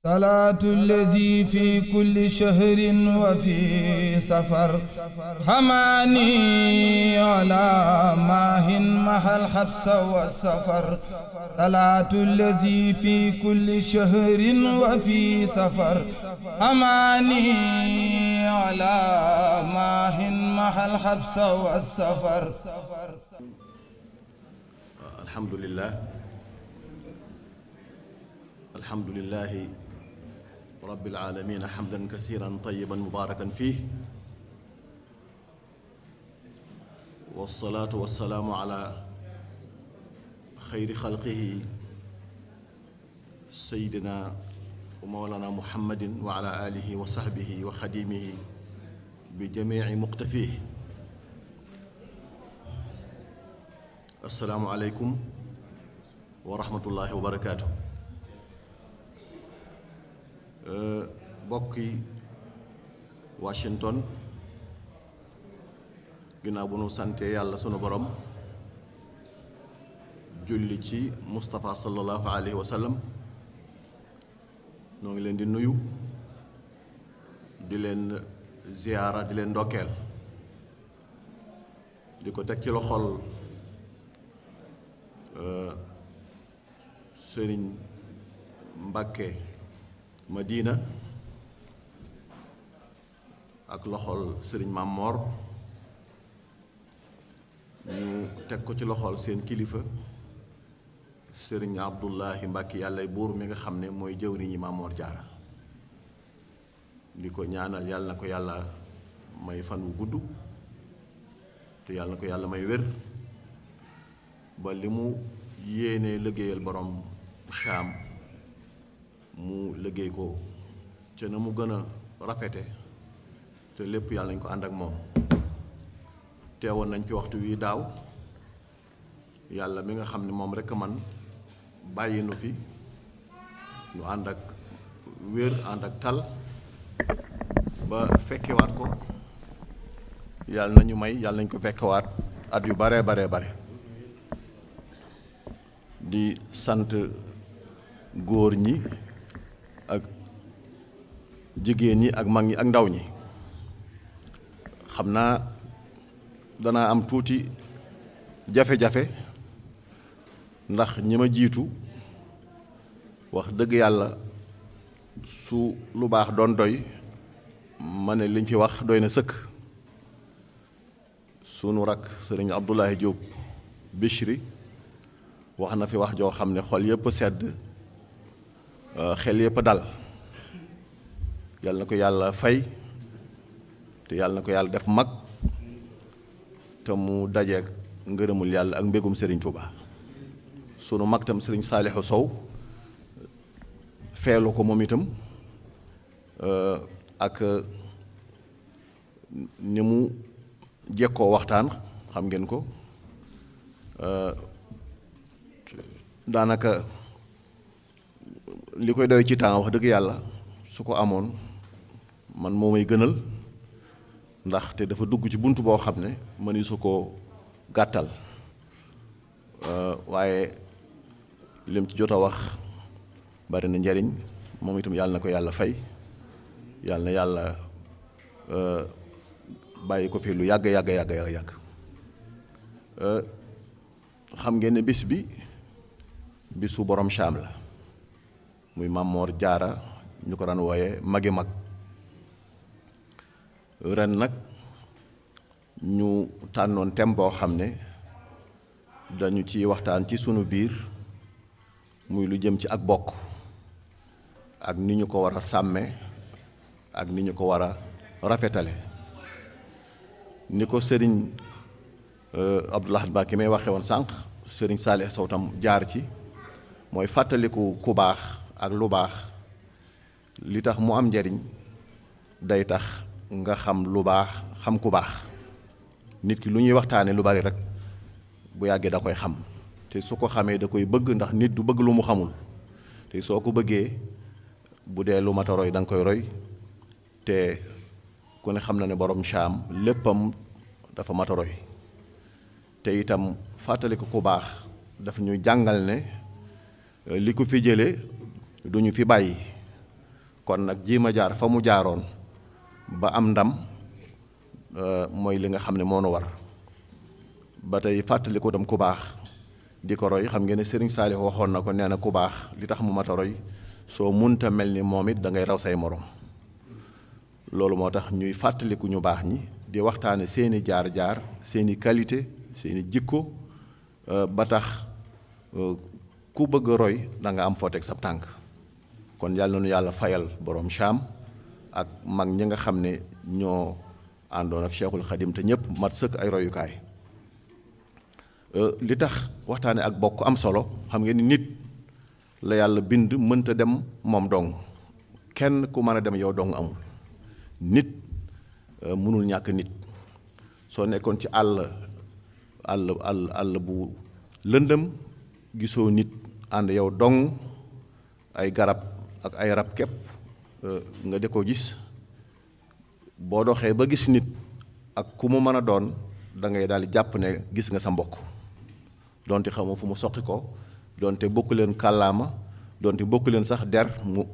salaatu lazi fi kulli shahrin wa fi safar hamaani ala maahin mahal habsa wa safar salaatu lazi fi kulli shahrin wa fi safar hamaani ala maahin mahal habsa wa safar. alhamdulilah alhamdulilah. رب العالمين حمدا كثيرا طيبا مباركا فيه والصلاة والسلام على خير خلقه سيدنا ومولانا محمد وعلى آله وصحبه وخديمه بجميع مقتفيه السلام عليكم ورحمة الله وبركاته Euh, bokk yi Washington ginnaaw bu nu santee yàlla sunu borom julli ci Moustapha sallallahu alayhi wa noo ngi leen di nuyu di leen ziyaara di leen ndokkeel di ko teg ci loxol euh, sëriñ Mbàkke Madina ak loxol sëriñ Mamor ñu teg ko ci loxol seen kilifa sëriñ Abdullahi Mbàkke yàlla buur mi nga xam ne mooy jëwriñi Mamor Jaara di ko ñaanal yàlla na ko yàlla may fan wu gudd te yàlla na ko yàlla may wér ba li mu yéene liggéeyal boroom Saam mu liggéey ko te na mu gën a rafete te lépp yàlla nañ ko ànd ak moom teewoon nañ ci waxtu wi daaw yàlla mi nga xam ne moom rekk man bàyyi nu fi nu ànd ak wér ànd ak tal ba fekkewaat ko yàlla ñu may yàlla nañ ko fekkewaat at yu baree baree bare di sant góor ñi ak jigéen ñi ak mag ñi ak ndaw ñi xam naa danaa am tuuti jafe-jafe ndax ñi ma jiitu wax dëgg yàlla su lu baax doon doy ma ne liñ fi wax doy na sëkk sunu rak sëriñ Abdoulaye Diop Bichri wax na fi wax joo xam ne xol yëpp sedd Euh, xel yëpp dal yal na ko yàlla fay te yàlla na ko yàlla def mag te mu dajeek ngërëmul yàlla ak mbégum sëriñ Touba sunu mag tam sëriñ Saalixu Sow feelu ko moom itam euh, ak ni mu jekkoo waxtaan xam ngeen ko euh, daanaka li koy doy ci temps wax dëgg yàlla su ko amoon man moo may gënal ndaxte dafa dugg ci bunt boo xam ne mëni su ko gàttal euh, waaye lim ci jot a wax bari na njariñ moom itam yàlla na ko yàlla fay yàlla na yàlla euh, bàyyi ko fi lu yàgg yàgg yàgg yàgg euh, xam ngeen ne bis bi bisu borom Saam la muy Mamor Jaara ñu ko daan wooyee magi mag ren nag ñu tànnoon thème boo xam ne dañu ci waxtaan ci sunu biir muy lu jëm ci ak bokk ak ni ñu ko war a sàmme ak ni ñu ko war a rafetale ni ko sëriñ euh, Abdou Lahad Mbacké ki may waxee woon sànq sëriñ Saalih Sow tam jaar ci mooy fàttaliku ku baax ak lu baax li tax mu am njariñ day tax nga xam lu baax xam ku baax nit ki lu ñuy waxtaane lu bari rek bu yàggee da koy xam te su ko xamee da koy bëgg ndax nit du bëgg lu mu xamul te soo ko bëggee bu dee lu mat danga koy roy te ku ne xam na ne borom saam léppam dafa mat a te itam fàttaliku ku baax dafa ñuy jàngal ne li ko fi jëlee duñu fi bàyyi kon nag jéem jaar fa mu jaaroon ba am ndam euh, mooy li nga xam ne moo nu war ba tey fàttali ko dem ku baax di ko roy xam ngeen ne Serigne Salih waxoon na ko nee na ku baax li tax mu mat a roy soo munta mel ni moom it da ngay raw say moroom loolu moo tax ñuy fàttaliku ñu baax ñi di waxtaane seeni jaar-jaar seeni qualité seeni jikko euh, ba tax euh, ku bëgg a roy danga am foo teg sab tànk kon yàlla na nu yàlla fayal boroom Cham ak mag ñi nga xam ne ñoo àndoon ak Cheikhul Khadim te ñëpp mat sëkk ay royukaay euh, li tax waxtaane ak bokk am solo xam ngeen ni nit la yàlla bind mënta dem moom dong kenn ku mën a dem yow dong amul nit euh, mënul ñàkk nit soo nekkoon ci àll àll àll bu lëndëm gisoo nit ànd yow dong ay garab ak ay rab képp euh, nga di ko gis boo doxee ba gis nit ak ku mu mën a doon da ngay daal di jàpp ne gis nga sa mbokk donte xamoo fu mu soqi ko donte bokku leen kàllaama donte bokk leen sax der mu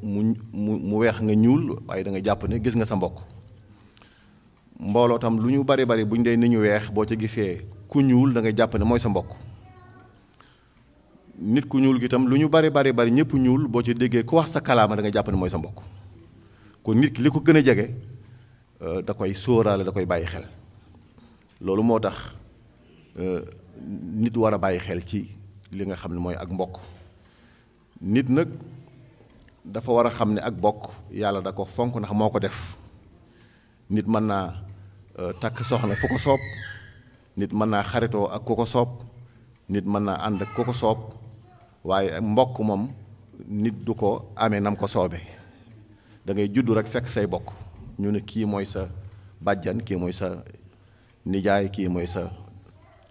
mu mu weex nga ñuul waaye da nga jàpp ne gis nga sa mbokk mbooloo tam lu ñu bari bari bu ñu dee ni ñu weex boo ca gisee ku ñuul da ngay jàpp ne mooy sa mbokk nit ku ñuul gi tam lu ñu bari bari bari ñëpp ñuul boo ci déggee ku wax sa kalaama dangay nga jàpp ne mooy sa mbokk kon nit ki li ko gën a jege euh, da koy sóoraale da koy bàyyi xel loolu moo tax euh, nit war a bàyyi xel ci li nga xam ne mooy ak mbokk nit nag dafa war a xam ne ak mbokk yàlla da ko fonk ndax moo ko def nit mën naa euh, takk soxna fu ko soob nit mën naa xaritoo ak ku ko soob nit mën naa ànd ak ku ko soob waaye mbokk moom nit du ko amee nam ko soobe dangay juddu rek fekk say bokk ñu ne kii mooy sa bàjjan kii mooy sa nijaay kii mooy sa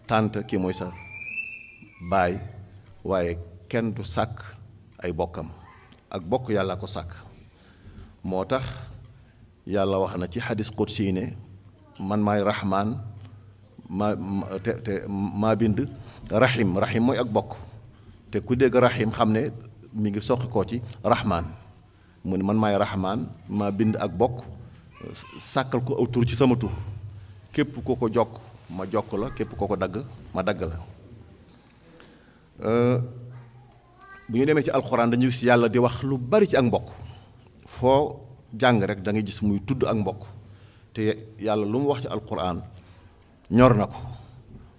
tànt kii mooy sa baay waaye kenn du sàkk ay bokkam ak bokk yàlla ko sàkk moo tax yàlla wax na ci xadis qudsi ne man maay raxmaan ma te te maa bind raxim raxim mooy ak bokk te ku dégg rahim xam ne mu ngi soqi koo ci rahman mu ne man may rahman ma bind ak bokk sàkkal ko aw tur ci sama tur képp ko ko jokk ma jokk la képp koo ko dagg ma dagg la euh, bu ñu demee ci alxuraan dañuy gis yàlla di wax lu bari ci ak mbokk foo jàng rek da gis muy tudd ak mbokk te yàlla lu mu wax ci alxuraan ñor na ko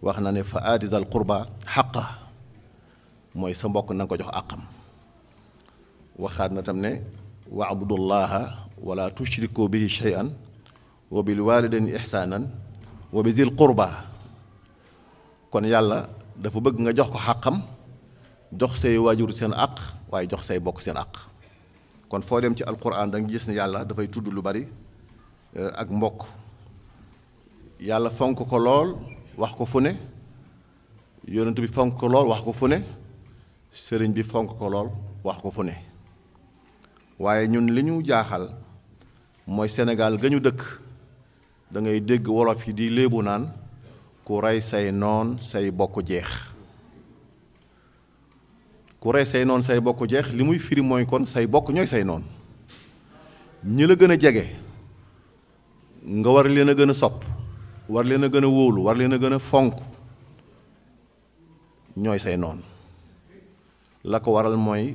wax na ne fa qurba xaqa mooy sa mbokk na nga ko jox àqam waxaat na tam ne wa abudullaha wala tushriku bihi shay'an wa bil walidaini ihsanan wa bi zil qurba kon yàlla dafa bëgg nga jox ko xàqam jox say waajur seen àq waaye jox say bokk seen àq kon foo dem ci alquran da nga gis ne yàlla dafay tudd lu bari eh, ak mbokk yàlla fonk ko lool wax ko fu ne yonent bi fonk ko lool wax ko fu ne sëriñ bi fonk ko lool wax ko fu ne waaye ñun li ñu jaaxal mooy Sénégal ga ñu dëkk dangay dégg wolof yi di léebu naan ku rey say noon say bokk jeex ku rey say noon say bokk jeex li muy firi mooy kon say bokk ñooy say noon ñi la gën a jege nga war leen a gën a sopp war leen a gën a wóolu war leen a gën a fonk ñooy say noon la ko waral mooy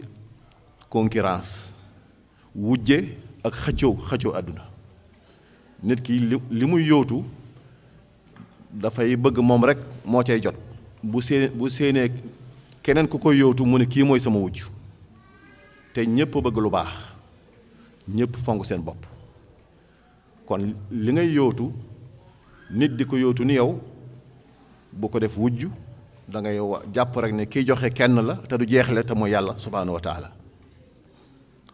concurrence wujje ak xëccoo xëccoo àdduna nit ki li li muy yóotu dafay bëgg moom rek moo cay jot bu séen bu seenee keneen ku koy yóotu mu ne kii mooy sama wujj te ñépp bëgg lu baax ñépp fonk seen bopp kon li ngay yóotu nit di ko yóotu ni yow bu ko def wujj da jàpp rek ne kiy joxe kenn la te du jeexle te mooy yàlla subhaanahu wa taala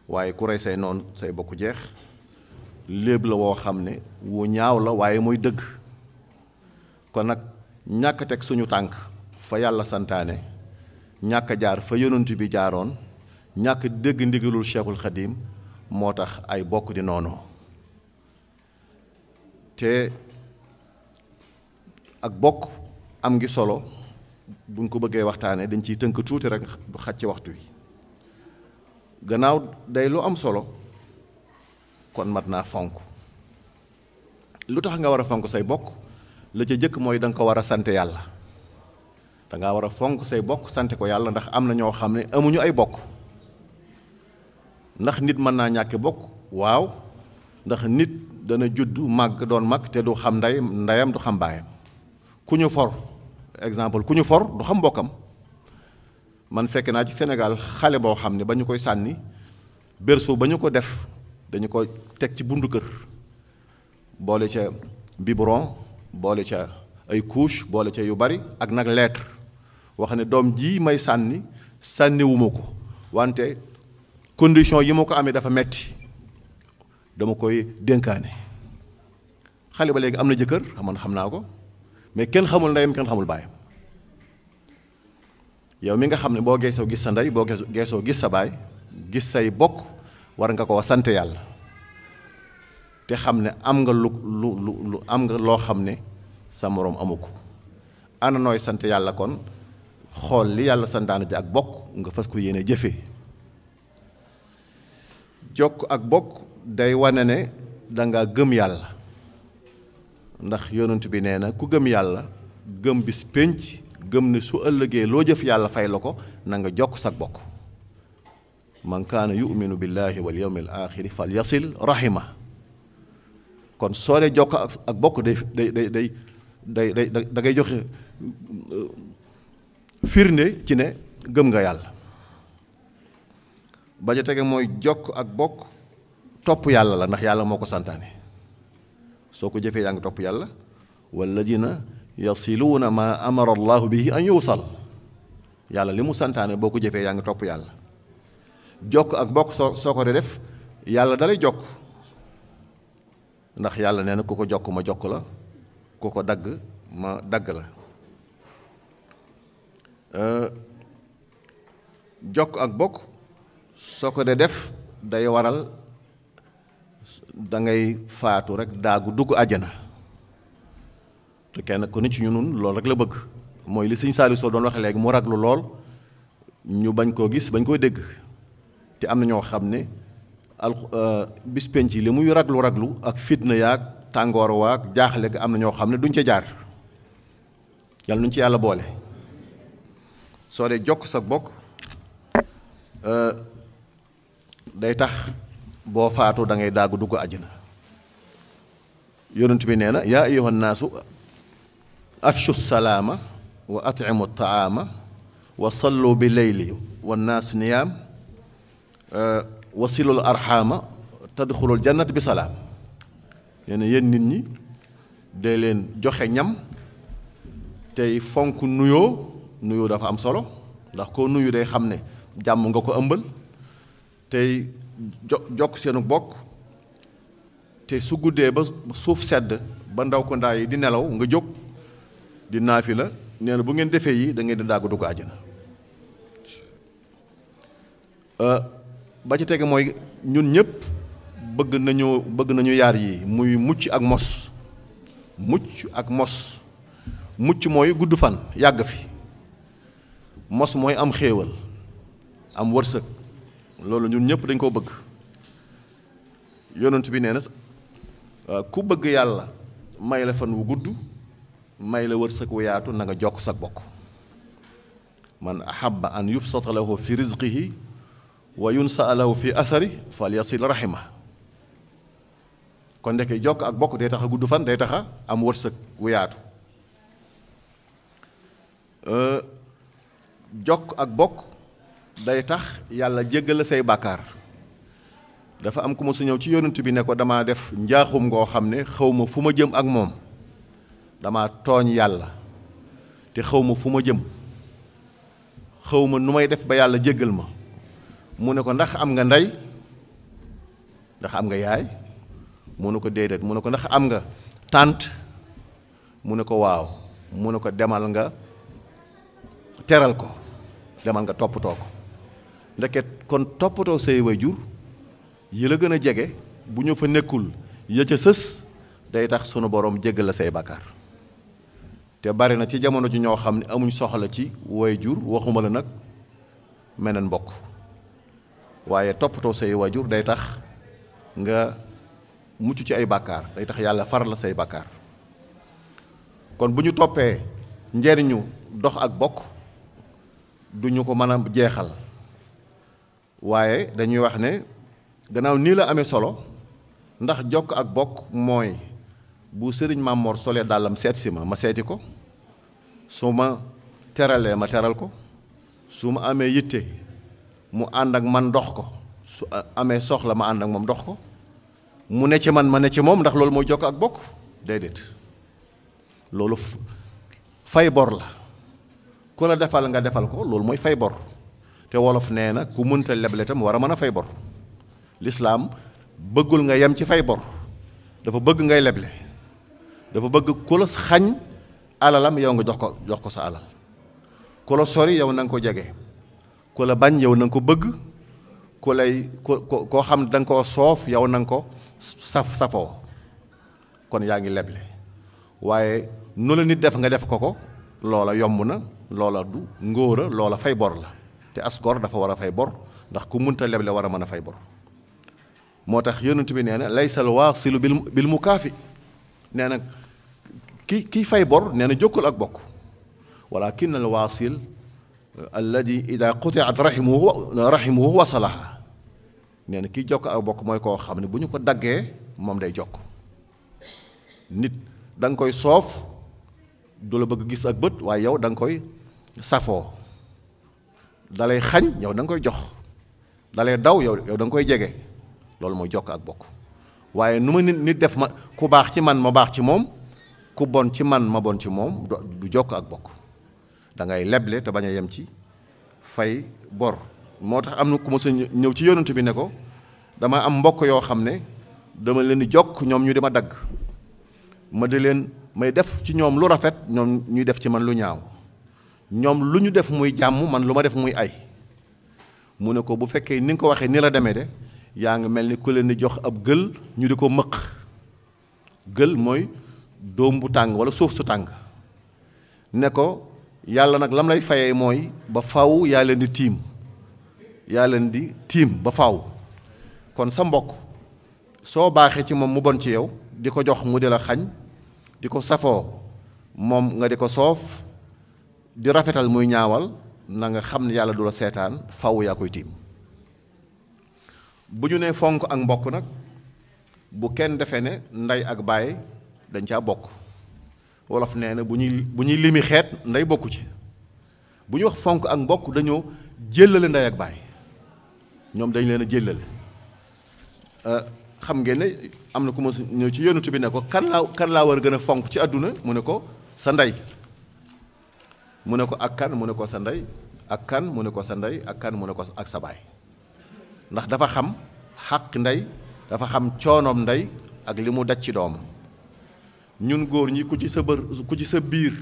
waaye ku rey say noonu say bokk jeex léeb la woo xam ne wu ñaaw la waaye mooy dëgg kon nag ñàkk teg suñu tànk fa yàlla santaane ñàkk jaar fa yonent bi jaaroon ñàkk dégg ndigalul cheikhul xadim moo tax ay bokk di noonu te ak bokk am ngi solo buñ ko bëggee waxtaanee dañ ciy tënk tuuti rek du xaj ci waxtu wi gannaaw day lu am solo kon mat naa fonk lu tax nga war a fonk say bokk la ca jëkk mooy danga ko war a sante yàlla danga war a fonk say bokk sante ko yàlla ndax am na ñoo xam ne amuñu ay bokk ndax nit mën naa ñàkk bokk waaw ndax nit dana judd màgg doon màgg te du xam ndey ndeyam du xam baayam ku ñu for exemple ku ñu for du xam mbokkam man fekk naa ci Sénégal xale boo xam ne ba ñu koy sànni berceau ba ñu ko def dañu ko teg ci bundu kër boole ca biberon boole ca ay couche boole ca yu bari ak nag lettre wax ne doom ji may sànni sànniwuma ko wante condition yi ma ko amee dafa metti dama koy dénkaane xale ba léegi am na jëkkër man xam naa ko mais kenn xamul ndeyam kenn xamul baayam yow mi nga xam ne boo geesoo gis sa ndey boo geesoo gis sa baay gis say bokk war nga koo sant yàlla te xam ne am nga lu lu lu am nga loo xam ne sa moroom amu ko ana nooy sant yàlla kon xool li yàlla santaane ji ak bokk nga fas ko yéene jëfe jokk ak bokk day wane ne danga gëm yàlla ndax yonent bi nee na ku gëm yàlla gëm bis pénc gëm ne su ëllëgee loo jëf yàlla fay la ko na nga jokk sag bokk man kaana yuminu billahi wal yawmil axiri fal yasil rahima kon soo dee jokk ak ak bokk day day day dangay joxe uh, firnde ci ne gëm nga yàlla ba tege mooy jokk ak bokk topp yàlla la ndax yàlla moo ko santaane soo ko jëfee yaa ngi topp yàlla walladina yasiluuna ma amara allahu bihi an yuusal yàlla li mu santaane boo ko jëfee yaa ngi topp yàlla jokk ak bokk soo soo ko dee def yàlla dalay jokk ndax yàlla nee na ku ko jokk ma jokk la ku ko dagg ma dagg la euh, jokk ak bokk soo ko dee def day waral da ngay faatu rek daagu dugg àjjana te kenn ku ne ñu ñun loolu rek la bëgg mooy li sëñ Saliou Sow doon waxee léegi mu raglu lool ñu bañ koo gis bañ koo dégg te am na ñoo xam ne al euh, bis yi li muy raglu raglu ak fitna yaag tàngoor waag jaaxle ga am na ñoo xam ne duñ ca jaar yàlla nuñ ci yàlla boole soo dee jokk sa bokk euh, day tax boo faatoo da ngay daagu dugg àjjana yonent bi nee na yaa ayyuhan naasu afshu salaama wa atimu taama wa sallu bi leyli wa naas niyaam wasilul arxaama tadxulul jannat bi salaam nee na nit ñi dee leen joxe ñam tey fonk nuyoo nuyoo dafa am solo ndax koo nuyu day xam ne jàmm nga ko ëmbal tey jo jokk seenu bokk te su guddee ba suuf sedd ba ndaw ko ndaa yi di nelaw nga jóg di naafi la nee na bu ngeen defee yi dangeen ngeen di daagu dugg àjjana euh, ba ci tege mooy ñun ñëpp bëgg nañu bëgg nañu yaar yi muy mucc ak mos mucc ak mos mucc mooy gudd fan yàgg fi mos mooy am xéewal am wërsëg loolu ñun ñëpp dañ koo bëgg yonent bi nee na ah, ku bëgg yàlla may la fan wu gudd may la wërsëg wu yaatu na nga jokk sa bokk man ahabba an yubsata lahu fi rizqihi wa yunsa lahu fi asari fal yasil rahima kon ndeke jokk ak bokk day tax a gudd fan day taxa am wërsëg wu yaatu ah, jokk ak bokk day tax yàlla jéggal la say bàkkaar dafa am ku ma su ñëw ci yonent bi ne ko damaa def njaaxum ngoo xam ne xaw ma fu ma jëm ak moom dama tooñ yàlla te xaw ma fu ma jëm xaw ma nu may def ba yàlla jéggal ma mu ne ko ndax am nga ndey ndax am nga yaay mu ne ko déedéet mu ne ko ndax am nga tànt mu ne ko waaw mu ne ko demal nga teral ko demal nga toppatoo ko ndeket kon toppatoo say waajur yi la gën a jege bu ñu fa nekkul ya sës day tax sunu borom jéggal la say bàkkaar te bari na ci jamono ji ñoo xam ne amuñ la ci waajur waxuma la nag meneen mbokk waaye toppatoo say waajur day tax nga mucc ci ay bàkkaar day tax yàlla faral la say bàkkaar kon bu ñu toppee njariñu dox ak bokk du ñu ko mën a jeexal waaye dañuy wax ne gannaaw nii la amee solo ndax jokk ak bokk mooy bu sëriñ mamoor solee dàllam seet si ma ma seeti ko su ma teralee ma teral ko su ma amee yitte mu ànd ak man dox ko su amee soxla ma ànd ak moom dox ko mu ne ci man ma ne ci moom ndax loolu mooy jokk ak bokk déedéet loolu fay bor la ku la defal nga defal ko loolu mooy fay bor te wolof nee na ku mënta leble tam war a mën a fay bor lislaam bëggul nga yem ci fay bor dafa bëgg ngay leble dafa bëgg ku la xañ alalam yow nga jox ko jox ko sa alal ku la sori yow nanga ko jege ku la bañ yow na ko bëgg ku lay ku koo xam da nga koo soof yow nanga ko saf safoo kon yaa ngi leble waaye nu la nit def nga def ko ko loola yomb na loola du ngóora loola fay bor la te as dafa war a fay bor ndax ku munta leble war a mën a fay bor moo tax yonent bi nee na laysal waasilu bil bil mukaafi nee na ki kiy fay bor nee na jokkul ak bokk walakin al waasil alladi ida qutiat rahimuhu rahimuhu wasalaha nee na kiy jokk ak bokk mooy koo xam ne bu ñu ko daggee moom day jokk nit da koy soof du la bëgg gis ak bët waaye yow danga koy safoo dalay xañ yow da koy jox dalay daw yow yow koy jege loolu mooy jokk ak bokk waaye nu ma nit nit def ma ku baax ci man ma baax ci moom ku bon ci man ma bon ci moom du jokk ak bokk da ngay leble te bañ a yem ci fay bor moo tax am na ku ma sa ñëw ci yonent bi ne ko dama am mbokk yoo xam ne dama leen di jokk ñoom ñu di ma dagg ma di leen may def ci ñoom lu rafet ñoom ñuy def ci man lu ñaaw ñoom lu ñu def muy jàmm man lu ma def muy ay mu ne ko bu fekkee ni nga ko waxee ni la demee de yaa ngi mel ni ku leen di jox ab gël ñu di ko mëq gël mooy doom bu tàng wala suuf su tàng ne ko yàlla nag lam lay fayee mooy ba faw yaa leen di tiim yaa leen di tiim ba faw kon sa mbokk soo baaxee ci moom mu bon ci yow di ko jox mu di la xañ di ko safoo moom nga di ko soof di rafetal muy ñaawal na nga xam ne yàlla du la seetaan faw yaa koy tiim bu ñu nee fonk ak mbokk nag bu kenn defee ne ndey ak baay dañ caa bokk wolof nee na bu ñuy ñuy limi xeet ndey bokku ci bu ñu wax fonk ak mbokk dañoo jëllale ndey ak baay ñoom dañ leen a jëllale euh, xam ngeen ne am na ku ma ñëw ci yonent bi ne ko kan laa kan laa war a gën a fonk ci àdduna mu ne ko sa ndey mu ne ko ak kan mu ne ko sa ndey ak kan mu ne ko sa ndey ak kan mu ne ko ak sa baay ndax dafa xam xàq ndey dafa xam coonoom ndey ak li mu daj ci doom ñun góor ñi ku ci sa bër ku ci sa biir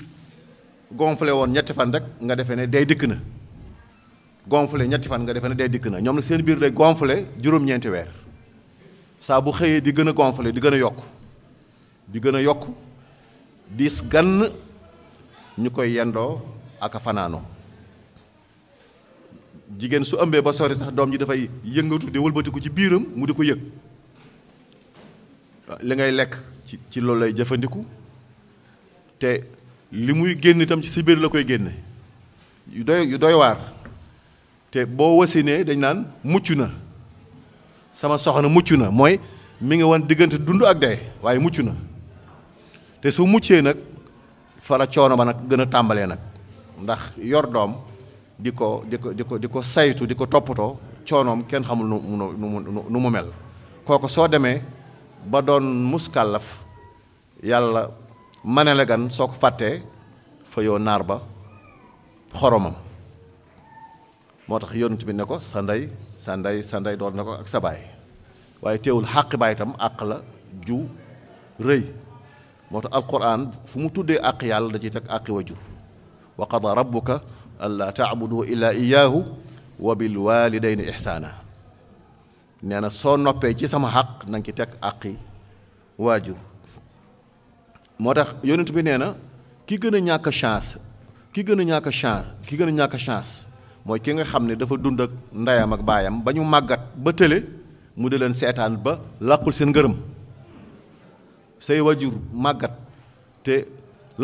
gonflé woon ñetti fan rek nga defee ne day dikk na gonflé ñetti fan nga defee ne day dikk na ñoom nag seen biir day gonflé juróom-ñeenti weer saa bu xëyee di gën a gonflé di gën a yokk di gën a yokk dis gann ñu koy yendoo ak a fanaanoo jigéen su ëmbee ba sori sax doom ji dafay yëngatu di wëlbatiku ci biiram mu di ko yëg li ngay lekk ci ci loolu lay jëfandiku te li muy génn itam ci si biir la koy génne yu doy yu doy waar te boo wasinee dañ naan mucc na sama soxna mucc na mooy mi ngi wan diggante dund ak dee waaye mucc na te su muccee nag fa coono ba nag gën a tàmbalee nag ndax yor doom di ko di ko di ko di ko saytu di ko toppatoo coonoom kenn xamul nu nu mu mel kooku soo demee ba doon muskàllaf yàlla mane la gan soo ko fàttee fa naar ba xoromam moo tax yonent bi ne ko sa ndey sa ndey sa ndey doon na ko ak sa baay waaye teewul xàq baay itam àq la ju rëy moo tax alquran fu mu tuddee àq yàlla da ciy teg àqi wajur wa qada rabbuka allaa taabudu illaa iyaahu wa bil walidayni ihsaana nee na soo noppee ci sama xaq na nga ci teg àqi waajur moo tax yonent bi nee na ki gën a ñàkk chance ki gën a ñàkk chance ki gën a ñàkk chance mooy ki nga xam ne dafa dund ak ndeyam ak baayam ba ñu màggat ba tële mu di leen seetaan ba làqul seen ngërëm say wajur màggat te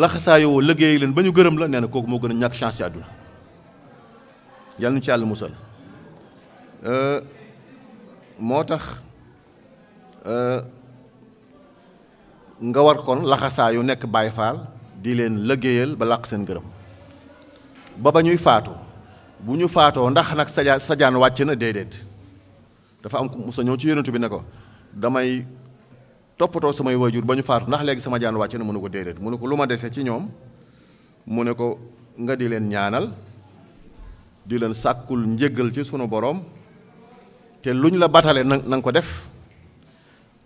laxasaayoo liggéey leen ba ñu gërëm la nee na kooku moo gën a ñàkk chance ci àdduna yàlla nu ci yàlla musal euh, moo tax euh, nga war kon laxasaayu nekk Baay Faal di leen liggéeyal ba làq seen gërëm ba ba ñuy faatoo bu ñu faatoo ndax nag sajaan sajaan wàcc na déedéet dafa am ku musa ñëw ci yonentu bi ne ko damay toppatoo samay waajur ba ñu faatu ndax léegi sama jaan wàcc na mu ko déedéet mu ne ko lu ma dese ci ñoom mu ne ko nga di leen ñaanal di leen sàkkul njéggal ci sunu boroom te luñ la batale na nga ko def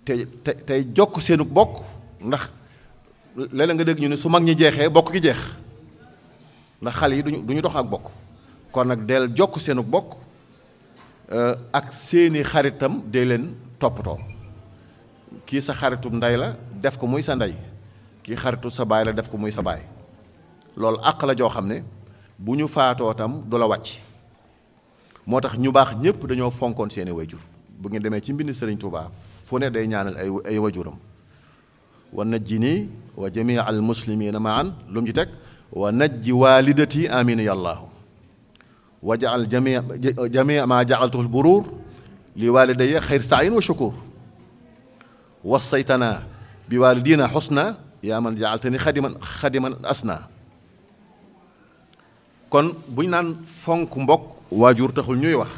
te te tey jokk seenu bokk ndax léeg nga dégg ñu ne su mag ñi jeexee bokk gi jeex ndax xale yi duñu du ñu dox ak bokk kon nag del jokk seenu bokk euh, ak seeni xaritam de leen toppatoo kii sa xaritu ndey la def ko muy sa ndey kii xaritu sa baay la def ko muy sa baay loolu àq la joo xam ne bu ñu faatoo tam du la wàcc moo tax ñu baax ñëpp dañoo fonkoon seeni wayjur bu ngeen demee ci mbind Sëriñ Tuubaa fu ne day ñaanal ay ay wajuram wa najji nii wa jamii al muslimina maan lu mu ci teg wa najji walidati amin yàllaahu wa jaal jamii jamii ma jaaltuhu l buruur li walidaya xayr saayin wa shukuur wax wasaytanaa bi waalidiina xusna yaa man jaaltani xadiman xadiman asna kon buñ naan fonk mbokk waa jur taxul ñuy wax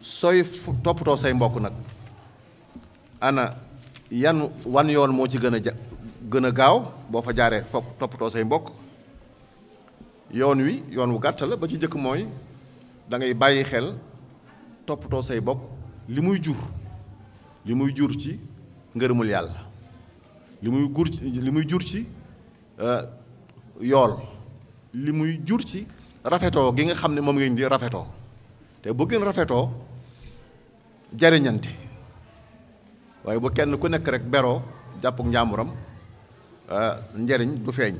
sooy toppatoo say mbokk nag ana yan wan yoon moo ci gën a ja gën a gaaw boo fa jaaree foog toppatoo say mbokk yoon wi yoon wu gàtt la ba ci njëkk mooy dangay bàyyi xel toppatoo say mbokk li muy jur li muy jur ci ngërëmul yàlla li muy gur li muy jur ci euh, yool li muy jur ci rafetoo gi nga xam ne moom ngeen di rafetoo te bu gën rafetoo jariñante waaye bu kenn ku nekk rek beroo jàppuk njaamuram euh, njariñ du feeñ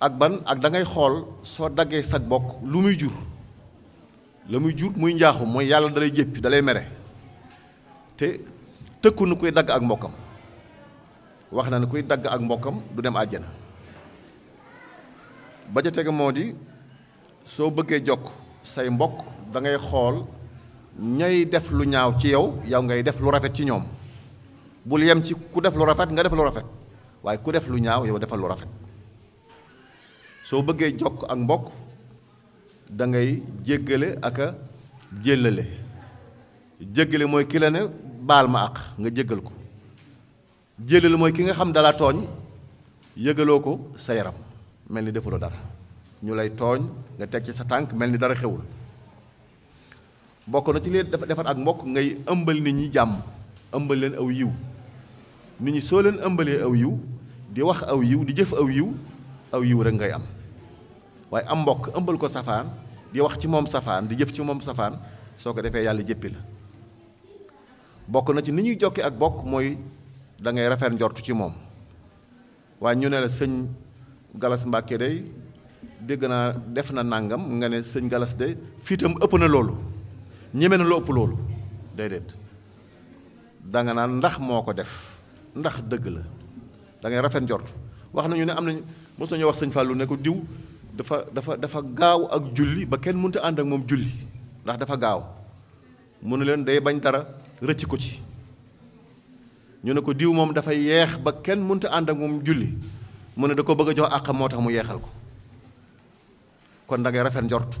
ak ban ak dangay xool soo daggee sag bokk lu muy jur la muy jur muy njaaxum mooy yàlla dalay jéppi dalay mere te tëkku nu kuy dagg ak mbokkam wax na ne kuy dagg ak mbokkam du dem àjjana ba ca tege moo di soo bëggee jokk say mbokk da ngay xool ñay def lu ñaaw ci yow yow ngay def lu rafet ci ñoom bul yem ci ku def lu rafet nga def lu rafet waaye ku def lu ñaaw yow defal lu rafet soo bëggee jokk ak mbokk dangay ngay jéggale ak a jéllale jéggale mooy ki ne baal ma àq nga jéggal ko jéllal mooy ki nga xam dalaa tooñ yëgaloo ko sa yaram mel ni defuloo dara ñu lay tooñ nga teg ci sa tànk mel ni dara xewul bokk na ci leen defar ak mbokk ngay ëmbal nit ñi jàmm ëmbal leen aw yiw nit ñi soo leen ëmbalee aw yiw di wax aw yiw di jëf aw yiw aw yiw rek ngay am waaye am mbokk ëmbal ko safaan di wax ci moom safaan di jëf ci moom safaan soo ko defee yàlla jéppi la bokk na ci ni ñuy jokkee ak bokk mooy da ngay rafet njortu ci moom waaye ñu ne la sëñ Galas Mbàkke day dégg naa def na nàngam nga ne sëñ Galas de fii itam ëpp na loolu ñeme na lu ëpp loolu déedéet da nga naan ndax moo ko def ndax dëgg la dangay rafet njortu wax nañu ne am nañ mos nañu wax sëñ Fallou ne ko diw dafa dafa dafa gaaw ak julli ba kenn mënut ànd ak moom julli ndax dafa gaaw mu ne leen day bañ dara. rëcc ko ci ñu ne ko diw moom dafa yeex ba kenn mënta ànd ak moom julli mu ne da ko bëgg a jox àqam moo tax mu yeexal ko kon da rafet njort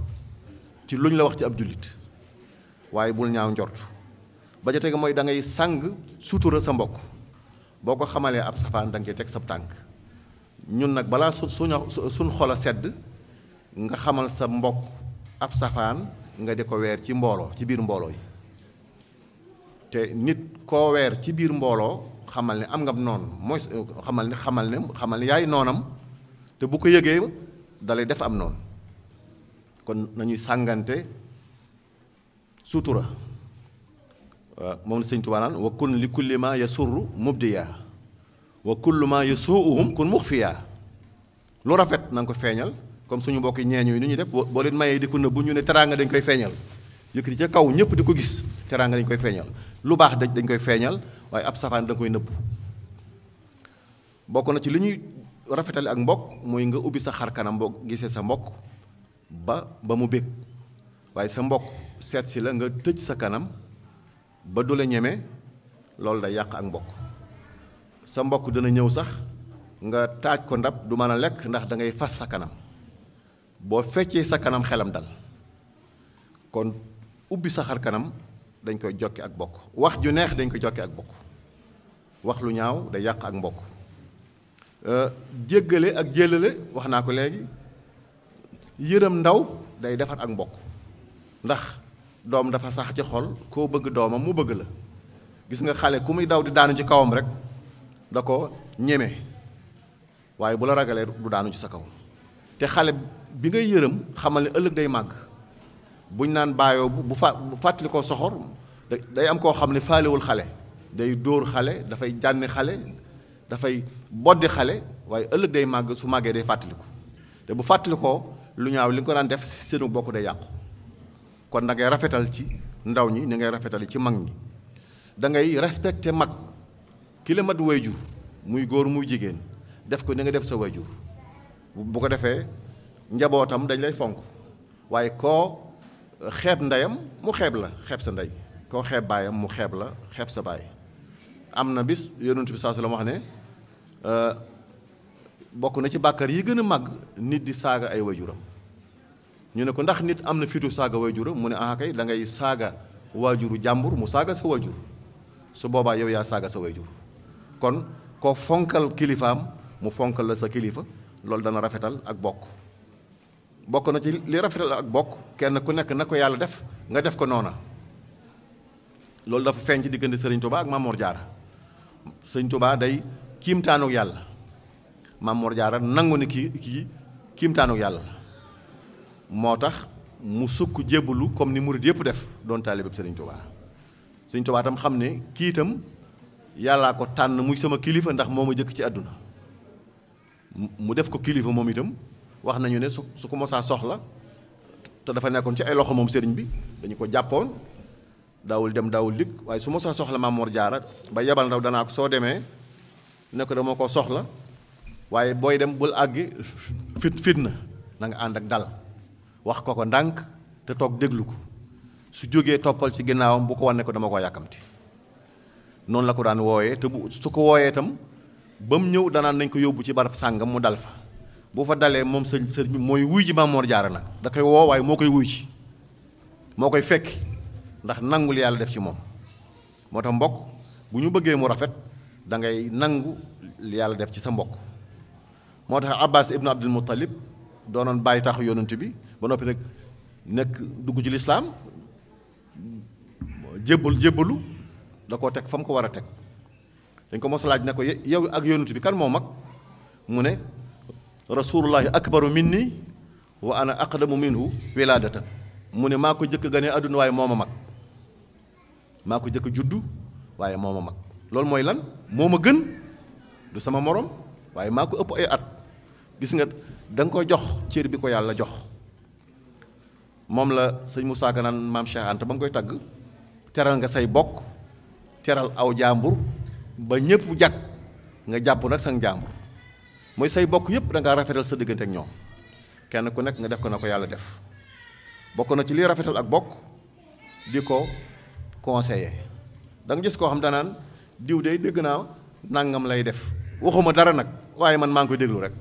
ci luñ la wax ci ab jullit waaye bul ñaaw njort ba ca teg mooy da ngay sàng sutura sa mbokk boo ko xamalee ab safaan da nga teg sab tànk ñun nag balaa su suñu suñ xol a sedd nga xamal sa mbokk ab safaan nga di ko weer ci mbooloo ci biir mbooloo yi te nit koo weer ci biir mbooloo xamal ne am nga noon mooy xamal ne xamal ne xamal ne yaay noonam te bu ko yëgee dalay def am noon kon nañuy sàngante suutura waaw moom la sëñ Tuubaa naan wa kun li kulli ma yasurru mubdiya wa kullu ma yasuuhum lu rafet na ko feeñal comme suñu mbokki ñeeñu yi nu ñuy def boo leen mayee di ko nëbbu ñu ne teraanga dañ koy feeñal yëkkati ca kaw ñëpp di ko gis teraanga dañ koy feeñal lu baax daj dañ koy feeñal waaye ab safaan da koy nëbb bokk na ci li ñuy rafetale ak mbokk mooy nga ubbi sa xar kanam boo gisee sa mbokk ba ba mu bég waaye sa mbokk seet si la nga tëj sa kanam ba du la ñeme loolu day yàq ak mbokk sa mbokk dana ñëw sax nga taaj ko ndab du mën a lekk ndax dangay fas sa kanam boo feccee sa kanam xelam dal kon ubbi sa xar kanam dañ koy jokki ak bokk wax ju neex dañ koy jokki ak bokk wax lu ñaaw day yàq ak mbokk euh, jéggale ak jëlale wax naa ko léegi yërëm ndaw day defar ak mbokk ndax doom dafa sax ci xol koo bëgg doomam mu bëgg la gis nga xale ku muy daw di daanu ci kawam rek da ko ñeme waaye bu la ragalee du daanu ci sa kaw te xale bi ngay yërëm xamal ne ëllëg day màgg ñu naan baayoo bu fa bu fàttali ko soxor day am koo xam ne faalewul xale day dóor xale dafay jànni xale dafay boddi xale waaye ëllëg day màgg su màggee day fàttaliku te bu fàttalikoo lu ñaaw li nga ko daan def seenu bokk day yàqu kon da ngay rafetal ci ndaw ñi ni ngay rafetal ci mag ñi da ngay respecté mag ki la mat wayjur muy góor muy jigéen def ko ni nga def sa wayjur bu ko defee njabootam dañ lay fonk waaye koo xeeb ndeyam mu xeeb la xeeb sa ndey koo xeeb baayam mu xeeb la xeeb sa baay am na bis yonent bi saa sallam wax bokk na ci bàkkar yi gën a màgg nit di saaga ay waajuram ñu ne ko ndax nit am na fitu saaga waajuram mu ne ah kay da ngay saaga waajuru jàmbur mu saaga sa waajur su boobaa yow yaa saaga sa waajur kon koo fonkal kilifaam mu fonkal la sa kilifa loolu dana rafetal ak bokk bokk na ci li rafetal ak bokk kenn ku nekk na ko yàlla def nga def ko noona loolu dafa feeñ ci diggante sëriñ Touba ak Mamor Diarra sëriñ Touba day kiimtaanuk yàlla Mamor Diarra nangu ni kii kii kiimtaanuk yàlla moo tax mu sukk jébbalu comme ni murid yëpp def doon taalibeb sëriñ Touba sëriñ Touba tam xam ne kii itam yàllaa ko tànn muy sama kilifa ndax moo ma jëkk ci àdduna mu def ko kilifa moom itam wax nañu ne su su ko mosaa soxla te dafa nekkoon ci ay loxo moom sëriñ bi dañu ko jàppoon daawul dem daawul dikk waaye su mosaa soxla Maam Mor Jaara ba yebal ndaw danaa ko soo demee ne dama ko soxla waaye booy dem bul àggi fit fit na na ànd ak dal wax ko ko ndànk te toog déglu ko su jógee toppal ci ginnaawam bu ko wane ko dama koo yàkkamti noonu la ko daan wooyee te bu su ko wooyee itam ba mu ñëw danaan nañ ko yóbbu ci barab sàngam mu dal fa bu fa dalee moom sëñ sëñ bi mooy wuy ji Mamoor Jaara nag da koy woo waaye moo koy wuy ji moo koy fekk ndax nangul yàlla def ci moom moo tax mbokk bu ñu bëggee mu rafet da ngay nangu yàlla def ci sa mbokk moo tax Abbas ibnu Abdul Muttalib doonoon bàyyi tax yonent bi ba noppi nag nekk dugg ci lislaam jébbal jébbalu da koo teg fa mu ko war a teg dañ ko mos laaj ne ko yow ak yonent bi kan moo mag mu ne rasulullahi akbaru minni wa ana aqdamu minhu wilaadatan mu ne maa ko jëkk gane àdduna waaye moo ma mag maa ko jëkk juddu waaye moo ma mag loolu mooy lan moo ma gën du sama moroom waaye maa ko ëpp ay at gis nga danga ko jox cër bi ko yàlla jox moom la sëñ Moussa Ka naan maam Cheikh ba mu koy tagg teral nga say bokk teral aw jaambur ba ñëpp jag nga jàpp nag sang jaambur mooy say bokk yëpp da ngaa rafetal sa diggante ak ñoom kenn ku nekk nga def ko na ko yàlla def bokk na ci liy rafetal ak bokk di ko conseiller danga nga koo xam danaan diw day dégg naa nangam lay def waxuma dara nag waaye man maa ngi koy déglu rek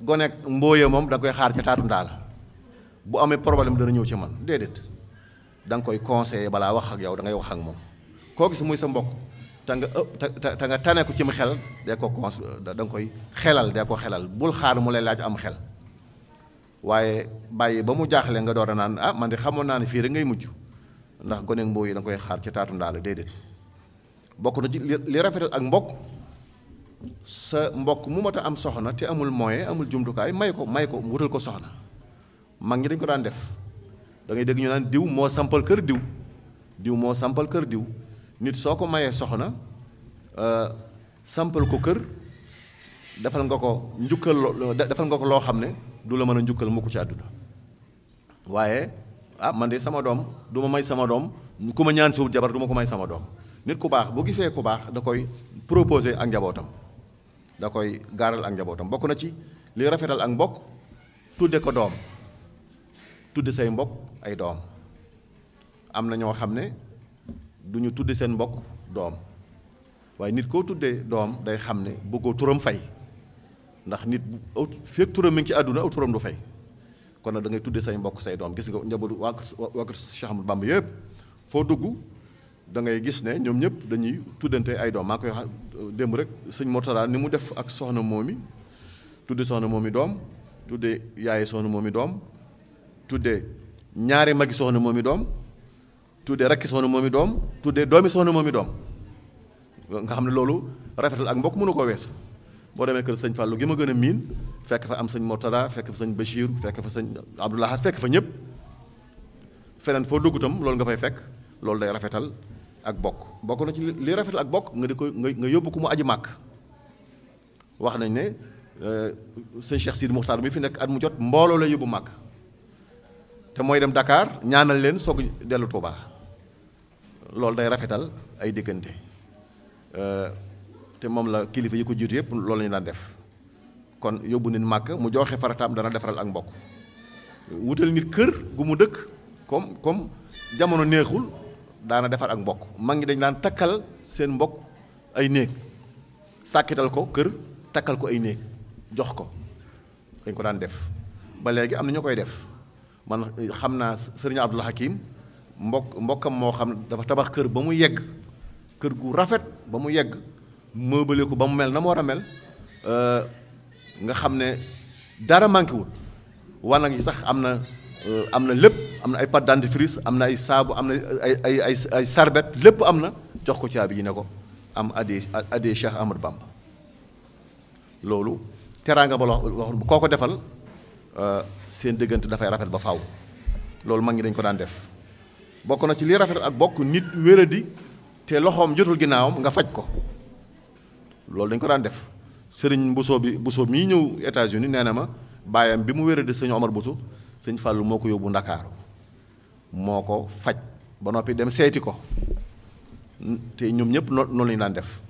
gonek mbooye moom da koy xaar ca taatu ndaal bu amee problème dana ñëw ci man déedéet da koy conseiller balaa wax ak yow da ngay wax ak moom koo gis muy sa mbokk te nga te nga tane ko cim xel dee ko cons da nga koy xelal de ko xelal bul xaar mu lay laaj am xel waaye bàyyi ba mu jaaxle nga door a naan ah man de xamoon naa ne fii rek ngay mujj ndax gone mbooy yi da koy xaar ci taatu ndaal déedéet bokk na ci li rafetal ak mbokk sa mbokk mu mat a am soxna te amul moyen amul jumtukaay may ko may ko wutal ko soxna mag ñi dañ ko daan def dangay ngay dégg ñu naan diw moo sampal kër diw diw moo sampal kër diw nit soo ko mayee soxna euh, sampal ko kër defal nga ko njukkal loo defal nga ko loo xam ne du la mën a njukkal mukk ci àdduna waaye ah man de sama doom du ma may sama doom ku ma ñaan siwut jabar du ma ko may sama doom nit ku baax bu gisee ku baax da koy proposé ak njabootam da koy gaaral ak njabootam bokk na ci li rafetal ak mbokk tudde ko doom tudde say mbokk ay doom am na ñoo xam ne du ñu tudde seen mbokk doom waaye nit koo tuddee doom day xam ne bëggoo turam fay ndax nit fekk turam mi ki ci àdduna aw turam du fay kon nag da ngay tuddee say mbokk say doom gis nga njabootu waa waa kër Cheikh Ahmadou Bamba yëpp foo dugg dangay gis ne ñoom ñëpp dañuy tuddante ay doom maa koy euh, démb rek sëñ Mortala ni mu def ak soxna moomi tudde soxna moomi doom tudde yaaye soxna moomi doom tudde ñaari magi soxna moomi doom tuddee rakki soxna moom i doom tuddee doomi soxna moom i doom nga xam ne loolu rafetal ak mbokk mënu koo weesu boo demee kër sañ Fallou gi ma gën a miin fekk fa am sëñ Mortada fekk fa sëñ Bachir fekk fa sëñ Abdoulahat fekk fa ñëpp feneen foo dugg itam loolu nga fay fekk loolu day rafetal ak bokk bokk na ci li rafetal ak bokk nga di ko nga yóbbu ko mu aji màkk wax nañ ne euh, sëñ Cheikh Sidi Moukhtar bi fi nekk at mu jot mbooloo lay yóbbu màkk te mooy dem Dakar ñaanal leen soog dellu Touba. loolu day rafetal ay diggante euh, te moom la kilifa yi ko jiitu yëpp loolu la ñu daan def kon yóbbu nit màkk mu joxe farataam dana defaral ak mbokk wutal nit kër gu mu dëkk comme comme jamono neexul daana defar ak mbokk mag ñi dañ daan takkal seen mbokk ay néeg sàkkital ko kër takkal ko ay néeg jox ko dañ ko daan def ba léegi am na ñu koy def man xam naa sëriñ Abdul Hakim mbokk mbokkam moo xam dafa tabax kër ba mu yegg kër gu rafet ba mu yegg meublé ko ba mu mel na mu war a mel euh, nga xam ne dara manqué wul wanag yi sax am na euh, am na lépp am na ay pâte dentifrice am na ay saabu am na ay ay ay ay sarbet lépp am na jox ko caabi ji ne ko am adee adee Cheikh Ahmad Bamba loolu teraanga ba la koo ko defal euh, seen dëggante dafay rafet ba faw loolu mag ñi dañ ko daan def bokk na ci li rafet ak bokk nit wéradi te loxoom jotul ginnaawam nga faj ko loolu dañ ko daan def sëriñ Bousso bi Bousso mii ñëw États-Unis nee na ma baayam bi mu wéradi sëñ Omar Bousso sëñ Fallou moo ko yóbbu Ndakaaru moo ko faj ba noppi dem seeti ko te ñoom ñëpp noonu lañu daan def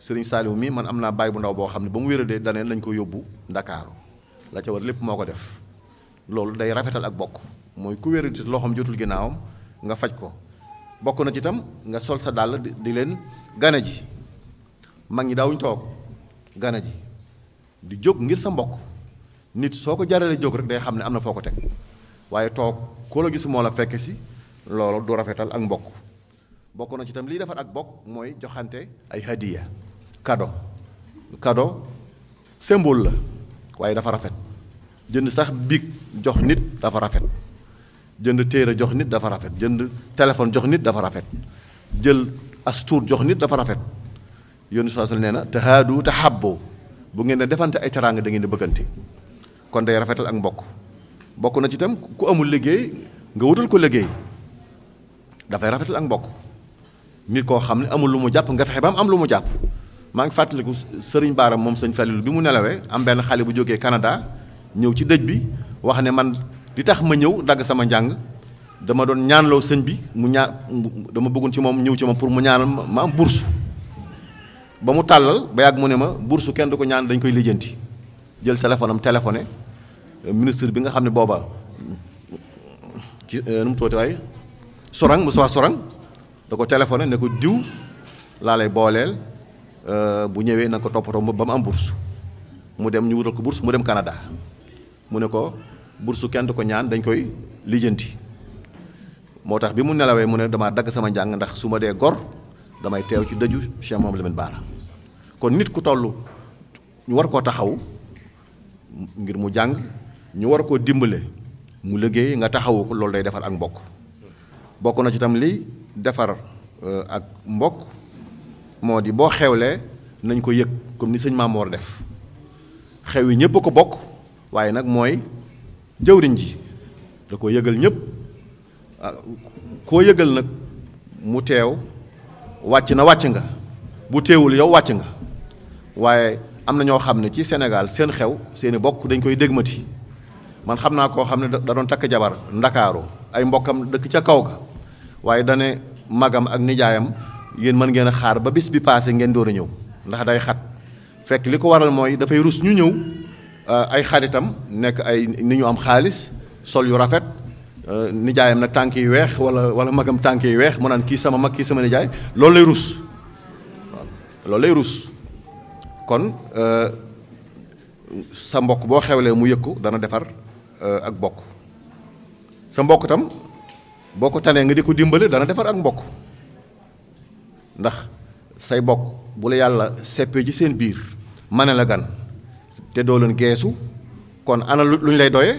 sëriñ Saliou mii man am naa baay bu ndaw boo xam ne ba mu wéradee daneen lañ ko yóbbu Ndakaaru la ca war lépp moo ko def loolu day rafetal ak bokk mooy ku wéradi te loxoom jotul ginnaawam nga faj ko bokk na ci itam nga sol sa dàll di leen gana ji mag ñi daawuñu toog gana ji di jóg ngir sa mbokk nit soo ko jaralee jóg rek day xam ne am na foo ko teg waaye toog koo la gis moo la fekke si loolu du rafetal ak mbokk bokk na ci itam liy defar ak bokk mooy joxante ay hadiya kado kado symbole la waaye dafa rafet jënd sax biig jox nit dafa rafet jënd téere jox nit dafa rafet jënd téléphone jox nit dafa rafet jël as tuut jox nit dafa rafet yoonu saa nee na te haadu te xàbboo bu ngeen ne defante ay teraanga da ngeen di bëggante kon day rafetal ak mbokk bokk na ci tam ku amul liggéey nga wutal ko liggéey dafay rafetal ak mbokk mi koo xam ne amul lu mu jàpp nga fexe ba am lu mu jàpp maa ngi fàttaliku sëriñ Baara moom sëñ Falilou bi mu nelawee am benn xale bu jógee Canada ñëw ci dëj bi wax li tax ma ñëw dagg sama njàng dama doon ñaanloo sëñ bi mu ñaan dama bëggoon ci moom ñëw ci moom pour mu ñaanal ma am bourse ba mu tàllal ba yàgg mu ne ma bourse kenn du ko ñaan dañ koy lijjanti jël téléphone am téléphoné euh, ministre bi nga xam ne booba ci euh, nu mu tuuti waaye Sorang Moussa Sorang da ko téléphoné ne ko diw laa lay booleel euh, bu ñëwee na nga ko toppatoo ba mu am bourse mu dem ñu wutal ko bourse mu dem Canada mu ne ko. su kenn du ko ñaan dañ koy lijjanti moo tax bi mu nelawee mu ne damaa dagg sama njàng ndax su ma dee gor damay teew ci dëju Cheikh Mouhamadou Lamine Bara kon nit ku toll ñu war koo taxaw ngir mu jàng ñu war a koo dimbale mu liggéey nga taxawu ko loolu day defar ak mbokk bokk na ci tam li defar euh, ak mbokk moo di boo xewlee nañ ko yëg comme ni sëñ Maamoor def xew yi ñëpp ko bokk waaye nag mooy jëwriñ ji da ko yëgal ñëpp ah, koo yëgal nag mu teew wàcc na wàcc nga bu teewul yow wàcc nga waaye am na ñoo xam ne ci senegal seen xew seeni bokk dañ koy dégmati man xam naa koo xam ne da doon takk jabar ndakaaru ay mbokkam dëkk ca kaw ga waaye dane magam ak nijaayam yéen mën ngeen xaar ba bis bi paase ngeen doon a ñëw ndax day xat fekk li ko waral mooy dafay rus ñu ñëw Euh, ay xaritam nekk ay ni ñu am xaalis sol yu rafet euh, nijaayam nag tànk yu weex wala wala magam tànk yu weex mu naan kii sama mag kii sama nijaay loolu lay rus loolu lay rus kon euh, sa mbokk boo xewlee mu yëg ko dana defar ak mbokk sa mbokk tam boo ko tanee nga di ko dimbale dana defar ak mbokk ndax say mbokk bu la yàlla seppee ci seen biir ma ne la gan te doo leen geesu kon ana lu ñu lay doyee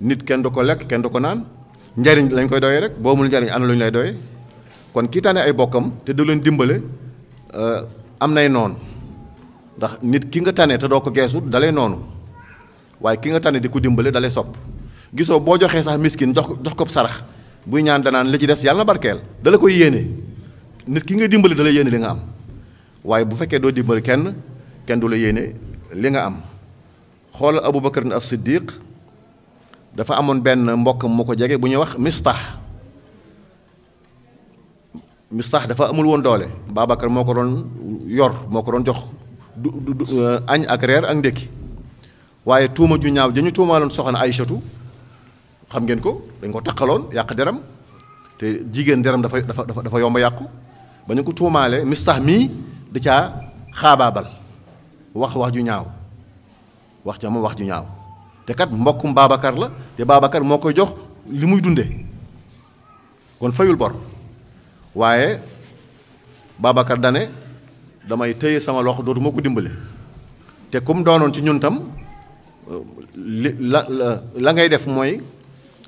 nit kenn du ko lekk kenn du ko naan njariñ lañ koy doye rek boo mul njariñ ana lu ñu lay doyee kon kii tane ay bokkam te du leen dimbale euh, am nay noonu ndax nit ki nga tane te doo ko geesu dalay noonu waaye ki nga tane di ko dimbale dalay sopp gisoo boo joxee sax miskin jox jox ko sarax buy ñaan danaan li ci des yàlla barkeel dala koy yéene nit ki nga dimbale dala yéene li nga am waaye bu fekkee doo dimbale kenn kenn du la yéene li nga am xool abu Aboubacar as Siddiq dafa amoon benn mbokk moo ko jege bu ñuy wax Mistah Mistah dafa amul woon doole Babacar moo ko doon yor moo ko doon jox du du euh, añ ak reer ak ndékki waaye tuuma ju ñaaw dañu tuumaaloon soxna Aysatu xam ngeen ko dañ ko taqaloon yàq deram te jigéen deram dafa dafa dafa yomb yàqu ba ñu ko tuumaalee Mistah mii da caa xaabaabal. wax wax ju ñaaw wax ca moom wax ju ñaaw te kat mbokkum Babacar la te Babacar moo koy jox li muy dunde kon fayul bor waaye Babacar dane damay téye sama loxo dootuma ko dimbale te comme doonoon ci ñun tam li la la ngay def mooy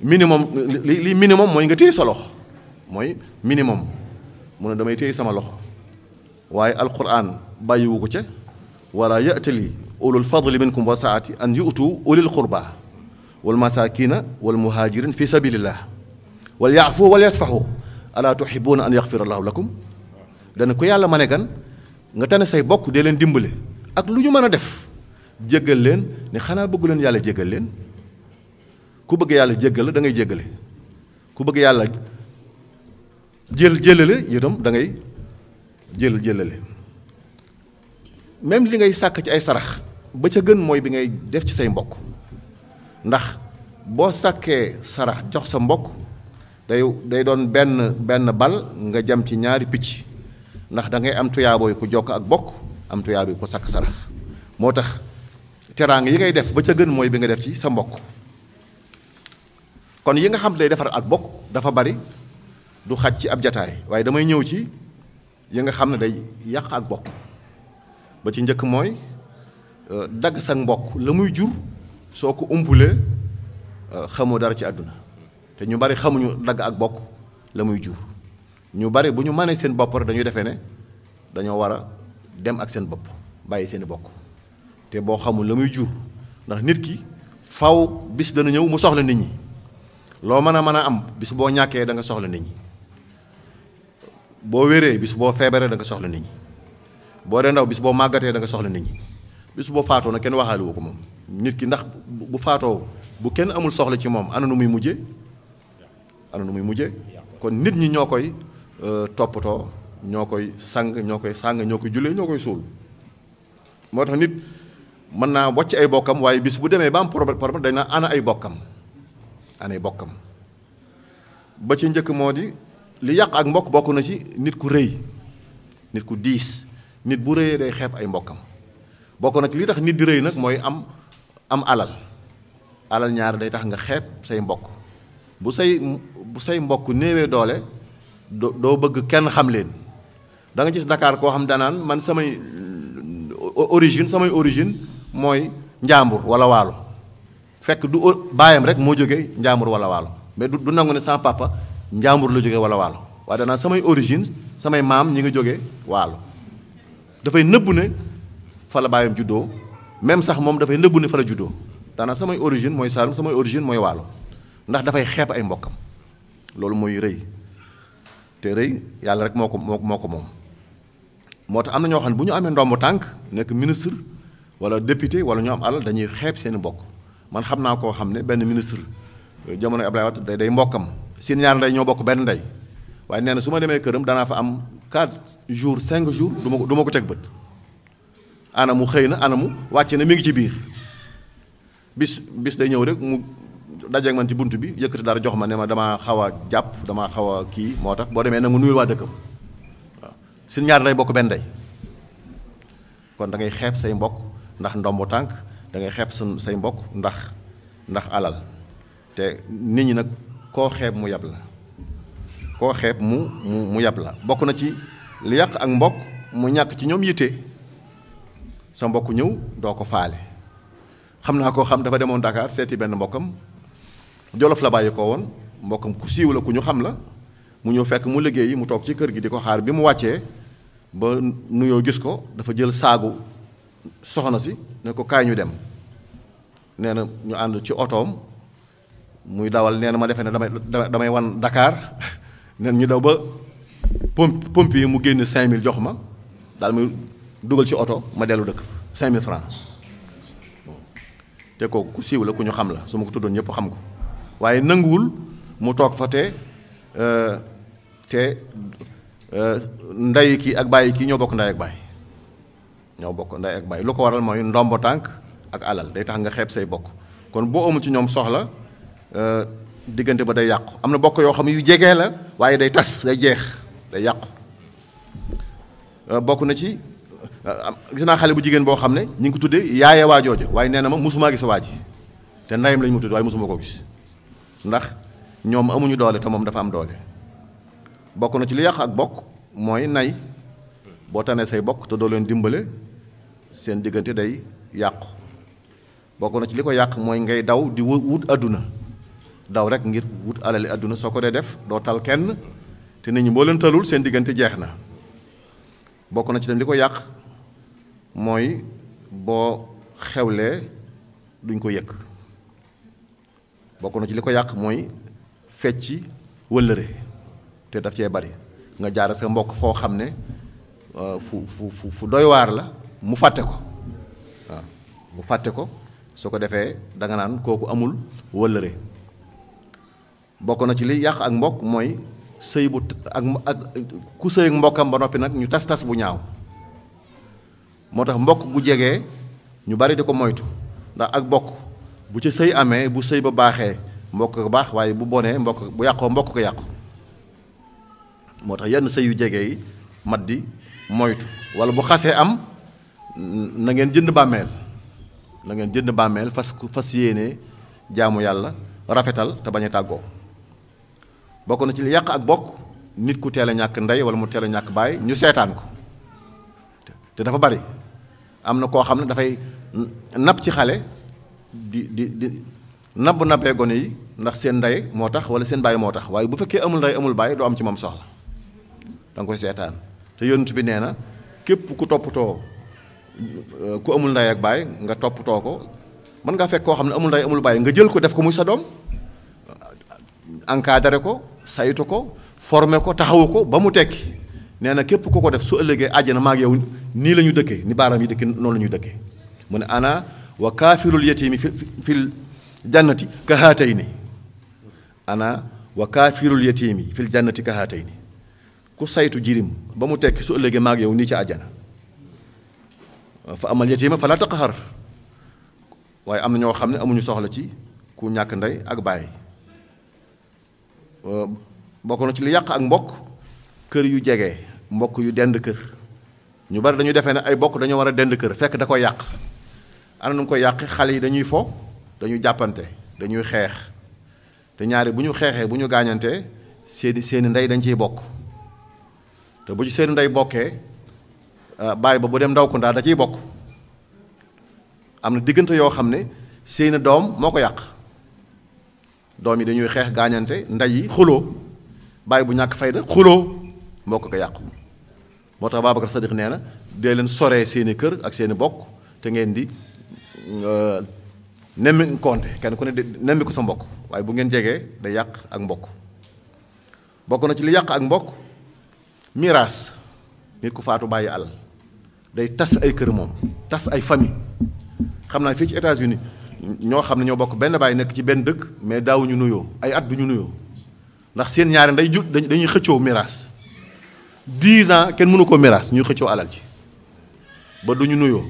minimum li li minimum mooy nga téye sa loxo mooy minimum mu ne damay téye sama loxo waaye alquran bàyyiwu ko ca wala yatali ulul fadli minkum wa saati an yutu ulil qurba wal masakina wal muhajirin fi sabilillah wal yaafu wal yasfaxu alaa tuhibuuna an yaxfira allahu lakum dana ko yàlla ma ne gan nga tane say bokk dee leen dimbale ak lu ñu mën a def jéggal leen ne xanaa bëggu leen yàlla jéggal leen ku bëgg yàlla jéggal la da ngay jéggale ku bëgg yàlla jël jëlale itam da ngay jël jëlale même li ngay sàkk ci ay sarax ba ca gën mooy bi ngay def ci say mbokk ndax boo sàkkee sarax jox sa mbokk day day doon benn benn bal nga jam ci ñaari picc ndax dangay am tuyaaboo yu jokk ak bokk am tuyaaboo yu ko sàkk sarax moo tax teraanga yi ngay def ba ca gën mooy bi nga def ci sa mbokk kon yi nga xam day defar ak bokk dafa bari du xaj ci ab jataay waaye damay ñëw ci yi nga xam ne day yàq ak bokk ba ci njëkk mooy euh, dagg sa mbokk la muy jur soo ko umpulee euh, xamu dara ci àdduna te ñu bari xamuñu dagg ak bokk la muy jur ñu bari bu ñu mënee seen bopp rek dañuy defee ne dañoo war a dem ak seen bopp bàyyi seen i bokk te boo xamul la muy jur ndax nit ki faw bis dana ñëw mu soxla nit ñi loo mën a mën a am bis boo ñàkkee da nga soxla nit ñi boo wéree bis boo feebaree da soxla nit ñi boo dee ndaw bis boo màggatee da nga soxla nit ñi bis boo faatoo nag kenn waxaale ko moom nit ki ndax bu faatoo bu kenn amul soxla ci moom ana nu muy mujje ana nu muy mujje kon nit ñi ñoo koy euh, toppatoo ñoo koy sang ñoo koy sàng ñoo koy jullee ñoo koy suul moo tax nit mën naa wàcc ay bokkam waaye bis bu demee ba am problème dañ naa ana ay bokkam ana ay bokkam ba ci njëkk moo di li yàq ak mbokk bokk na ci nit ku rëy nit ku diis nit bu rëyee day xeeb ay mbokkam bokk nag li tax nit di rëy nag mooy am am alal alal ñaar day tax nga xeeb say mbokk bu say bu say mbokk néewee doole doo bëgg kenn xam leen danga gis ndakaar koo xam danaan man samay origine samay origine mooy Njàmbur wala Waalo fekk du baayam rek moo jóge Njàmbur wala Waalo mais du du nangu ne sans papa Njàmbur la jóge wala Waalo waaye danaan samay origine samay maam ñi nga jógee Waalo dafay nëbbu ne fa la baayam juddoo même sax moom dafay nëbbu ne fa la juddoo dana samay origine mooy Saalum samay origine mooy waalo ndax dafay xeeb ay mbokkam loolu mooy rëy te rëy yàlla rek moo ko moo moo ko moom moo tax am na ñoo xam ne bu ñu amee ndomb tànk nekk ministre wala dépité wala ñoo am alal dañuy xeeb seen bokk man xam naa koo xam ne benn ministre euh, jamono Abdoulaye Wade day day mbokkam seen ñaar ndey ñoo bokk benn ndey waaye nee na su ma demee danaa fa am quatre jours cinq jours du ma ko duma ko teg bët anamu xëy na anamu wàcce na mi ngi ci biir bis bis day ñëw rek mu dajeeg man ci bunt bi yëkkati dara jox ma ne ma damaa xaw a jàpp damaa xaw a kii moo tax boo demee nag mu nuyul waa dëkkam waaw ñaar day bokk benn day kon dangay ngay xeeb say mbokk ndax ndombo tànk dangay ngay xeeb sa say mbokk ndax ndax alal te nit ñi nag koo xeeb mu yab la koo xeeb mu mu mu yab la bokk na ci li yàq ak mbokk mu ñàkk ci ñoom yitte sa mbokk ñëw doo ko faale xam naa koo xam dafa demoon Dakar seeti benn mbokkam jolof la bàyyi ko woon mbokkam ku siiw la ku ñu xam la mu ñëw fekk mu liggéey mu toog ci kër gi di ko xaar bi mu wàccee ba nuyoo gis ko dafa jël saagu soxna si ne ko kaay ñu dem nee na ñu ànd ci otoom muy dawal nee na ma defee ne damay damay wan Dakar nen ñu daw ba pompe pompe mu génn 5000 jox ma daal muy dugal ci oto ma dellu dëkk 5000 francs te kooku ku siiw la ku ñu xam la su ma ko tuddoon ñëpp xam ko waaye nanguwul mu toog fa te euh, te euh, ndey kii ak bàyyi kii ñoo bokk ndey ak bàyyi ñoo bokk nday ak bàyyi lu ko waral mooy ndombo tànk ak alal day tax nga xeeb say bokk kon boo amul ci ñoom soxla. Euh, diggante ba day yàqu am na bokk yoo xam ne yu jege la waaye day tas day jeex day yàqu euh, bokk na ci euh, gis naa xale bu jigéen boo xam ne ñu ngi ko tuddee yaaye waa waaye nee na ma mosumaa gis waa ji te ndayam lañ mu tudd waaye mosuma koo gis ndax ñoom amuñu doole te moom dafa am doole bokk na ci li yàq ak bokk mooy nay boo tanee say bokk te doo leen dimbale seen diggante day yàqu bokk na ci li ko yàq mooy ngay daw di wut àdduna daw rek ngir wut alali àdduna soo ko dee def doo tal kenn te nit ñi boo leen talul seen diggante jeex na bokk na ci tam li ko yàq mooy boo xewlee duñ ko yëg bokk na ci li ko yàq mooy fecci wëllëre te daf cee bari nga jaara sa mbokk foo xam ne euh, fu fu fu doy waar la mu fàtte ko waaw mu fàtte ko soo ko defee danga naan kooku amul wëllëre bokk na ci li yàq ak mbokk mooy sëy bu ak ak ku sëy ak mbokkam ba noppi nag ñu tas tas bu ñaaw moo tax mbokk gu jege ñu bari di ko moytu ndax ak bokk bu ci sëy amee bu sëy ba baaxee mbokk ko baax waaye bu bonee mbokk bu yàqoo mbokk ko yàqu moo tax yenn sëy yu jege yi mat di moytu wala bu xasee am na ngeen jënd bàmmeel na ngeen jënd bàmmeel fas fas yéene jaamu yàlla rafetal te bañ a tàggoo bokk na ci li yàq ak bokk nit ku teel a ñàkk ndey wala mu teel a ñàkk baay ñu seetaan ko te dafa bari am na koo xam ne dafay nab ci xale di di di nab nabee gone yi ndax seen ndey moo tax wala seen baay moo tax waaye bu fekkee amul ndey amul baay doo ci moom soxla da nga koy seetaan te yonent nee na képp ku toppatoo ku amul ndey ak baay nga toppatoo ko mën nga fekk koo xam ne amul ndey amul baay nga jël ko def ko muy sa doom. encadré ko saytu ko formé ko taxawu ko ba mu tekki nee na képp ku ko def su ëllëgee àjjana maag yow nii la ñu dëkkee ni baaraam yi dëkkee noonu la ñu dëkkee mu ne ana wa kaafirul yatiimi fi fil jànnati ka haatayni ana wa kaafirul fil jannati ka haatayni ku saytu jirim ba mu tekki su ëllëgee maag yow nii ci àjjana fa amal yatiima fa laa taqhar waaye am na ñoo xam ne amuñu soxla ci ku ñàkk ndey ak bàyyi Euh, bokk na ci lu yàq ak mbokk kër yu jege mbokk yu dend kër ñu bari dañu defee ne ay bokk dañoo war a dend kër fekk da koy yàq ana nu mu koy yàq xale yi dañuy fo dañuy jàppante dañuy xeex te ñaari bu ñu xeexee bu ñu gaañantee seeni seeni ndey dañ ciy bokk te bu ci seeni ndey bokkee euh, baay ba bu dem ndaw ko ndaa da ciy bokk am na diggante yoo xam ne seeni doom moo ko yàq doom yi dañuy xeex gaañante nday yi xuloo bàyyi bu ñàkk fayda xuloo moo ko yàqu moo tax Babacar Sadiq nee na dee leen soree seeni kër ak seeni bokk te ngeen di euh, nemmi konte kenn ku ne di nemmi ko sa mbokk waaye bu ngeen jegee day yàq ak mbokk bokk na ci li yàq ak mbokk miraas nit ku faatu bàyyi àll day tas ay kër moom tas ay famille xam naa fii ci États-Unis ñoo xam ne ñoo bokk benn baay nekk ci benn dëkk mais daawuñu nuyoo ay at duñu nuyoo ndax seen ñaari nday ju dañuy xëccoo miraas dix ans kenn mënu koo miraas ñuy xëccoo alal ci ba duñu nuyoo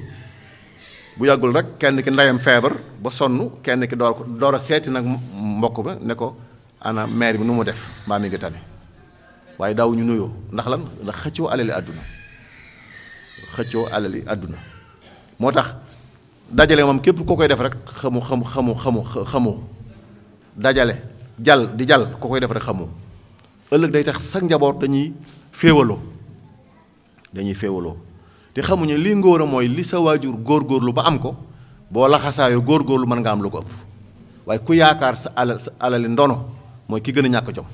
bu yàggul rek kenn ki ndeyam feebar ba sonn kenn ki door door a seeti nag mbokk ba ne ko ana maire bi nu mu def mbaa mi ngi tane waaye daawuñu nuyoo ndax lan ndax xëccoo alali àdduna xëccoo alali àdduna moo tax dajale moom képp ku koy def rek xamu xamu xamu xamu xamoo dajale jal di jal ku koy def rek xamu ëllëg day tax sax njaboot dañuy féewaloo dañuy féewaloo te xamuñu lii ngóor mooy li sa waajur góorgóorlu ba am ko boo góor góorlu mën nga am lu ko ëpp waaye ku yaakaar sa alal sa alali ndono mooy ki gën a ñàkk jom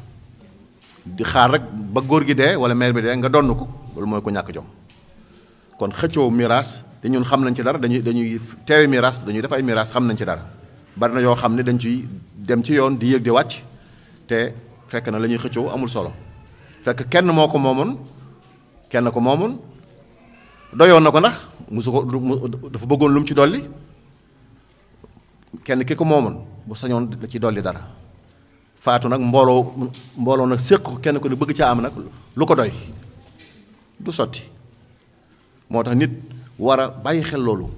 di xaar rek ba góor gi dee wala mère bi dee nga donn ko loolu mooy ko ñàkk jom kon xëccoo miraas te ñun xam nañ ci dara dañuy dañuy teewe miraas dañuy def ay miraas xam nañ ci dara bari na yoo xam ne dañ ciy dem ci yoon di yéeg di wàcc te fekk na lañuy ñuy amul solo fekk kenn moo ko moomoon kenn ko moomoon doyoon na ko ndax musu ko dafa bëggoon lu mu ci dolli kenn ki ko moomoon bu sañoon la ci dolli dara faatu nag mbooloo mbooloo nag séq ko kenn ko ne bëgg caa am nag lu ko doy du sotti moo tax nit war a bàyyi xel loolu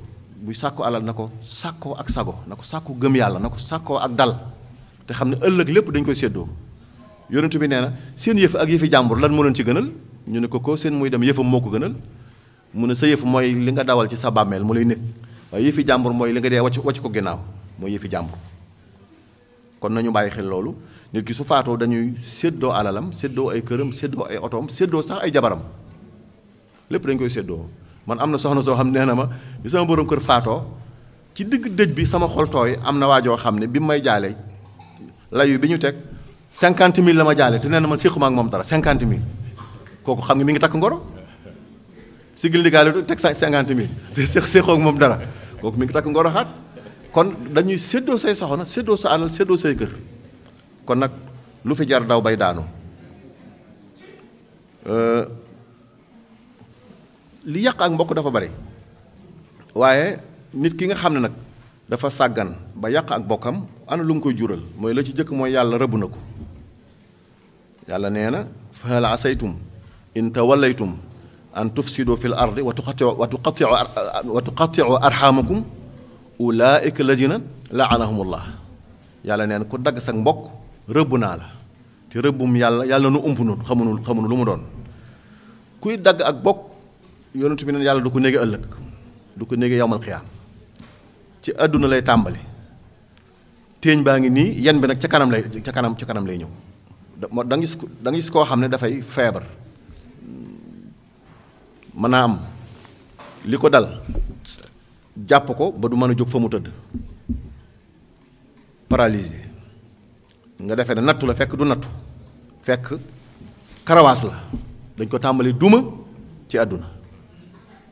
buy sàkku alal na ko sàkkoo ak sago na ko sàkku gëm yàlla na ko sàkkoo ak dal te xam ne ëllëg lépp dañ koy séddoo yonent bi nee na seen yëf ak yëfi jàmbur lan moo leen ci gënal ñu ne ko ko seen muy dem yëfam moo ko gënal mu ne sa yëf mooy li nga dawal ci sa bàmmeel mu lay nekk waaye yëfi jàmbur mooy li nga dee wacc wacc ko ginnaaw mooy yëfi jàmbur kon nañu bàyyi xel loolu nit ki su faatoo dañuy séddoo alalam séddoo ay këram séddoo ay otoom séddoo sax ay jabaram lépp dañ koy séddoo man am na soxna soo xam nee na ma bi sama borom kër faatoo ci digg dëj bi sama xol tooy am na waajoo xam ne bi may jaalee layu bi ñu teg cinquante mille la ma jaale te nee na ma séquma ak moom dara cinquante mille kooku xam nga mi ngi takk ngoro sigil ndigaale teg sa cinquante mille te séq séqoo ak moom dara kooku mi ngi takk ngoro xaat kon dañuy séddoo say soxna séddoo sa alal séddoo say kër kon nag lu fi jar daw bay daanu euh, li yàq ak mbokk dafa bari waaye nit ki nga xam ne nag dafa sàggan ba yàq ak bokkam ana lu mu koy jural mooy la ci jëkk mooy yàlla rëbb na ko yàlla nee na fahal asaytum in tawallaytum an tufsidu fi l ardi wa tuqatiu wa tuqatiu wa tuqatiu arxamakum ulaika ladina laanahum allah yàlla nee na ku dagg sag mbokk rëbb naa la te rëbbum yàlla yàlla nu ump noonu xamuñu xamuñu lu mu doon kuy dagg ak bokk yonent bi neen yàlla du ko néegee ëllëg du ko néegee yawmal xiyaam ci àdduna lay tàmbali téeñ baa ngi nii yan bi nag ca kanam lay ca kanam ca kanam lay ñëw da nga gis da nga gis koo xam ne dafay feebar mën li ko dal jàpp ko ba du mën a jóg fa mu tëdd paralysé nga defee ne nattu la fekk du nattu fekk karawaas la dañ ko tàmbali duma ci àdduna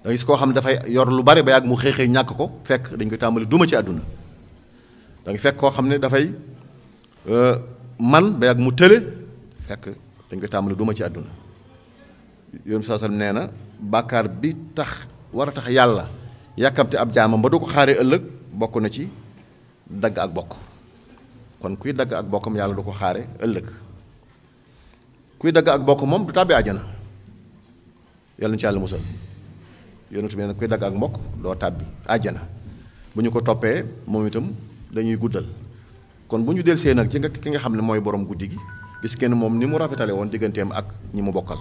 da gis koo xam ne dafay yor lu bari ba yàgg mu xëy ñàkk ko fekk dañ koy tàmbali duma ci àdduna da nga fekk koo xam ne dafay euh, man ba mu tële fekk dañ koy tàmbali duma ci àdduna yoon saa nee na bàkkaar bi tax war a tax yàlla yàkkamte ab jaamam ba du ko xaaree ëllëg bokk na ci dagg ak bokk kon kuy dagg ak bokkam yàlla du ko xaare ëllëg kuy dagg ak bokk moom du tàbbi àjjana yàlla na ci yàlla musal yonent bi ne kuy dagg ak mbokk doo tàbbi àjjana bu ñu ko toppee moom itam dañuy guddal kon bu ñu delsee nag ci nga ki nga xam ne mooy boroom guddi gi gis ngeen moom ni mu rafetale woon digganteem ak ñi mu bokkal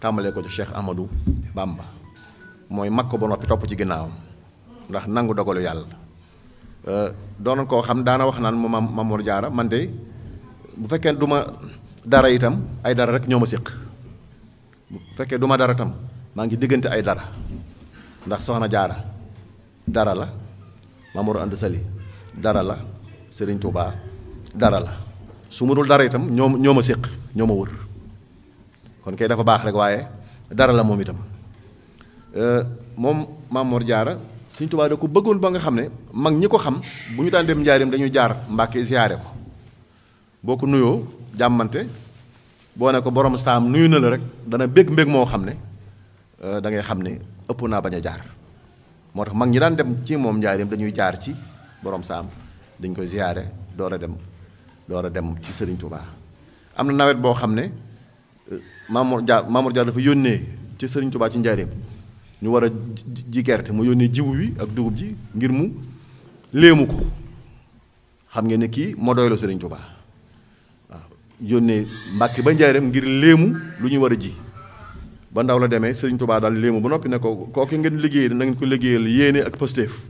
tàmbalee ko ci Cheikh Amadou Bamba mooy mag ko ba noppi topp ci ginnaawam ndax nangu dogalu yàlla euh, doonoon koo xam daana wax naan mu mam Mamour jaara man de bu fekkee du ma dara itam ay dara rek ñoo ma séq bu fekkee du ma dara itam maa ngi diggante ay dara ndax soxna jaara dara la Mamour Anta Sali dara la Serigne Touba dara la su ma dul dara itam ñoo ma séq ñoo ma wër kon kay dafa baax rek waaye dara la moom itam euh, moom Mamour Jaara Serigne Touba da ko bëggoon ba nga xam ne mag ñi ko xam bu ñu daan dem njaarim dañuy jaar Mbàkke ziyaare ko boo ko nuyoo jàmmante boo ne ko borom saam nuyu na la rek dana bég mbég moo xam ne Euh, da ngay xam ne ëpp naa bañ a jaar moo tax mag ñi daan dem ci moom njaareem dañuy jaar ci borom saam dañ koy ziyaare door a dem door a dem ci Serigne Touba. am na nawet boo xam ne euh, Mamour Dia Mamour Dia dafa yónnee ci Serigne Touba ci njaareem ñu war a ji gerte mu yónnee jiwu wi ak dugub ji ngir mu léemu ko xam ngeen ne kii moo doyloo Serigne Touba waaw yónnee mbàkk ba njaareem ngir léemu lu ñuy war a ji. ba ndaw la demee Serigne Touba daal léemu ba noppi ne ko kooku ngeen liggéey na ngeen ko liggéeyal yéene ak pëstéef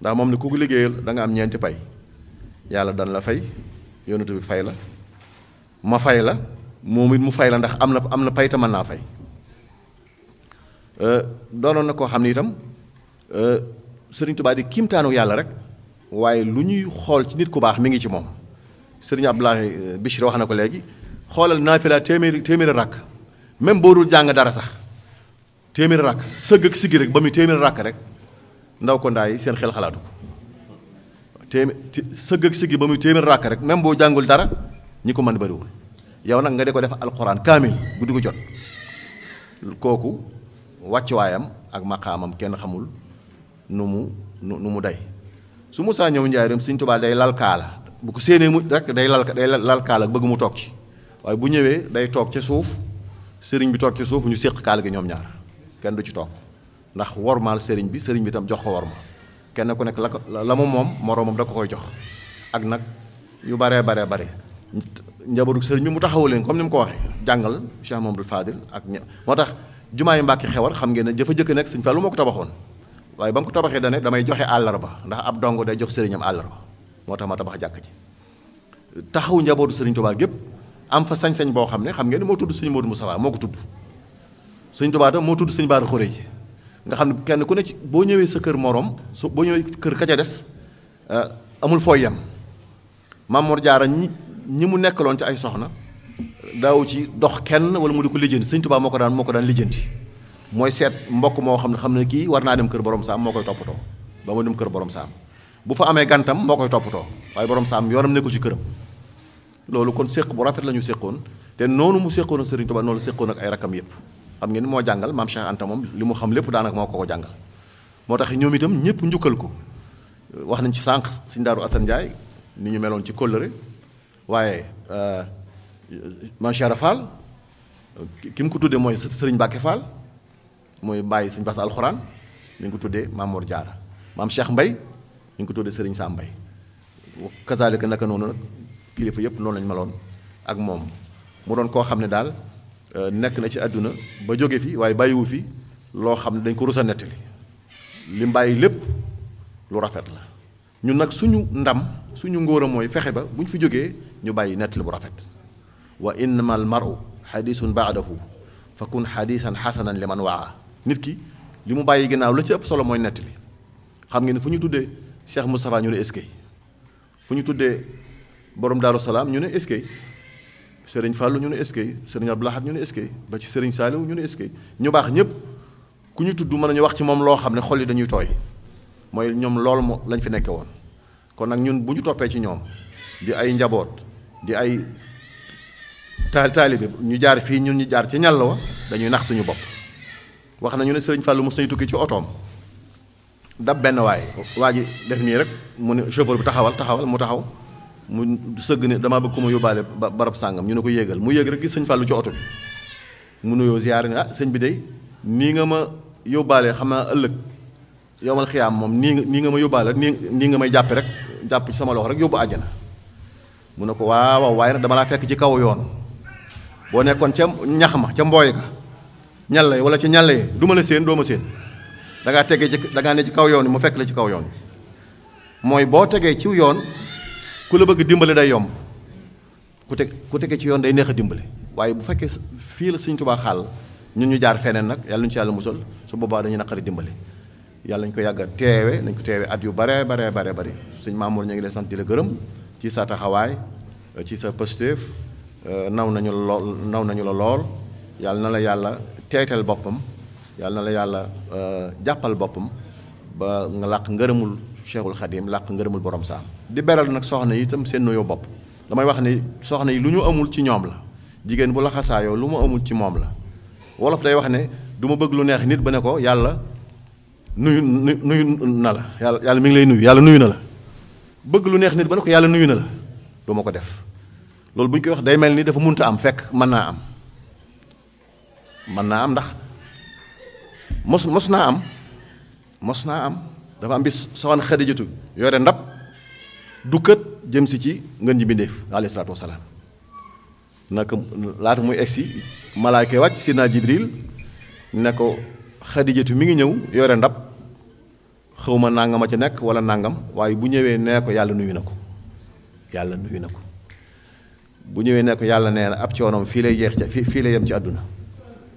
ndax moom ne ko ko liggéeyal danga am ñeenti pay yàlla dan la fay yoonatu bi fay la ma fay la moom it mu fay la ndax am na am na pay te mën naa fay euh, doonoon na koo xam ne itam euh, Serigne tubaa di kiimtaanu yàlla rek waaye lu ñuy xool ci nit ku baax mi ngi ci moom Serigne Abdoulaye euh, Bichir wax na ko léegi xoolal naa laa téeméeri téeméeri rakk. même boo dul jàng dara sax téeméer rakk sëg ak siggi rek ba muy téeméer ràkk rek ndaw ko ndaay seen xel xalaatu ko téemé sëgg ak siggi ba muy téeméer ràkk rek même boo jàngul dara ñi ko mën bariwul yow nag nga di ko def alxuraan kaamil guddi ko jot kooku wàccuwaayam ak maqaamam kenn xamul nu mu nu mu day su Musaa ñëw njaareem suñ Tuubaa day lal kaala bu ko séenee mu rek day lal day lal kaala bëgg mu toog ci waaye bu ñëwee day toog ca suuf sëriñ bi toog ci suuf ñu séq kaal gi ñoom ñaar kenn du ci toog ndax wormaal sëriñ bi sëriñ bi tam jox ko worma kenn ku nekk la ko la mu moom moroomam da ko koy jox ak nag yu baree baree bare njabootu sëriñ bi mu taxawu leen comme ni mu ko waxee jàngal Cheikh Mamadou Fadil ak ña moo tax jumaa yi mbàkki xewar xam ngeen ne dafa jëkk nekk sëñ Fallu moo ko tabaxoon waaye ba mu ko tabaxee dane damay joxe àllarba ndax ab dong day jox sëriñam àllarba moo tax ma tabax jàkk ji taxaw njabootu sëriñ Tuubaa gépp am fa sañ-sañ boo xam ne xam ngeen moo tudd sëñ Modou Moustapha moo ko tudd sëñ Tuubaa moo tudd sëñ Bara Xuré ji nga xam ne kenn ku ne ci boo ñëwee sa kër morom su boo ñëwee kër ka ca des euh, amul fooy yem Maam Mor Jaara ñi mu nekkaloon ci ay soxna daaw ci dox kenn wala mu di ko lijjanti sëñ Tuubaa moo ko daan moo ko daan lijjanti mooy seet mbokk moo xam ne xam ne kii war naa dem kër borom saam moo koy toppatoo ba mu dem kër borom saam bu fa amee gantam moo koy toppatoo waaye borom saam yoonam nekku ci këram loolu kon séq bu rafet la ñu séqoon te noonu mu séqoon ak Serigne Touba noonu séqoon ak ay rakam yëpp xam ngeen moo jàngal maam Cheikh Anta moom li mu xam lépp daanaka moo ko ko jàngal moo tax ñoom itam ñëpp njukkal ko wax nañ ci sànq Serigne Darou Assane Ndiaye ni ñu meloon ci kóllëre waaye euh, maam Cheikh Fall mu ko tuddee mooy Serigne Mbacke Fall mooy bàyyi Serigne Bass alxuraan ngi ko tuddee Maam Mor Diarra maam Cheikh Mbay mi ngi ko tuddee Serigne saa Mbay kazaalika naka noonu nag. kilifa yëpp noonu lañ meloon ak moom mu doon koo xam ne daal euh, nekk na ci àdduna ba jóge fi waaye bàyyiwu fi loo xam ne dañ ko rus a nettali li mbàyyi lépp lu rafet la ñun nag suñu ndam suñu ngóora mooy fexe ba bu ñu fi jógee ñu bàyyi nettali bu rafet wa innama al maru xadisun baadahu fa kun xadisan xasanan li man waa nit ki li mu bàyyi ginnaaw la ci ëpp solo mooy nettali xam ngeen fu ñu tuddee Cheikh Moustapha ñu ne eskay fu ñu tuddee borom daaru salaam ñu ne eskay sëriñ fàllu ñu ne eskay sëriñ Abdou Lahad ñu ne eskay ba ci sëriñ Saliou ñu ne eskay ñu baax ñëpp ku ñu tudd mën nañu wax ci moom loo xam ne xol yi dañuy tooy mooy ñoom lool moo lañ fi nekkee woon kon nag ñun bu ñu toppee ci ñoom di ay njaboot di ay taal taalibe ñu jaar fii ñun ñu jaar ci ñàll wa dañuy nax suñu bopp wax nañu ne sëriñ fàllu mu nañu tukki ci otoom dab benn waay waa ji def nii rek mu ne chauffeur bi taxawal taxawal mu taxaw mu sëgg ne damaa bëgg ko ma yóbbaale barab sàngam ñu ne ko yéegal mu yéeg rek gis sëñ Fallou ci oto bi mu nuyoo ziyaare ne ah sëñ bi day nii nga ma yóbbaale xam naa ëllëg yowmal xiyaam moom nii nga nii nga ma yóbbaale nii nii nga may jàppe rek jàpp ci sama loxo rek yóbbu àjjana mu ne ko waaw waaye nag dama laa fekk ci kaw yoon boo nekkoon ca ñax ma ca mbooy ga ñalla wala ci ñalla yi du ma la séen doo ma séen da ngaa tegee ci da ne ci kaw yoon yi mu fekk la ci kaw yoon mooy boo tegee ci yoon ku la bëgg dimbale day yomb ku teg ku tege ci yoon day neex a dimbale waaye bu fekkee fii la Sëñ Tuubaa xaal ñun ñu jaar feneen nag yàlla ñu ci yàlla musal su boobaa dañu naqari dimbale yàlla ñu ko yàgg a nañ ko teewe at yu bare bare bare bëri sëñ Mamour ñu ngi lay sant di la gërëm ci sa taxawaay ci sa positif euh, naw nañu lool naw nañu la lool yàlla na la yàlla teetal boppam yàlla na la yàlla euh, jàppal boppam ba nga làq ngërëmul Cheikhul Khadim làq ngërëmul borom saam di beral nag soxna yi itam seen nuyoo bopp damay wax ni soxna yi lu ñu amul ci ñoom la jigéen bu laxasaayoo lu mu amul ci moom la wolof day wax ne duma bëgg lu neex nit ba ne ko yàlla nuyu nuyu na la yàlla yàlla mi ngi lay nuyu yàlla nuyu na la bëgg lu neex nit ba ne ko yàlla nuyu na la du ma ko def loolu bu ñu koy wax day mel ni dafa mënta am fekk mën naa am mën naa am ndax mos mos naa am mos naa am dafa am bis soxna Xadijatu yore ndab du kët jëm si ci ngën ji bindeef alayhi salaatu wasalaam naka laata muy egsi malaayka wàcc sidna jibril ne ko xadijatu mi ngi ñëw yore ndab xawma ma nàngam a ca nekk wala nàngam waaye bu ñëwee nee ko yàlla nuyu na ko yàlla nuyu na ko bu ñëwee ne yàlla nee na ab coonom fii lay jeex ca fii lay yem ci àdduna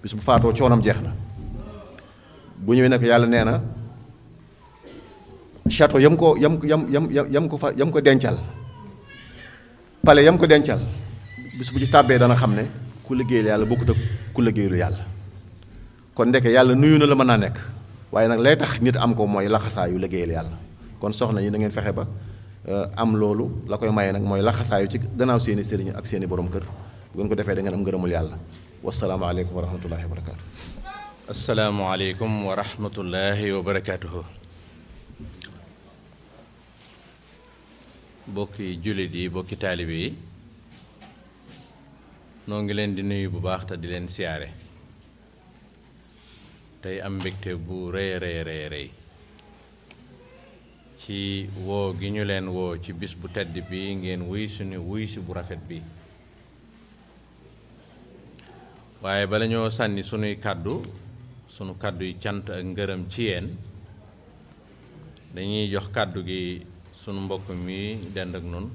bis bu faatoo coonom jeex na bu ñëwee ne ko yàlla nee na château yam ko yam yam yam ko fa yam ko dencal palais yam ko dencal bis bu ci tàbbee dana xam ne ku liggéeyal yàlla bokkut ak ku liggéeyul yàlla kon ndeke yàlla nuyu na la mën naa nekk waaye nag lay tax nit am ko mooy laxasaayu liggéeyal yàlla kon soxna yi na ngeen fexe ba eh, am loolu la koy maye nag mooy laxasaayu ci gannaaw seeni sëriñ ak seeni borom kër bu ngeen ko defee da ngeen am ngërëmul yàlla wasalaamaaleykum wa rahmatullahi wa barakaatu. asalaamaaleykum wa rahmatullahi wa bokki jullit yi bokki taalibe yi noo ngi leen di nuyu bu baax te di leen siyaare tey am mbégte bu rëy rëy rëy rëy ci woo gi ñu leen woo ci bis bu tedd bi ngeen wuy suñu wuy si bu rafet bi waaye bala ñoo sànni sunuy kàddu sunu kàddu yi cant ak ngërëm ci yéen dañuy jox kàddu gi sunu mbokk mi dend ak nun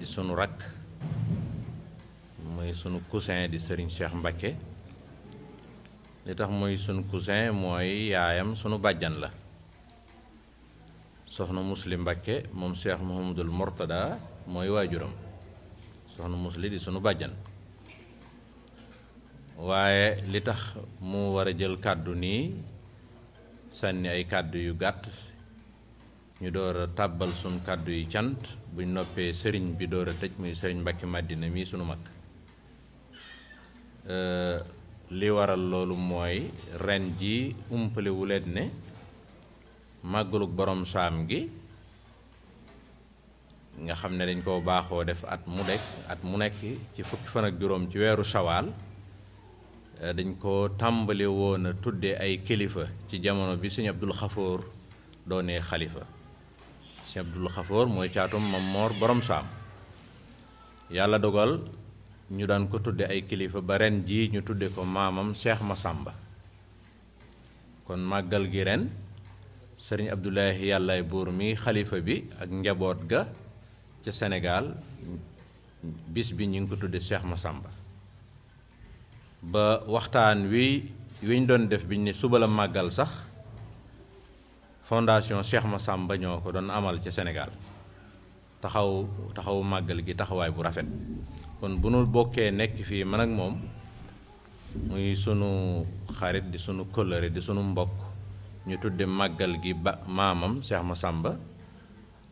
di sunu rakk mooy sunu cousin di Serigne Cheikh mbakke li tax mooy sunu cousin mooy yaayam sunu bàjjan la soxna Musli Mbacké moom Cheikh Mouhamadul Mourtada mooy waajuram soxna Musli di sunu bàjjan waaye li tax mu war a jël kàddu nii sànni ay kàddu yu gàtt ñu door a tàbbal suñ kàddu yi cant buñ noppee sëriñ bi door a tëj muy sëriñ Mbàkke Madina mii sunu mag euh, li waral loolu mooy ren ji umpale leen ne màggalug borom saam gi nga xam ne dañ koo baaxoo def at mu nekk at mu nekk ci fukki fan juróom ci weeru sawaal euh, dañ ko tàmbali woona tuddee ay kilifa ci jamono bi sëñ Abdul Xafoor doonee xalifa Cheikh Abdul Xafoor mooy caatum Mam Moor borom saam yàlla dogal ñu daan ko tudde ay kilifa ba ren jii ñu tudde ko maamam ma sàmba kon màggal gi ren sëriñ Abdoulaye yàllaay buur mi xalifa bi ak njaboot ga ca senegaal bis bi ñu ngi ko tudde ma Masamba ba waxtaan wi wiñ doon def biñ ne suba la màggal sax fondation Cheikh Massamba ñoo ko doon amal ca Sénégal taxaw taxaw màggal gi taxawaay bu rafet kon bu nu bokkee nekk fii man ak moom muy sunu xarit di sunu kóllëre di sunu mbokk ñu tudde màggal gi ba maamam ma sàmba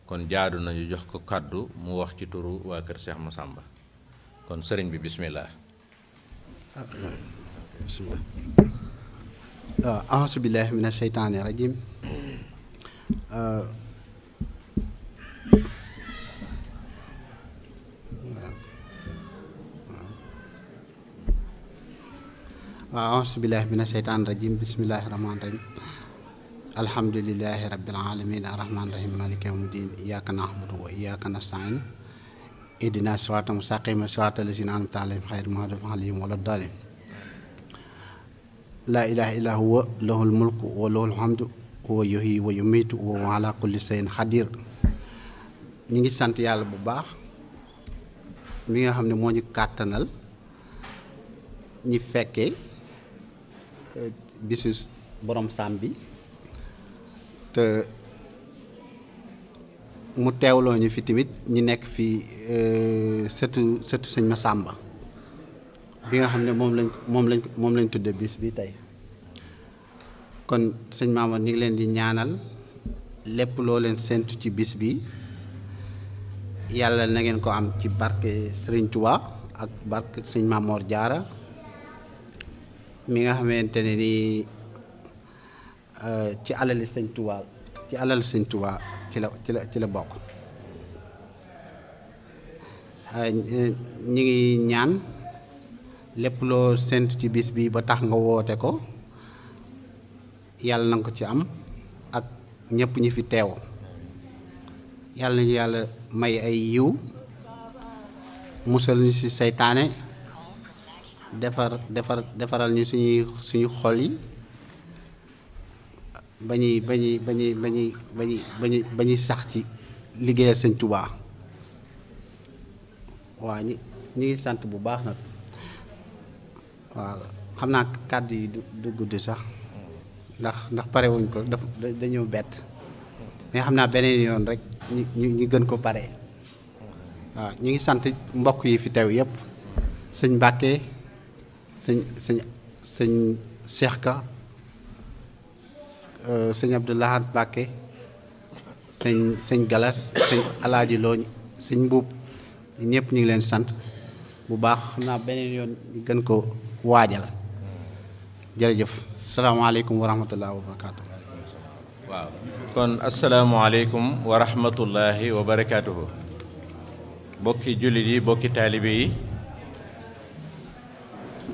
kon jaadu nañu jox ko kàddu mu wax ci turu waa kër ma sàmba kon sëriñ bi bismillah ah, bismillah auzu ah, billahi mina sheytaani Euh, waaw asubillahi mina sheytaan rajim bismillahi rahmaan rahim alhamdulilahi rabbil alamin arrahman rahim maliki yawmiddin iyyaka na'budu wa iyyaka nasta'in ihdina siraatal mustaqiim siraatal laziina an'amta alayhim ghayril maghdubi alayhim wa lad-daalliin laa ilaaha illaa huwa lahul mulku wa lahul hamdu wa yuhyi wa yumiitu wa huwa kulli shay'in qadiir ñu ngi sant yàlla bu baax mi nga xam ne moo ñu kàttanal ñi fekkee bisu borom saam bi te mu teewloo ñu fi tamit ñi nekk fi e, sëtu sëtu sëñ ma sàmba bi nga xam ne moom lañ moom lañ moom lañ tudde bis bi tey kon sëñ Mamour ñu ngi leen di ñaanal lépp loo leen séntu ci bis bi yàlla na ngeen ko am ci barke Sëriñ Tuubaa ak barke sëñ Mamour jaara mi nga xamante ne nii euh, ci alali sëñ Tuubaa ci alal sëñ Tuubaa ci la ci la ci la bokk euh, ñu ngi ñaan lépp loo séntu ci bis bi ba tax nga woote ko yàlla na ko ci am ak ñépp ñu fi teew yàlla nañu yàlla may ay yiw musal ñu ci seytaane defar defar defaral ñu suñuy suñu xol yi ba ñuy ba ñuy ba ñuy ba ñuy ba ñuy sax ci liggéeyal Sëñ Tuubaa waa ñi ñu ngi sant bu baax nag waaw xam naa kàddu yi du gudd sax ndax ndax pare wuñ ko daf dañoo bett mais xam naa beneen yoon rek ñu ñu gën ko pare waaw ñu ngi sant mbokk yi fi teew yëpp sëñ Mbàkke sëñ sëñ sëñ Cheikh Ka euh, sëñ Abdoulahat sëñ Galas sëñ Alaaji Looñ sëñ Mbuub ñëpp ñu ngi leen sant bu baax xam naa beneen yoon ñu gën ko la jërëjëf salaamaaleykum wa rahmatulah wa barakaatu. bokki jullit yi bokki taalibe yi.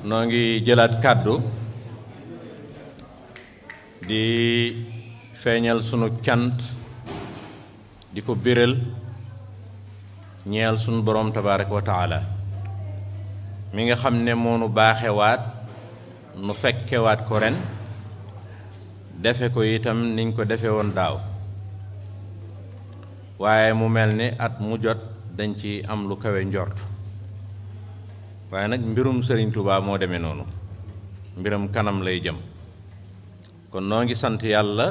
noo ngi jëlaat kàddu di feeñal sunu cant di ko biral ñeel sunu boroom tabaaraka wa taala mi nga xam ne moonu baaxewaat nu fekkewaat ko ren defe ko itam niñ ko defe woon daaw waaye mu mel ni at mu jot dañ ci am lu kawe njort waaye nag mbirum Sëriñ Tuubaa moo demee noonu mbiram kanam lay jëm kon noo ngi sant yàlla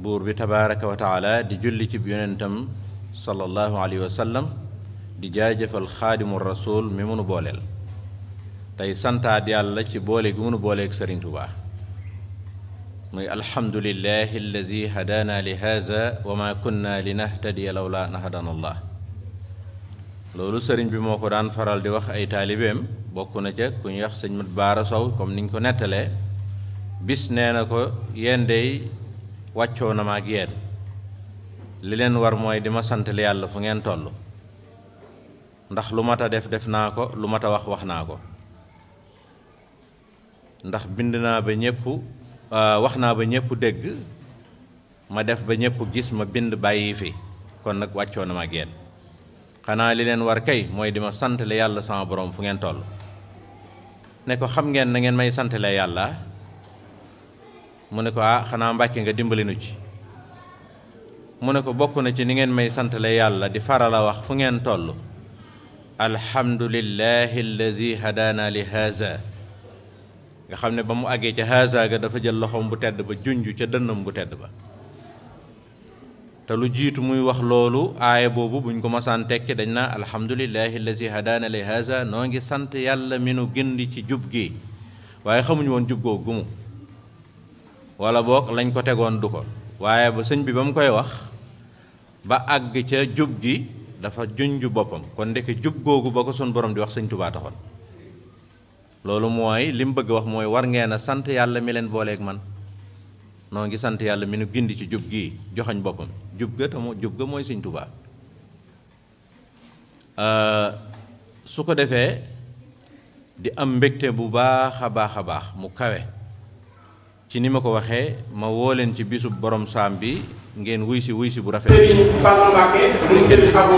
buur bi tabaaraka wa taala di julli ci yonentam sallallahu alayhi wa sallam di jaajëfal xaadimu rasul mi mënu booleel tey santaat yàlla ci boole gi mënu booleeg sëriñ Tuubaa muy alhamdulillahi alladi hadaana li haza wa ma kunna loolu sëriñ bi moo ko daan faral di wax ay taalibeem bokk na ca ku ñuy wax sëñ mat baara sow comme niñ ko nettalee bis nee na ko yéen dey wàccoo na ma ak yéen li leen war mooy di ma santale yàlla fu ngeen toll ndax lu mat a def def naa ko lu mat a wax wax naa ko ndax bind naa ba ñépp euh, wax naa ba ñépp dégg ma def ba ñépp gis ma bind bàyyi fi kon nag wàccoo na ma xanaa li leen war kay mooy di ma santale yàlla sama borom fu ngeen toll ne ko xam ngeen na ngeen may santale yàlla mu ne ko ah xanaa mbàkke nga dimbali nu ci mu ne ko bokk na ci ni ngeen may santale yàlla di faral a wax fu ngeen toll alhamdulillahi alladi hadaana nga xam ne ba mu àggee ca haasaaga dafa jël loxoom bu tedd ba junj ca dënnam bu tedd ba te lu jiitu muy wax loolu aaya boobu buñ ko masaan tekki dañ naa alhamdulillahi allazi hadaana li haza noo ngi sant yàlla mi nu gindi ci jub gi waaye xamuñu woon jub googu gumu wala boog lañ ko tegoon du ko waaye ba sëñ bi ba mu koy wax ba àgg ca jub gi dafa junj boppam kon ndeke jub googu ba ko sun borom di wax sëñ Tubaa loolu mooy li mu bëgg wax mooy war ngeen a sant yàlla mi leen booleek man noo ngi sant yàlla mi nu gindi ci jub gii joxañ boppam jub ga te moo jub ga mooy Sëñ Tuubaa su ko defee di am mbégte bu baax a baax a baax mu kawe ci ni ma ko waxee ma woo leen ci bisu boroom saam bi ngeen wuy si bu rafet Sëriñ mu Sëriñ Abo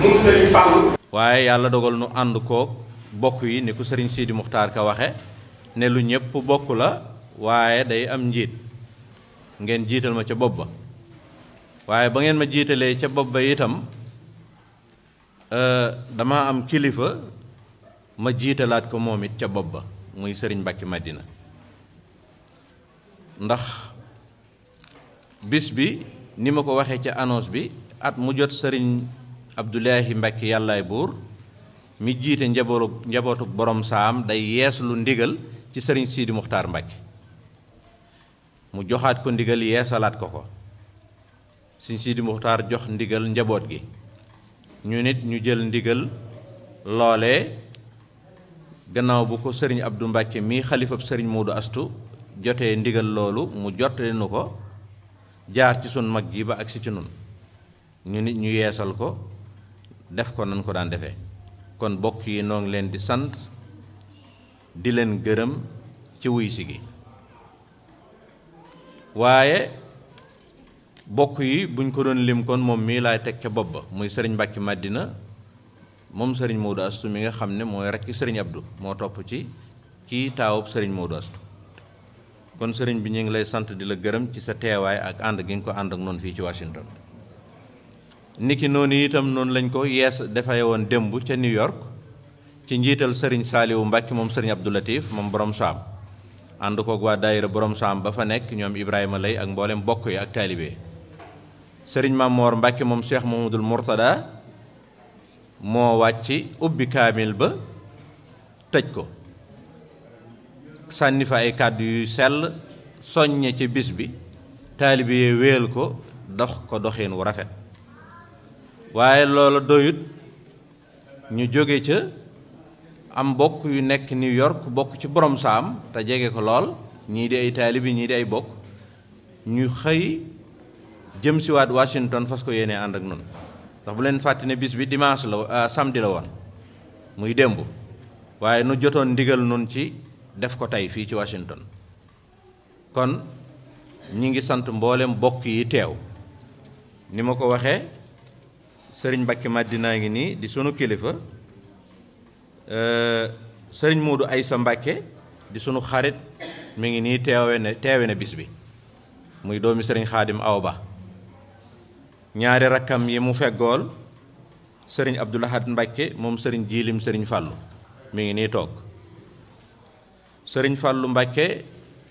mu Sëriñ Fallu waaye yàlla dogal nu ànd koog bokk yi ni ko sëriñ Sidi Muxtaar ka waxe ne lu ñëpp bokk la waaye day am njiit ngeen jiital ma ca bopp ba waaye ba ngeen ma jiitalee ca bopp ba itam euh, dama am kilifa ma jiitalaat ko moom it ca bopp ba muy sëriñ Mbàkke Madina ndax bis bi ni ma ko waxee ca annonce bi at mu jot sëriñ Abdoulahi Mbàkke yàllaay buur mi jiite njabootu njabootu borom saam day yees lu ndigal ci sëriñ Sidi Muxtaar Mbàkke mu joxaat ko ndigal yeesalaat ko ko sëriñ Sidi Muxtaar jox ndigal njaboot gi ñu nit ñu jël ndigal loole gannaaw bu ko sëriñ du Mbàkke mii xalifab sëriñ Moodu Astu jotee ndigal loolu mu jottali nu ko jaar ci sun mag gi ba agsi ci nun ñu nit ñu yeesal ko def ko nan ko daan defee kon bokk yi noo ngi leen di sant di leen gërëm ci wuy gi waaye bokk yi buñ ko doon lim kon moom mii laay teg ca bopp ba muy sëriñ Mbàkke màddina moom sëriñ Modou Astou mi nga xam ne mooy rekk sëriñ Abdou moo topp ci kii taawub sëriñ Modou Astou kon sëriñ bi ñu ngi lay sant di la gërëm ci sa teewaay ak ànd gi nga ko ànd ak noonu fii ci Washington nit ki noonu itam noonu lañ ko yees defee woon démb ca New York ci njiital sëriñ saaliwu Mbacke moom Serigne Abdou moom borom saam ànd koog waa daayira borom saam ba fa nekk ñoom Ibrahima lay ak mboolem bokk yi ak taalibe sëriñ Mamor Mbacke moom seex Cheikh Mamadul Mourtada moo wàcc ubbi kaamil ba tëj ko sànni fa ay kàddu yu sell soññe ci bis bi taalibe yi ko dox ko doxin wu rafet. waaye loola doyut ñu jóge ca am bokk yu nekk New York bokk ci borom saam te jege ko lool ñii di ay taalibi ñii di ay bokk ñu xëy jëm siwaat Washington fas ko yéenee ànd ak noonu ndax bu leen fàtte ne bis bi dimanche la euh, samedi la woon muy démb waaye nu jotoon ndigal nun ci def ko tey fii ci Washington kon ñi ngi sant mboolem bokk yi teew ni ma ko waxee sëriñ Mbacke Madina ngi nii di sunu kilifa euh, sëriñ ay sa Mbacke di sunu xarit mi ngi nii teewe na teewe na bis bi muy doomi sëriñ Xaadim Awa Ba ñaari rakkam yi mu feggool sëriñ Abdoul Ahad moom sëriñ Jiilim sëriñ Fàllu mi ngi nii toog sëriñ Fàllu Mbacke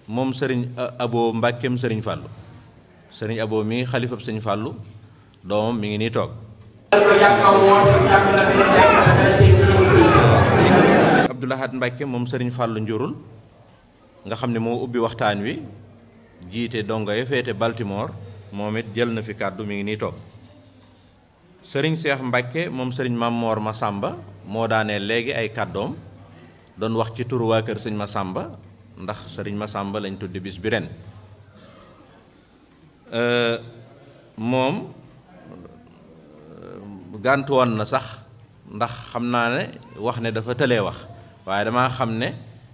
moom sëriñ euh, Abo Mbackeem sëriñ Fàllu sëriñ Abo mi ngi xalifab sëriñ Fàllu doomam mi ngi nii toog Abdoul Ahad moom sëriñ fàll njurul nga xam ne moo ubbi waxtaan wi jiite dongo ya féete Baltimore moom it jël na fi kàddu mi ngi nii toog Serigne Cheikh Mbacké moom Serigne Mamor sàmba moo daanee léegi ay kàddoom doon wax ci turu waa kër Serigne Massamba ndax ma sàmba lañ tuddi bis bi ren euh, moom gàntu woon na sax ndax xam naa ne wax ne dafa tëlee wax waaye damaa xam ne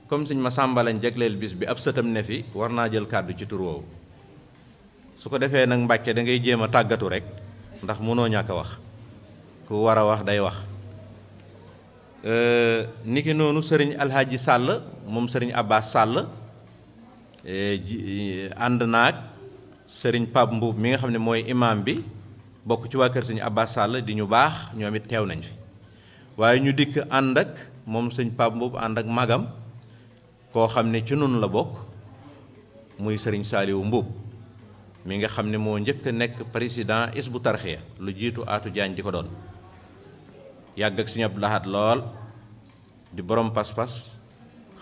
comme suñ ma sàmbalañ jagleel bis bi ab sëtam ne fi war naa jël kàddu ci tur woowu su ko defee nag mbàkke da ngay jéem a tàggatu rek ndax mënoo ñàkk a wax ku war a wax day wax euh, niki noonu sëriñ alxaaji sàll moom sëriñ abbas sàll eh, eh, ànd naag sëriñ pap mbuub mi nga xam ne mooy imaam bi bokk ci waa kër sëñ Abbas Sall di ñu baax ñoom it teew nañ fi waaye ñu dikk ànd ak moom sëñ Pape Mboup ànd ak magam koo xam ne ci nun la bokk muy sëriñ Saliou Mboup mi nga xam ne moo njëkk a nekk président Hizbut Tarqiyyah lu jiitu aatu Diagne di ko doon yàgg ak sëñ Abdou Lahad lool di borom pas-pas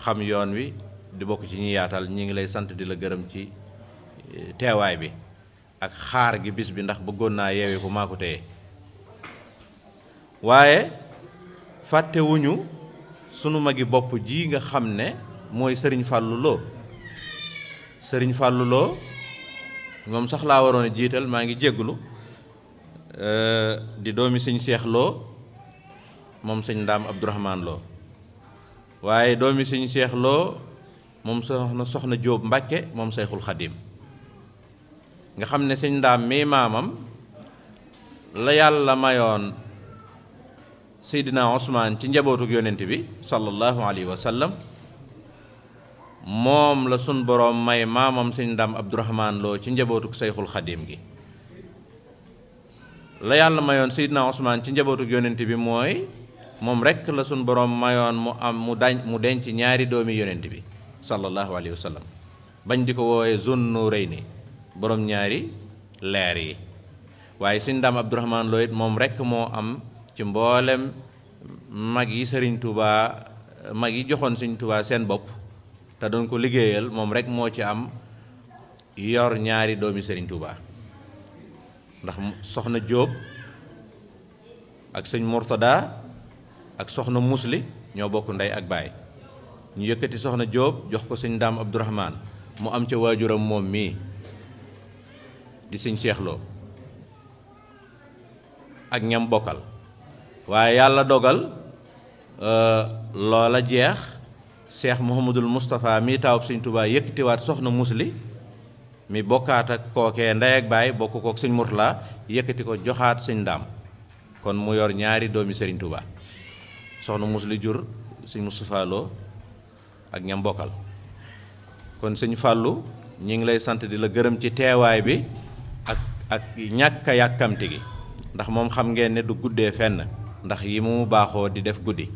xam yoon wi di bokk ci ñi yaatal ñi ngi lay sant di la gërëm ci eh, teewaay bi ak xaar gi bis bi ndax bëggoon naa yeewee ko maa ko téye waaye fàttewuñu sunu magi bopp ji nga xam ne mooy sëriñ fàlluloo Lo sëriñ Fallou moom sax laa waroon a jiital maa ngi jégglu di doomi sëñ Seex moom sëñ Ndaam Abdourahman waaye doomi sëñ Seex moom soxna soxna Jóob Mbàkke moom Seyxul Xadim nga xam ne sëñ ndaam mii maamam la yàlla mayoon seydina osmaan ci njabootuk yonent bi sallallahu alayhi wa sallam moom la suñ boroom may maamam sëñ ndaam abdurahmaan loo ci njabootuk seyxul xadim gi la yàlla mayoon seydina osmaan ci njabootuk yonent bi mooy moom rekk la suñ boroom mayoon mu am mu dañ mu denc ñaari doomi yonent bi sallallahu alayhi wa sallam bañ di ko woowee zun nurayni boroom ñaari leer yi waaye suñ ndam Abdourahman Lo it moom rekk moo am ci mboolem mag yi sëriñ Touba mag yi joxoon suñ Touba seen bopp te doon ko liggéeyal moom rekk moo ci am yor ñaari doomi sëriñ Touba ndax soxna Jóob ak sëñ Mourtada ak soxna Musli ñoo bokk ndey ak baay ñu yëkkati soxna Jóob jox ko sëñ ndam Abdourahman mu am ca waajuram moom mii di sëñ Cheikh Lo ak ñam bokkal waaye yàlla dogal euh, loola jeex Cheikh Mouhamadul Moustapha mi taawub sëñ Touba yëkkatiwaat soxna musli mi bokkaat ak kookee ndey ak baay bokk kook sëñ Mourtala yëkkati ko joxaat sëñ ndaam kon mu yor ñaari doomi sëriñ Touba soxna musli jur sëñ Moustapha ak ñam bokkal kon sëñ Fallou ñu ngi lay sant di la gërëm ci teewaay bi ak ak ñàkk a gi ndax moom xam ngeen ne du guddee fenn ndax yi mu baaxoo di def guddi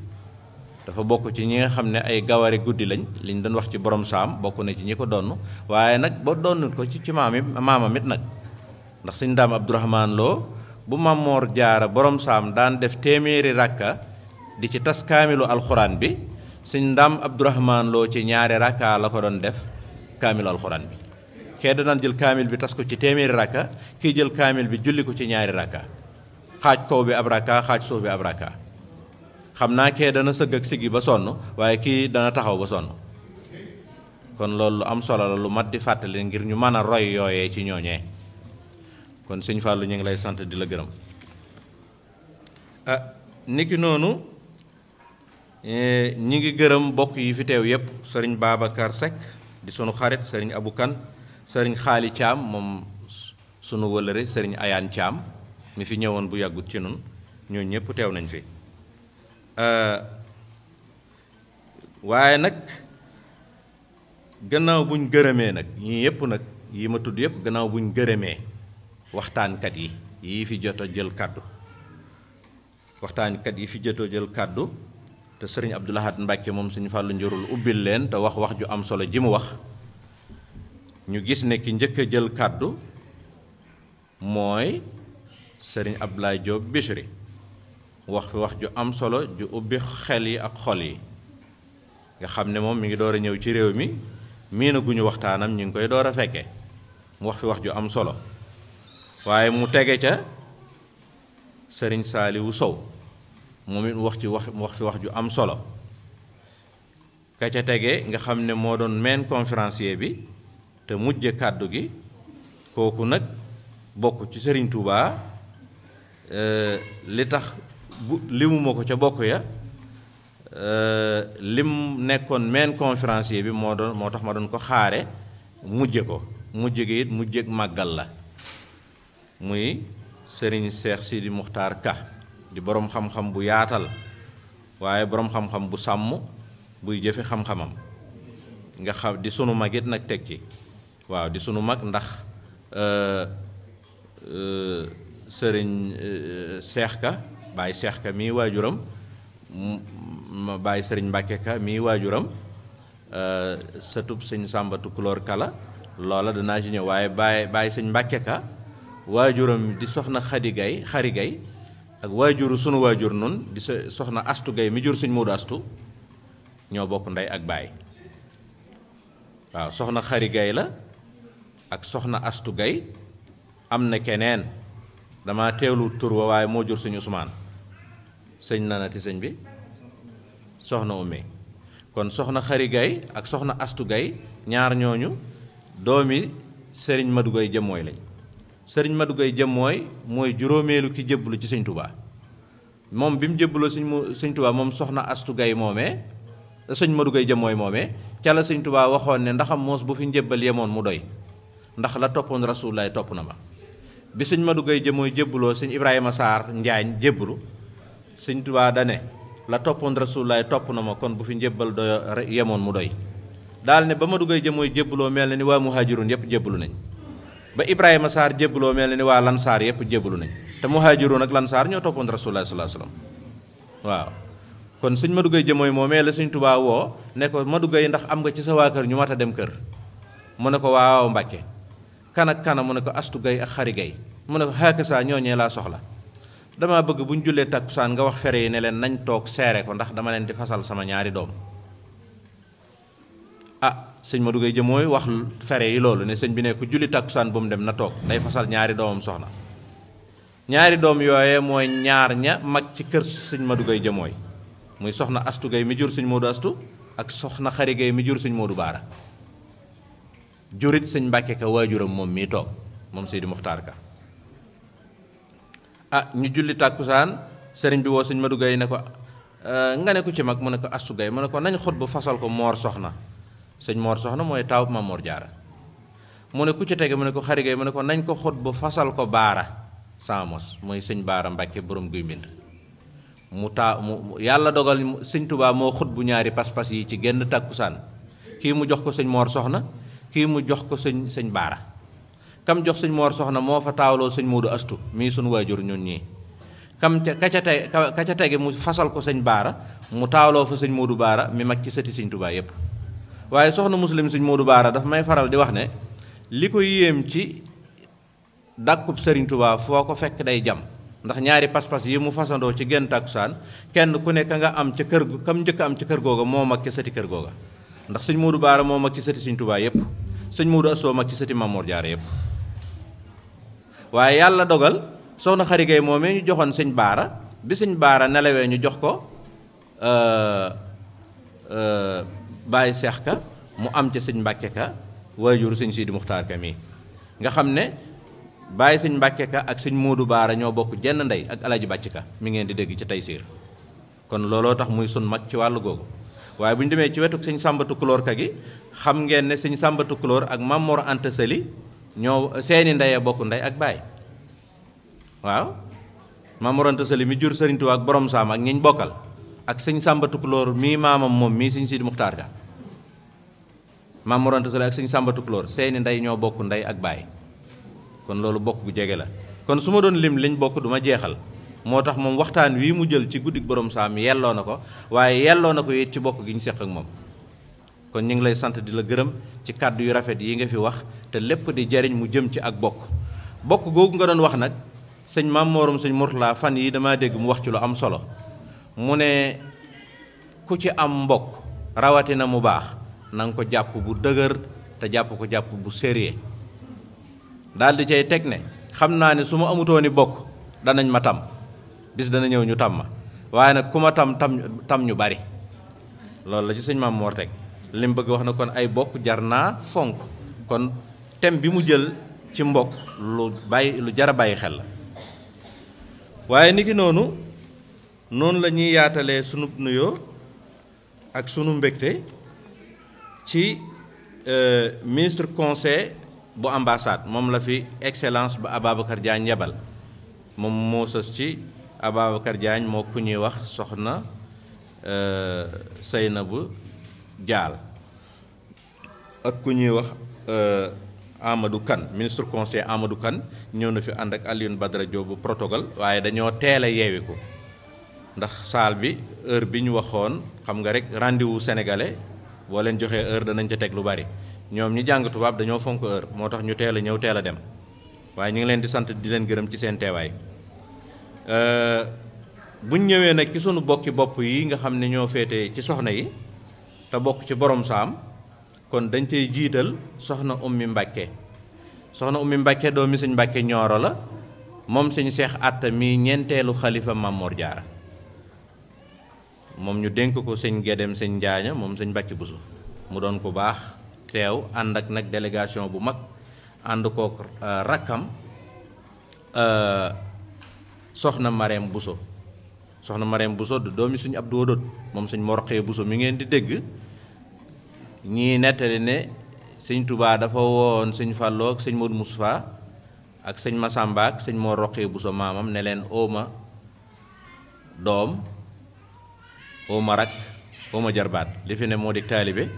dafa bokk ci ñi nga xam ne ay gaware guddi lañ liñ doon wax ci borom saam bokk na ci ñi ko donn waaye nag ba donn ko ci ci maam yi maamam it nag ndax sëñ daam Abdourahman Lo bu Maam Moor Jaara borom saam daan def téeméeri rakka di ci tas kaamilu alxuraan bi sëñ daam Abdourahman Lo ci ñaari rakka la ko doon def kaamilu alxuraan bi kee danaan jël kaamil bi tas ko ci téeméeri rakka kii jël kaamil bi julli ko ci ñaari rakka xaaj kaw bi ab rakka xaaj suuf bi ab rakka xam naa kee dana sëgg ak siggi ba sonn waaye kii dana taxaw ba sonn kon loolu lu am solo la lu mat di fàttali ngir ñu mën a roy yooyee ci ñooñee kon sëñ Fallou ñu ngi lay sant di la gërëm ah, ni ki noonu eh, ñi ngi gërëm bokk yi fi teew yépp sëriñ baabakar Seck di sunu xarit sëriñ Abou Kane sëriñ xaali Thiam moom sunu wëlëre sëriñ Ayaan Thiam mi fi ñëwoon bu yàggut ci noonu ñoo ñëpp teew nañ fi waaye nag gannaaw buñ gërëmee nag ñii yëpp nag yi ma tudd yëpp gannaaw buñ gërëmee waxtaankat yi yii fi jot jël kàddu waxtaankat yi fi jot jël kàddu te sëriñ Abdou Lahad Mbàkke moom suñu fàllu njërul ubbil leen te wax wax ju am solo ji mu wax ñu gis ne ki njëkk a jël kàddu mooy sëriñ Abdoulaye Diop Bichri wax fi wax ju am solo ju ubbi xel yi ak xol yi nga xam ne moom mi ngi door a ñëw ci réew mi miinaguñu waxtaanam ñu ngi koy door a fekke mu wax fi wax ju am solo waaye mu tege ca sëriñ Saaliwu Sow moom it wax ci wax wax fi wax ju am solo ka ca tege nga xam ne moo doon main conférencier bi te mujje kàddu gi kooku nag bokk ci Sëriñ Tuubaa euh, li tax bu limuma ko ca bokk ya euh, lim nekkoon main conférencier bi moo doon moo tax ma doon ko xaare mujje ko mujje gi it mujjeek màggal la muy sëriñ Seex Sidi Muxtaar Ka di boroom xam-xam bu yaatal waaye boroom xam-xam bu sàmm buy jëfe xam-xamam nga xam di sunu magit nag teg ci waaw di suñu mag ndax euh, euh, sëriñ euh, Seex Ka Baye Seex Ka mii waajuram ma Baye sëriñ Mbàkke Ka mii waajuram sëtub sëñ Sàmba Tukulóor Kala loola danaa ci ñëw waaye Baye Baye sëñ Mbàkke Ka waajuram di soxna Xadi Gay Xari Gay ak waajuru sunu waajur noonu di soxna Astu Gay mi jur sëñ Moodu Astu ñoo bokk ndey ak baay waaw soxna Xari Gay la ak soxna Astu Gay am na keneen dama teelu tur wa waaye moo jur suñu Usmaan sëñ nanati sëñ bi soxna ummi kon soxna xari Gay ak soxna Astu Gay ñaar ñooñu doomi sëriñ Madu Gay jëmmooy lañ sëriñ Madu Gay jëmmooy mooy juróomeelu ki jëbbalu ci sëñ Tubaa moom bi mu jëbbaloo sëñ mu sëñ Tubaa moom soxna Astu Gay moomee sëñ Madu Gay jëmmooy moomee ca la Tubaa waxoon ne ndaxam moos bu fi njëbbal yemoon mu doy ndax la toppoon rasulullaay topp na ma bi sëñ Madou Gueye jëmooy jébbuloo sëñ Ibrahima Sarr Njaañ jébbulu sëñ Tuubaa dane la toppoon rasulullaay topp na ma kon bu fi njébbal doy yemoon mu doy daal ne ba Madou Gueye jëmooy jébbuloo mel na ni waa muhaajiroon yëpp jébbalu nañ ba Ibrahima saar jébbuloo mel na ni waa lansaar yëpp jébbalu nañ te muhaajiroon ak lansaar ñoo toppoon rasulullaay sallallahu alayhi wasallam waaw kon sëñ Madou Gueye jëmooy moomee la sëñ Tuubaa woo ne ko Madou Gueye ndax am nga ci sa waa kër ñu mat a dem kër mu ne ko waaw Mbàkke kan ak mu ne ko astu gay ak xari gay mu ne ko xaaka saa ñooñee laa soxla dama bëgg bu ñu jullee takkusaan nga wax fere yi ne leen nañ toog seere ko ndax dama leen di fasal sama ñaari doom ah sëñ Madou Gueye jëmooy wax fere yi loolu ne sëñ bi ne ku julli takkusaan bu mu dem na toog day fasal ñaari doomam soxna ñaari doom yooye mooy ñaar ña mag ci kër sëñ Madou Gueye jëmooy muy soxna astu gay mi jur sëñ Modou astu ak soxna xari gay mi jur sëñ Modou Baara jurit sëñ Mbàkke ka juróom moom mii toog moom Seydi Muxtaar Ka ah ñu julli tàkkusaan sëriñ bi woo sëñ Madu Gay ne ko eh, nga ne ko ci mag mu ne ko Astu Gay mu ne ko nañ xut bu fasal ko Moor Soxna sëñ Moor Soxna mooy taawub Maam Moor Jaara mu ne ku ci tege mu ne ko Xari Gay mu nañ ko xut bu fasal ko Baara Saamos mooy sëñ Baara Mbàkke borom guy mbind mu taa mu yàlla dogal sëñ tubaab moo xot bu ñaari pas-pas yi ci genn tàkkusaan kii mu jox ko sëñ Moor Soxna kii mu jox ko sëñ sëñ baara kam jox sëñ moor soxna moo fa taawloo sëñ moodu astu mii suñ waajur ñun ñii kam ca ka ca tey ka ca mu fasal ko sëñ baara mu taawloo fa sëñ moodu baara mi mag ci sëti sëñ tubaa waaye soxna muslim sëñ moodu baara dafa may faral di wax ne li ko yéem ci dàkkub sëriñ tubaa foo ko fekk day jam ndax ñaari pas yi mu fasandoo ci genn tàkkusaan kenn ku nekk nga am ca kër kam njëkk am ca kër googa moo mag ci sëti kër googa ndax suñ Modou Baara moo mag ci sëti sëñ Touba yëpp sëñ Modou Assoo mag ci sëti Mamoor jaar yëpp waaye yàlla dogal soxna Xari Gaye moomee ñu joxoon sëñ Baara bi sëñ Baara nelawee ñu jox ko euh, euh, Baye Seex Ka mu am ca sëñ Mbàkke Ka waajur sëñ Sidi Muxtaar Ka mii nga xam ne bàyyi suñ Mbàkke Ka ak sëñ Modou Baara ñoo bokk jenn ndey ak Alaaji Bàcc Ka mi ngeen di dégg ca tey Taysiir kon looloo tax muy suñ mag ci wàllu googu waaye bu ñu demee ci wetu sëñ Sàmba Tukulóor ka gi xam ngeen ne sëñ sàmbatu Tukulóor ak Maam Mor ñoo seeni ndeyee bokk ndey ak baay waaw Maam Mor Anta mi jur Sëriñ ak borom saam ak ñiñ bokkal ak sëñ Sàmba Tukulóor mii maamam moom mii sëñ Sidi Muxtaar ka Maam Mor Anta ak sëñ Sàmba Tukulóor seeni ndey ñoo bokk ndey ak baay kon loolu bokk gu jege la kon su ma doon lim liñ bokk duma jeexal moo tax moom waxtaan wii mu jël ci guddi borom saam yelloo na ko waaye yelloo na ko it ci bokk gi ñu seq ak moom kon ñu ngi lay sant di la gërëm ci kàddu yu rafet yi nga fi wax te lépp di jariñ mu jëm ci ak bokk bokk googu nga doon wax nag sëñ maam Moroom sëñ Mourtala fan yi damaa dégg mu wax ci lu am solo mu ne ku ci am mbokk rawatina mu baax na ko jàpp bu dëgër te jàpp ko jàpp bu sérieux daal di cay teg ne xam naa ne su ma amutooni bokk danañ ma bis dana ñëw ñu tam ma waaye nag ku ma tam tam tam ñu bari loolu la ci sëñ maam Mor teg li bëgg wax na kon ay bokk jar naa fonk kon thème bi mu jël ci mbokk lu bàyyi lu jar a bàyyi xel la waaye ni ki noonu noonu la ñuy yaatalee sunub nuyoo ak sunu mbégte ci euh, ministre conseil bu ambassade moom la fi excellence ba Ababacar Diagne yebal moom moo sës ci Ababacar Diagne moo ku ñuy wax soxna euh, bu Jaal ak ku ñuy wax euh, amadu kan ministre conseil Amadou kan ñëw na fi ànd ak Alioune Badara Diop bu protocole waaye dañoo teel a yeewi ko ndax saal bi heure bi ñu waxoon xam nga rek rendez-vous sénégalais boo leen joxee heure danañ ca teg lu bari ñoom ñi jàng tubaab dañoo fonk heure moo tax ñu teel a ñëw teela dem waaye ñu ngi leen di sant di leen gërëm ci seen teewaay. Euh, buñ ñëwee nag ci sunu bokki bopp yi nga xam ne ñoo féete ci soxna yi te bokk ci boroom saam kon dañ cey jiital soxna ummi mbàkke soxna ummi mbàkke doomi sëñ mbàkke ñooro la moom sëñ seex atta mi ñeenteelu xalifa Mamor Jaara moom ñu dénk ko sëñ Gédem sëñ Njaaña moom sëñ Mbàkke busu mu doon ku baax teew ànd ak nag délégation bu mag ànd kook euh, rakkam euh, soxna Marème Bousso soxna Marème Bousso du doomi suñ Abdou Wadoot moom suñ Morxee Bousso mi ngeen di dégg ñii nettali ne sëñ tubaa dafa woon sëñ Fallou ak sëñ Modou Moustapha ak sëñ Massamba ak sëñ Mor Roqee Bousso maamam ne leen ooma doom ooma rak ooma jarbaat li fi ne moo di taalibe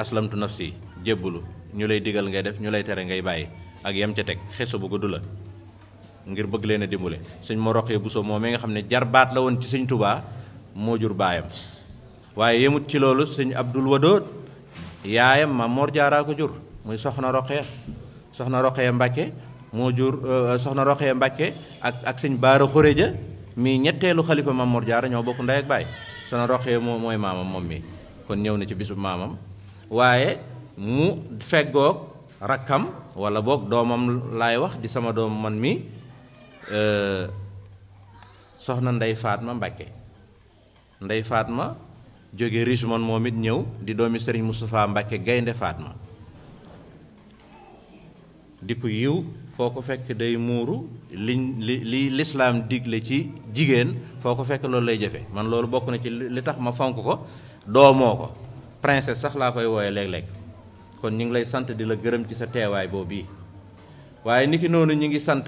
aslamtu nafsi jébbalu ñu lay digal ngay def ñu lay tere ngay bàyyi ak yam ca teg xeso bu gudd la ngir bëgg leen a dimbale sëñ ma roqee Bousso moom nga xam ne jarbaat la woon ci sëñ tubaa moo jur baayam waaye yemut ci loolu sëñ Abdul Wadood yaayam ma Mor Jaaraa ko jur muy soxna roqee soxna roqee Mbàkke moo jur euh, soxna roqee Mbàkke ak ak sëñ Baara Xureja mii ñetteelu xalifa ma Mor Jaara ñoo bokk ndey ak baay soxna moo mooy maamam moom mi kon ñëw na ci bisu maamam waaye mu feggoog rakkam wala boog doomam laay wax di sama doom man mi Euh, soxna Ndey Faatma Mbakke Ndey Faatma jóge Richmond moom it ñëw di doomi sëriñ Moustapha Mbakke gaynde Faatma di ko yiw foo ko fekk day muuru li li lislaam digle ci jigéen foo ko fekk loolu lay jëfe man loolu bokk na ci li tax ma fonk ko doomoo ko princesse sax laa koy wooye léeg-léeg kon ñu ngi lay sant di la gërëm ci sa teewaay boobu yi waaye niki noonu ñu ngi sant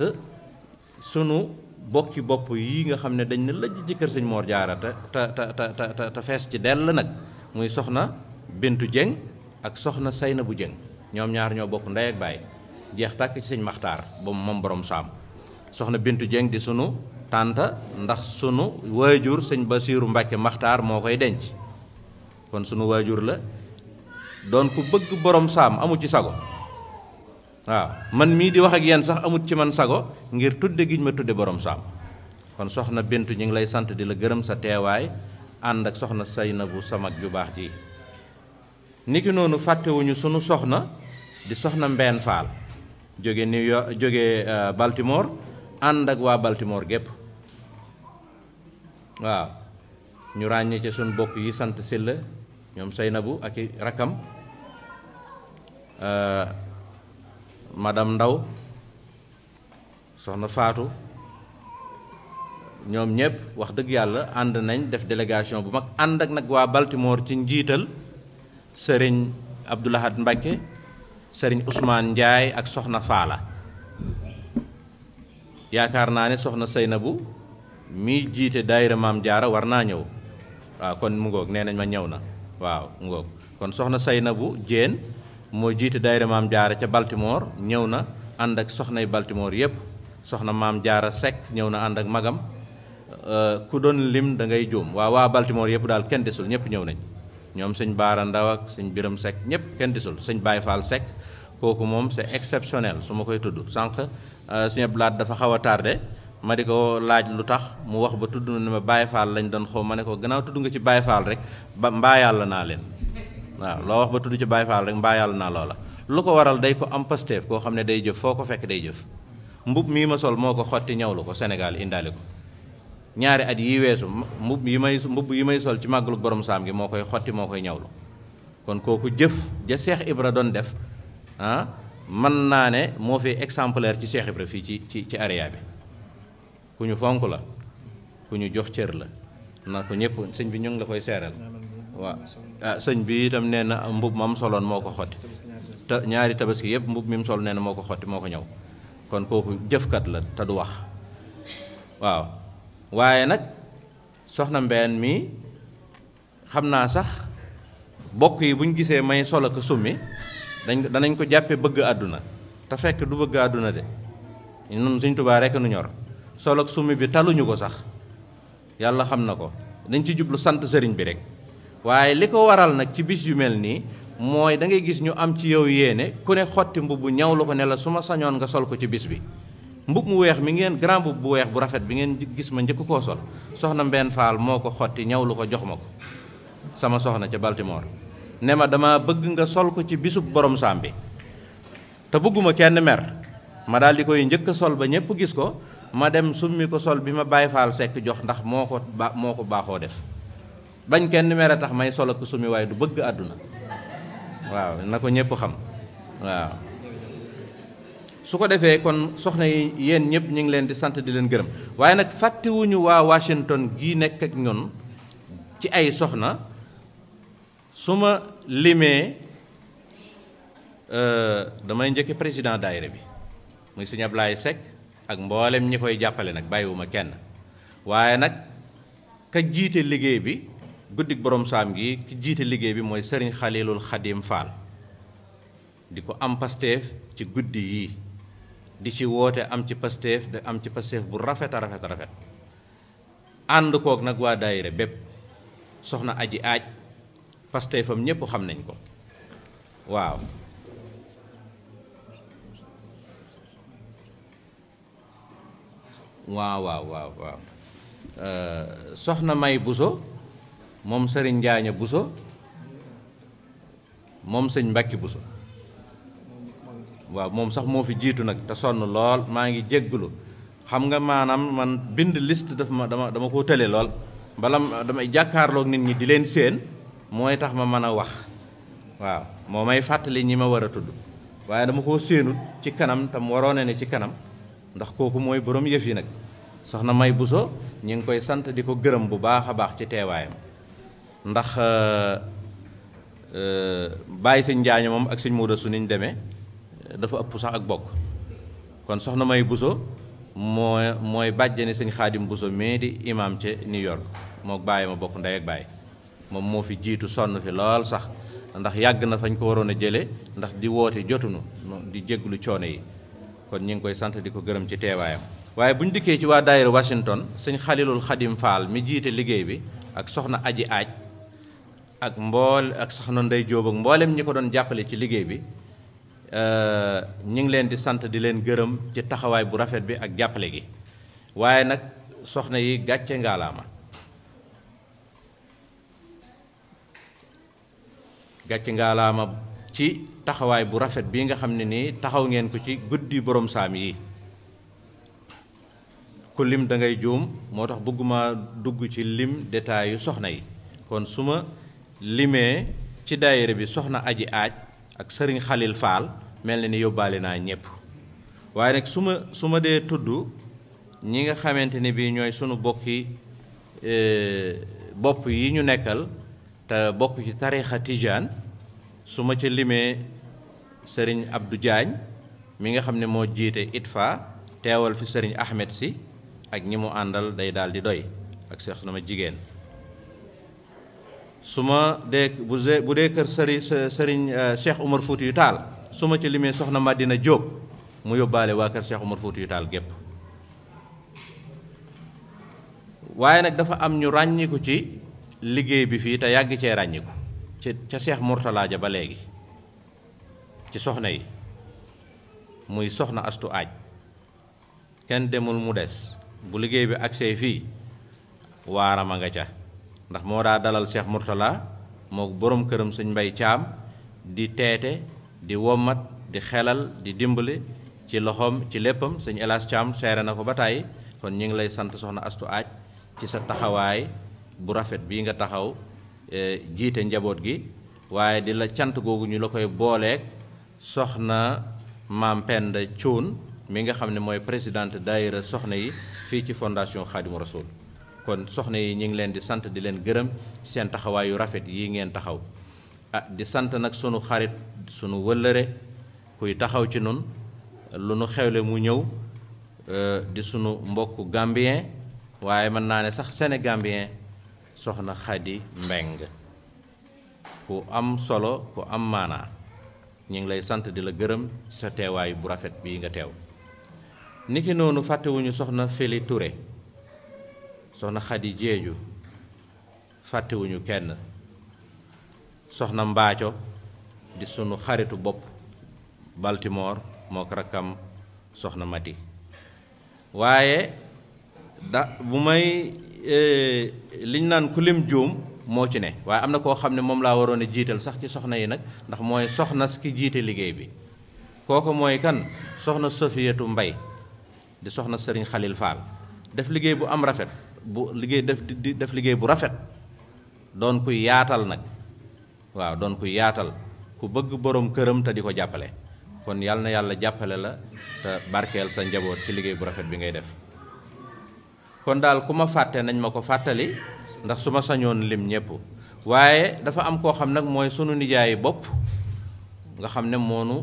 sunu bokki bopp yi nga xam ne dañu ne lëjj ci kër sëñ moor Jaara te te te te fees ci dell nag muy soxna Bintu Jeng ak soxna na bu jën ñoom ñaar ñoo bokk ndey ak baay jeex tàkk ci sëñ maxtar ba moom borom saam soxna Bintu Jeng di sunu tànta ndax sunu waajur sëñ Basiiru Mbàkke maxtar moo koy denc kon sunu waajur la doon ku bëgg borom saam amul ci sago waaw man mii di wax ak yenn sax amut ci man sago ngir tudde giñ ma tudde borom saam kon soxna Bintu ñu ngi lay sant di la gërëm sa teewaay ànd ak soxna say na Saynabu sama ju baax ji ki noonu fàttewuñu sunu soxna di soxna Mbène Fall jóge New York jóge euh, Baltimore ànd ak waa Baltimore gépp waaw ñu ràññee ci sunu bokk yi sant Silla ñoom say na Saynabu ak i rakkam euh, madame Ndaw soxna Faatu ñoom ñëpp wax dëgg yàlla ànd nañ def délégation bu mag ànd ak nag waa Baltimore ci njiital sëriñ Abdoulahad Mbacke sëriñ Ousmane Ndiaye ak soxna Faala yaakaar naa ne soxna bu mi jiite daayira Maam Jaara war naa ñëw waaw kon mu ngoog nee nañ ma ñëw na waaw mu ngoog kon soxna Seynabu Jéen moo jiite daayira maam jaara ca Baltimore ñëw na ànd ak soxnay Baltimore yépp soxna maam jaara Seck ñëw na ànd ak magam euh, ku doon lim da ngay juum waa waa Baltimore yépp daal kenn desul ñëpp ñëw nañ ñoom sëñ Baara Ndaw ak sëñ Biram Seck ñëpp kenn desul sëñ Baye Fall Seck kooku moom c'est exceptionnel su ma koy tudd sànq euh, sëñ Abdoulaye dafa xaw a tardé ma di ko laaj lu tax mu wax ba tudd na ne ma faal Fall lañ doon xaw ma ne ko gannaaw tudd nga ci Baye faal rek ba mbaa yàlla naa leen. waaw loo wax ba tudd ci Baye Fall rek mbaa yàlla naa loola lu ko waral day ko am Pastef koo xam ne day jëf foo ko fekk day jëf mbub mii ma sol moo ko xotti ñawlu ko Sénégal indaale ko ñaari at yi weesu mbub yi may mbubb yi may sol ci màggalu borom saam bi moo koy xotti moo koy ñawlu kon kooku jëf ja seex Ibra doon def ah mën naa ne moo fi exemplaire ci Cheikh Ibra fii ci ci ci area bi ku ñu fonk la ku ñu jox cër la na ko ñëpp sëñ bi ñu ngi la koy seeral waaw Ah, sëñ bi itam nee na mbub mam soloon moo ko xotti te ñaari tabaski yëpp mbub mi mu sol nee na moo ko xotti moo ko ñaw kon kooku jëfkat la te du wax waaw waaye nag soxna mbenn mi xam naa sax bokk yi bu ñu gisee may sol ak summi dañ danañ ko jàppe bëgg àdduna te fekk du bëgg àdduna de suñ tubaa rekk nu ñor sol ak summi bi taluñu ko sax yàlla xam na ko dañ ci jublu sant sëriñ bi rek waaye li ko waral nag ci bis yu mel nii mooy da ngay gis ñu am ci yow yéene ku ne xotti mbubb ñaw la ko ne la su ma sañoon nga sol ko ci bis bi mbub mu weex mi ngeen grand mbub bu weex bu rafet bi ngeen gis ma njëkk koo sol soxna mbenn Fall moo ko xotti ñaw la ko jox ma ko sama soxna ca Baltimore ne ma dama bëgg nga sol ko ci bisub borom saam bi te bëgguma kenn mer ma daal di koy njëkk sol ba ñëpp gis ko ma dem summi ko sol bi ma Baye Fall sekk jox ndax moo ko moo ko baaxoo def bañ kenn a tax may solo ko sumi waaye du bëgg àdduna waaw na ko ñëpp xam waaw su ko defee kon soxna yi yéen ñëpp ñu ngi leen di sant di leen gërëm waaye nag fàttewuñu waa Washington gii nekk ak ñun ci ay soxna su ma limee euh, damay njëkke président daayira bi muy sëñ Ablaye Seck ak mboolem ñi koy jàppale nag bàyyiwuma kenn waaye nag ka jiite liggéey bi guddik borom saam gi ki jiite liggéey bi mooy sëriñ xalilul xadim faal di ko am pasteef ci guddi yi di ci woote am ci pasteef da am ci pasteef bu rafet a rafet a rafet ànd kook nag waa daayira bépp soxna aji aj pasteefam ñépp xam nañ ko waaw waaw waaw waaw euh, soxna may buso moom sëriñ Njaaña Buso moom sëñ Mbàkki Buso waaw moom sax moo fi jiitu nag te sonn lool maa ngi jégglu xam nga maanaam man bind list daf ma dama dama koo tële lool bala damay jàkkaarloog nit ñi di leen séen mooy tax ma mën a wax waaw moo may fàttali ñi ma war a tudd waaye dama koo séenut ci kanam tam waroone ne ci kanam ndax kooku mooy borom yëf yi nag soxna May Buso ñu ngi koy sant di ko gërëm bu baax a baax ci teewaayam ndax euh, euh, bàyyi sëñ njaaño moom ak sëñ Moodu su niñ demee dafa ëpp sax ak bokk kon soxna May Buso moo mooy bàjjani sëñ Xaadim Buso mais di imaam ci New York moo bàyyi ma bokk ndey ak bàyyi moom moo fi jiitu sonn fi lool sax ndax yàgg na fañ ko waroon a jëlee ndax di woote jotuñu di jégglu coono yi kon ñu ngi koy sant di ko gërëm ci teewaayam waaye bu ñu dikkee ci waa daayira Washington sëñ Xalilul Xadim Faal mi jiite liggéey bi ak soxna Aji Aaj ak mbool ak soxna Ndey Jóob ak mboolem ñi ko doon jàppale ci liggéey bi euh, ñu ngi leen di sant di leen gërëm ci taxawaay bu rafet bi ak jàppale gi waaye nag soxna yi gàcce ngaalaama gàcce ngaalaama ci taxawaay bu rafet bii nga xam ne nii taxaw ngeen ko ci guddi borom saam yi ku lim dangay ngay juum moo tax bëgguma dugg ci lim détail yu soxna yi kon suma limee ci daayira bi soxna aji aaj ak sëriñ xalil faal mel na ni yóbbaale naa ñëpp waaye nag su ma su ma dee tudd ñi nga xamante ni bii ñooy sunu bokki e, bopp yi ñu nekkal te bokk ci tariixa tijaan su ma ca limee sëriñ Abdou Diagne mi nga xam ne moo jiite ITFA teewal fi sëriñ Ahmed si ak ñi mu àndal day daal di doy ak soxna ma jigéen su ma dee bu bu dee kër sëriñ sëriñ eh, Cheikh Umar yu Tall su ma ci limee soxna Madina Diop mu yóbbaale waa kër Cheikh Umar Foutiyou Tall gépp waaye nag dafa am ñu ràññiku ci liggéey bi fii te yàgg cee ràññiku ca ca Cheikh Mourtala ja ba léegi ci soxna yi muy soxna astu aaj kenn demul mu des bu liggéey bi agsee fii waaram a nga ca ndax moo daa dalal Cheikh Mourtala moo boroom këram sëñ mbay caam di teete di wommat di xelal di dimbale ci loxoom ci léppam sëñ Elaas Caam seere na ko ba tàyyi kon ñu ngi lay sant soxna astu aaj ci sa taxawaay bu rafet bii nga taxaw e, jiite njaboot gi waaye di la cant googu ñu la koy booleeg soxna maam Penda Cuun mi nga xam ne mooy présidente daayira soxna yi fii ci fondation Xaadimu Rasuul kon soxna yi ñu ngi leen di sant di leen gërëm ci seen taxawaayu rafet yi ngeen taxaw ah di sant nag sunu xarit sunu wëllëre kuy taxaw ci nun lu nu xewle mu ñëw euh, di sunu mbokku gambien waaye mën naa ne sax sénégambien soxna Khady Mbengue ku am solo ku am maanaa ñu ngi lay sant di la gërëm sa teewaay bu rafet bii nga teew niki noonu fàttewuñu soxna Feli ture soxna xadi jeeju fàttewuñu kenn soxna mbaaco di suñu xaritu bopp baltimore mook rakkam soxna mati waaye da bu may e, liñ naan ku lim juum moo ci ne waaye am na koo xam ne moom laa waroon a jiital sax ci soxna yi nag ndax mooy soxna ki jiite liggéey bi kooko mooy kan soxna sofiyatu mbay di soxna sëriñ xalil faal def liggéey bu am rafet bu liggéey def di def liggéey bu rafet doon kuy yaatal nag waaw doon kuy yaatal ku bëgg boroom këram te di ko jàppale kon yàlla na yàlla jàppale la te barkeel sa njaboot ci liggéey bu rafet bi ngay def kon daal ku ma fàtte nañ ma ko fàttali ndax su ma sañoon lim ñëpp waaye dafa am koo xam nag mooy sunu nijaay bopp nga xam ne moonu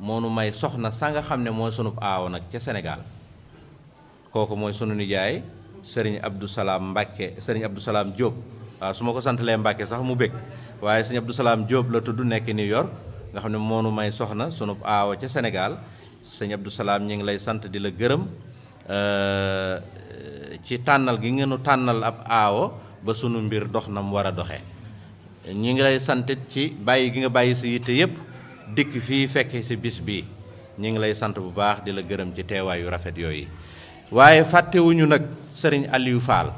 moonu may soxna sa nga xam ne mooy sunub aaw nag ca Sénégal kooku mooy sunu nijaay sëriñ Abdou Salaam Mbacke sëriñ Abdou Salaam Diop waaw su ma ko santalee Mbacke sax mu bëgg waaye sëriñ Abdou Salaam Diop la tudd nekk New York nga xam ne moonu may soxna sunub aawa ca senegaal sëriñ Abdou Salaam ñu ngi lay sant di la gërëm ci tànnal gi ngeenu tànnal ab aawo ba sunu mbir dox na mu war a doxee ñi ngi lay santit ci bàyyi gi nga bàyyi si yitte yëpp dikk fii fekke si bis bii ñi ngi lay sant bu baax di la gërëm ci teewaayu rafet yooyu waaye fàttewuñu nag sëriñ Aliou Fall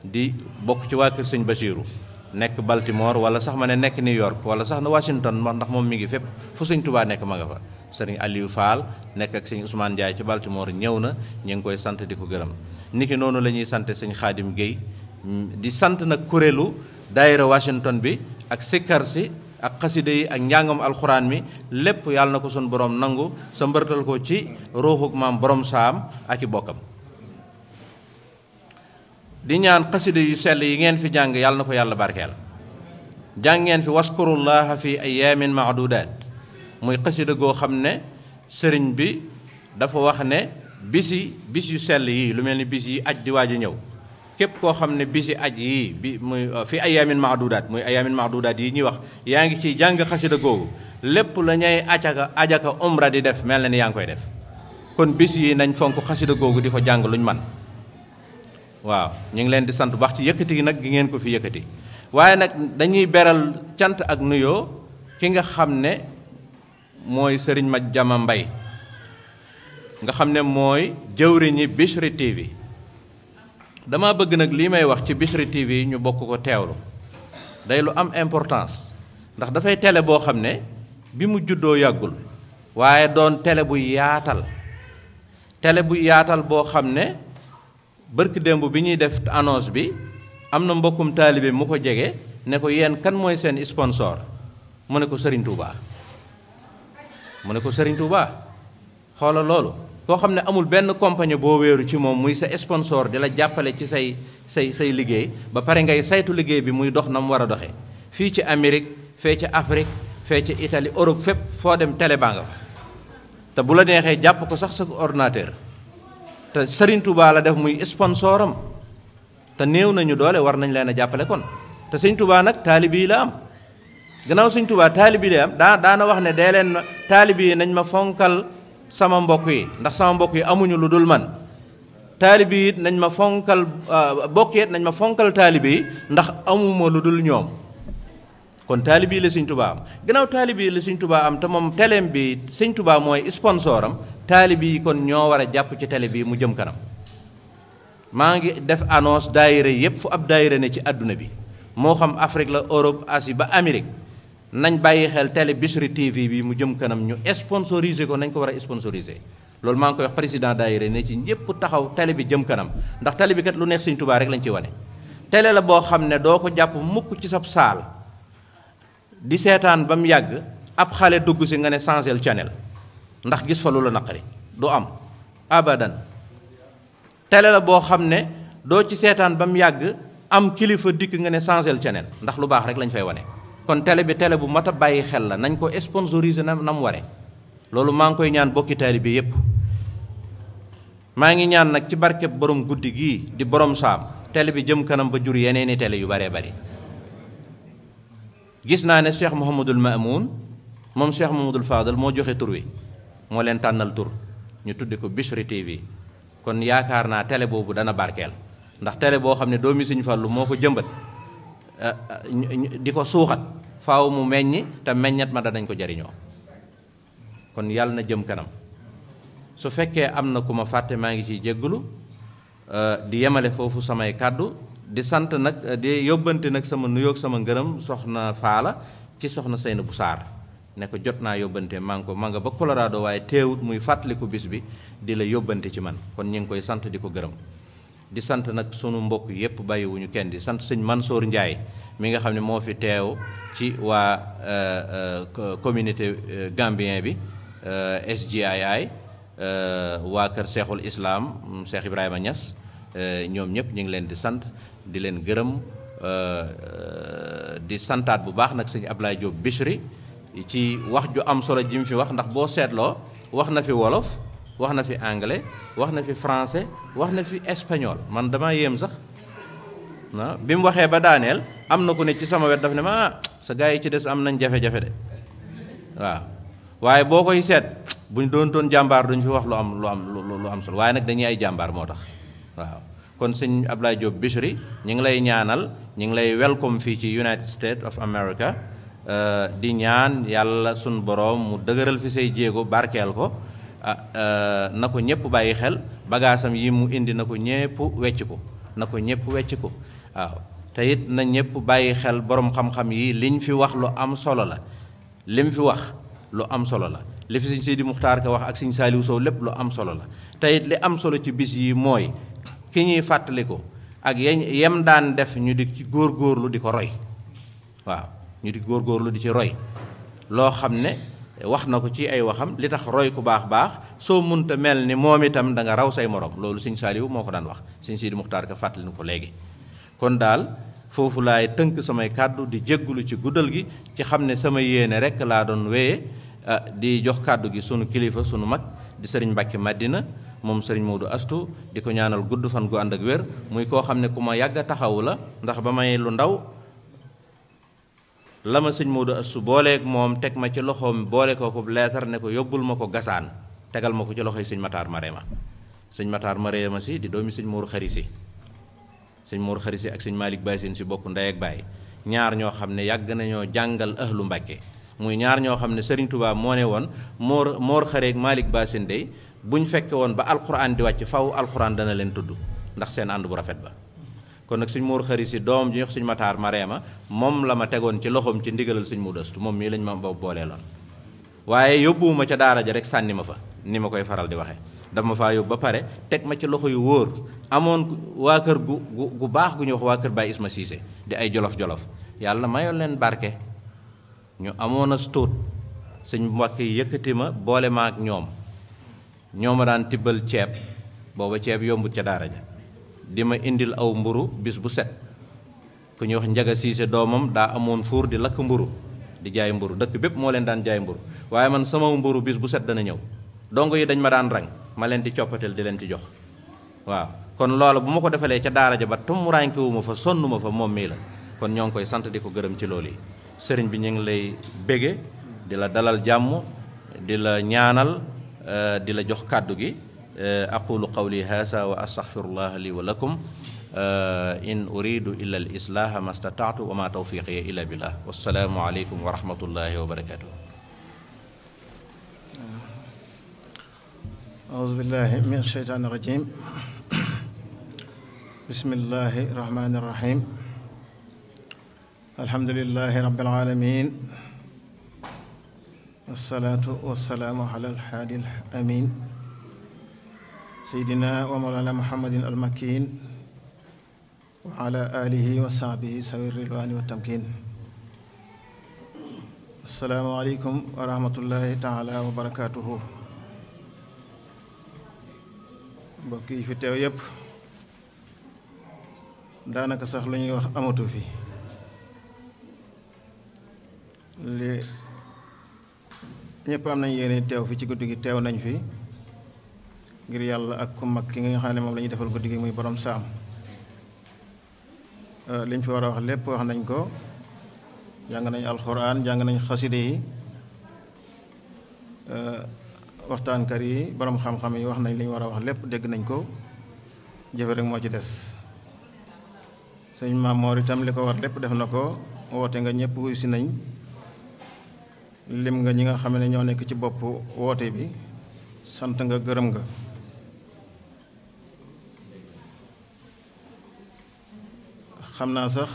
di bokk ci waa kër sëñ Basiiru nekk Baltimore wala sax ma ne nekk New York wala sax na Washington ndax moom mi ngi fépp fu sëñ Touba nekk ma nga fa sëriñ Aliou faal nekk ak sëñ Ousmane Ndiaye ci Baltimore ñëw na ñu ngi koy sant di ko gërëm niki noonu la ñuy sant sëñ Xaadim Guèye di sant nag kuréelu daayira Washington bi ak sikkar si ak xasida yi ak njàngam alxuraan mi lépp yàlla na ko sun boroom nangu sa mbërtal ko ci ruuxuk maam boroom saam ak i bokkam di ñaan xasida yu sell yi ngeen fi jàng yàlla na ko yàlla barkeel jàng ngeen fi waskurullaha fi ayaamin maadudaat muy xasida goo xam ne sëriñ bi dafa wax ne bisi bis yu sell yii lu mel ni bis yi aj di waaj ñëw képp koo xam ne bisi aj yii bi muy euh, fi ayaamin maadudaat muy ayaamin maadudaat yi ñuy wax yaa ngi ciy jàng xasida googu lépp la ñay ajaka ajaka umra di def mel na ni yaa ngi koy def kon bis yi nañ fonk xasida googu di ko jàng luñ man waaw ñu ngi leen di sant baax ci yëkkati gi nag gi ngeen ko fi yëkkati waaye nag dañuy beral cant ak nuyoo ki nga xam ne mooy sëriñ ma jama mbay nga xam ne mooy jëwriñi Bichri TV dama bëgg nag lii may wax ci Bichri TV ñu bokk ko teewlu day lu am importance ndax dafay télé boo xam ne bi mu juddoo yàggul waaye doon télé bu yaatal tele bu yaatal boo xam ne bërki démb bi ñuy def annonce bi am na mbokkum taalibe mu ko jege ne ko yéen kan mooy seen sponsor mu ne ko Serigne Touba mu ne ko Serigne Touba xoola loolu koo xam ne amul benn compagnie boo wéeru ci moom muy sa sponsor di la jàppale ci say say say liggéey ba pare ngay saytu liggéey bi muy dox na mu war a doxe fii ci Amérique fee ci Afrique fee ci itali Europe fépp foo dem télé baa nga fa te bu la neexee jàpp ko sax sa ordinateur te Serigne Touba la def muy sponsoram te néew nañu doole war nañ leen a jàppale kon te Serigne Touba nag taalibi yi la am gannaaw Serigne Touba taalibi yi la am daa daana wax ne dee leen taalibi yi nañ ma fonkal sama mbokk yi ndax sama mbokk yi amuñu lu dul man taalibe yi nañ ma fonkal euh, bokk nañ ma fonkal taalibe yi ndax amuma lu dul ñoom kon taalibe yi la Sëñ Tuubaa am gannaaw taalibe yi la Sëñ am te moom teleem bi Sëñ Tuubaa mooy sponsor am taalibe yi kon ñoo war a jàpp ci télé bi mu jëm kanam maa ngi def annonce daayira yëpp fu ab daayira ne ci àdduna bi moo xam Afrique la Europe asi ba Amérique nañ bàyyi xel télé Bichri TV bi mu jëm kanam ñu sponsorisé ko nañ ko war a sponsorisé loolu maa ngi koy wax président daayira ne ci ñëpp taxaw télé bi jëm kanam ndax télé bi kat lu neex Sëñ Tuubaa rek lañ ci wane. télé la boo xam ne doo ko jàpp mukk ci sab saal di seetaan ba mu yàgg ab xale dugg si nga ne changé channel ndax gis naqari du am abadan télé boo xam ne doo ci seetaan ba mu yàgg am kilifa dikk nga ne changé channel ndax lu baax rek lañ fay wane. kon télé bi télé bu mat a bàyyi xel la nañ ko sponsoriser na nam ware loolu maa ngi koy ñaan bokki taalibe yépp maa ngi ñaan nag ci barkeb borom guddi gii di borom saam télé bi jëm kanam ba jur yeneeni tele yu baree bari gis naa ne Cheikh Mouhamadul Mamoun moom Cheikh Mouhamadul Fadal moo joxe tur moo leen tànnal tur ñu tuddi ko Bichri TV kon yaakaar naa tele boobu dana barkeel ndax télé boo xam ne doomi Sëñ fàllu moo ko jëmbat di ko suuxat faw mu meññ te meññat ma danañ ko jariñoo kon yàlla na jëm kanam su fekkee am na ku ma fàtte maa ngi ciy jégglu euh, di yemale foofu samay kàddu di sant nag euh, di yóbbante nag sama nuyoog sama ngërëm soxna faala ci soxna Seyna bu Saar ne ko jot naa yóbbantee maa ngi ko ma nga ba Colorado waaye teewut muy fàttaliku bis bi di la yóbbante ci man kon ñu ngi koy sant di ko gërëm di sant nag sunu mbokk yëpp bàyyiwuñu kenn di sant sëñ Mansour Ndiaye mi nga xam ne moo fi teew ci waa euh, euh, communauté euh, gambien bi SGII waa kër Cheikhul Islam Cheikh mm, Ibrahima Niass ñoom ñëpp ñu ngi leen di sant di leen gërëm di santaat bu baax nag sëñ Ablaye Diop Bichri ci wax ju am solo ji fi wax ndax boo seetloo wax na fi wolof wax na fi anglais wax na fi français wax na fi espagnol man damaa yéem sax waaw bi mu waxee ba daaneel am na ku ne ci sama wet daf ne ma ah sa gars yi ci des am nañ jafe-jafe de waaw waaye boo koy seet buñ doon doon jàmbaar duñu fi wax lu am lu am lu am solo waaye nag dañuy ay jàmbaar moo tax waaw kon sëñ Abdoulaye Diop Bichri ñi ngi lay ñaanal ñi ngi lay welcome fii ci United States of America euh, di ñaan yàlla suñ boroom mu dëgëral fi say jéego barkeel ko Ah, eh, na ko ñëpp bàyyi xel bagaasam yi mu indi na ko ñëpp wecc ko na ko ñëpp wecc ko waaw ah, te na ñëpp bàyyi xel borom xam-xam yi liñ fi wax lu am solo la lim fi wax lu am solo la li fi sëñ Sidi Muxtaar ka wax ak sëñ Saaliw Sow lépp lu am solo la te li am solo ci bis yi mooy ki ñuy fàttali ko ak yéen yem daan def ñu di ci góorlu di ko roy waaw ñu di góorgóorlu di ci roy loo xam ne. wax na ko ci ay waxam li tax roy ku baax baax soo munta mel ni moom itam da nga raw say morom loolu sëñ Saaliwu moo ko daan wax sëñ Sidi Muxtaar ka fàttali ko léegi kon daal foofu laay tënk samay kàddu di jéggulu ci guddal gi ci xam ne sama yéene rek laa doon wéye ah, di jox kàddu gi sunu kilifa sunu mag di sëriñ Mbàkke Madina moom sëriñ Moodu Astu di ko ñaanal gudd fan gu ànd ak wér muy koo xam ne ku ma yàgg a taxawu la ndax ba may lu ndaw la ma sëñ Moodu Assu booleek moom teg ma ci loxoom boole kooku leetar ne ko yóbbul ma ko gasaan tegal ma ko ci loxoy sëñ Mataar Marema sëñ Mataar Marema si di doomi sëñ Moodu Xarisi sëñ moor Xarisi ak sëñ Malick Baye Sène si bokk ndey ak baay ñaar ñoo xam ne yàgg nañoo jàngal ahlu Mbàkke muy ñaar ñoo xam ne Sëriñ tubaab moo ne woon Moor Moor Xare ak Malick Baye Sène day bu ñu fekke woon ba alxuraan di wàcc faw alxuraan dana leen tudd ndax seen ànd bu rafet ba kon nag suñ muur xari si doom ji ñuy wax suñ mataar ma moom la ma tegoon ci loxoom ci ndigalal suñ mu dëstu moom mii lañ ma boobu booleeloon waaye yóbbuwuma ca daara ja rek sànni ma fa ni ma koy faral di waxe dama faa yóbbu ba pare teg ma ci loxo yu wóor amoon waa kër gu gu baax gu ñuy wax waa kër Baye Isma Cissé di ay jolof-jolof yàlla mayoon leen barke ñu amoon as tuut suñ mbakk yi yëkkati ma boole ma ak ñoom ñoo ma daan tibbal ceeb booba ceeb yombut ca daara ja di ma indil aw mburu bis bu set ku ñuy wax njaga siise doomam daa amoon fuur di lakk mburu di jaay mburu dëkk bépp moo leen daan jaay mburu waaye man sama mburu bis bu set dana ñëw dongo yi dañ ma daan rang ma leen di coppatel di leen ci jox waaw kon loolu bu ma ko defalee ca daara ja ba tumuraankewuma fa sonnuma fa moom mii la kon ñoo ngi koy sant di ko gërëm ci loolu yi sëriñ bi ñu ngi lay bége di la dalal jàmm di la ñaanal euh, di la jox kàddu gi Eh, aqulu qawli haasa wa astaxfirullah li wa lakum eh, in uridu illa al islaaha ma stataatu wa ma tawfiqiya illa billah wassalaamu aleykum wa rahmatullahi wa barakatuh أعوذ بالله من الشيطان الرجيم بسم الله الرحمن الرحيم الحمد لله رب العالمين والصلاة والسلام على الحادي الأمين seydina wa mawlana muhammadin almakin wa ala alihi wa sahbihi sawi rilwaani wa tamkin assalaamu aleykum wa rahmatullahi taala wa barakaatuhu mbokk fi teew yépp daanaka sax lu ñuy wax amatu fi li ñépp am nañ yéene teew fi ci guddi gi teew nañ fi ngir yàlla ak ku mag ki nga xam ne moom lañuy defal ko gi muy borom saam euh, liñ fi war a wax lépp wax nañ ko jàng nañ alxuraan jàng nañ xaside yi euh, waxtaankat yi boroom xam-xam yi wax nañ liñ war a wax lépp dégg nañ ko jëfe rek moo ci des sëñ Maam Moor itam li ko war lépp def na ko woote nga ñëpp wuy si nañ lim nga ñi nga xam ne ñoo nekk ci bopp woote bi sant nga gërëm nga xam naa sax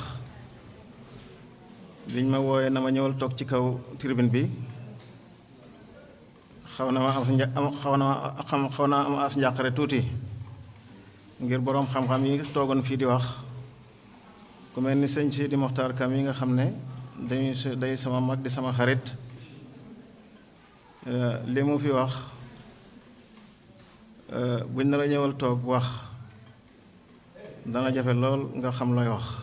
liñ ma wooyee na ma ñëwal toog ci kaw tribune bi xaw na ma xaw na naa am as njàqare tuuti ngir boroom xam-xam yi toogoon fii di wax ku mel ni sëñ si di Moxtaar Kam yi nga xam ne dañuy day sama mag di sama xarit eh, li mu fi wax eh, buñ nar a ñëwal toog wax dana jafe lool nga xam looy wax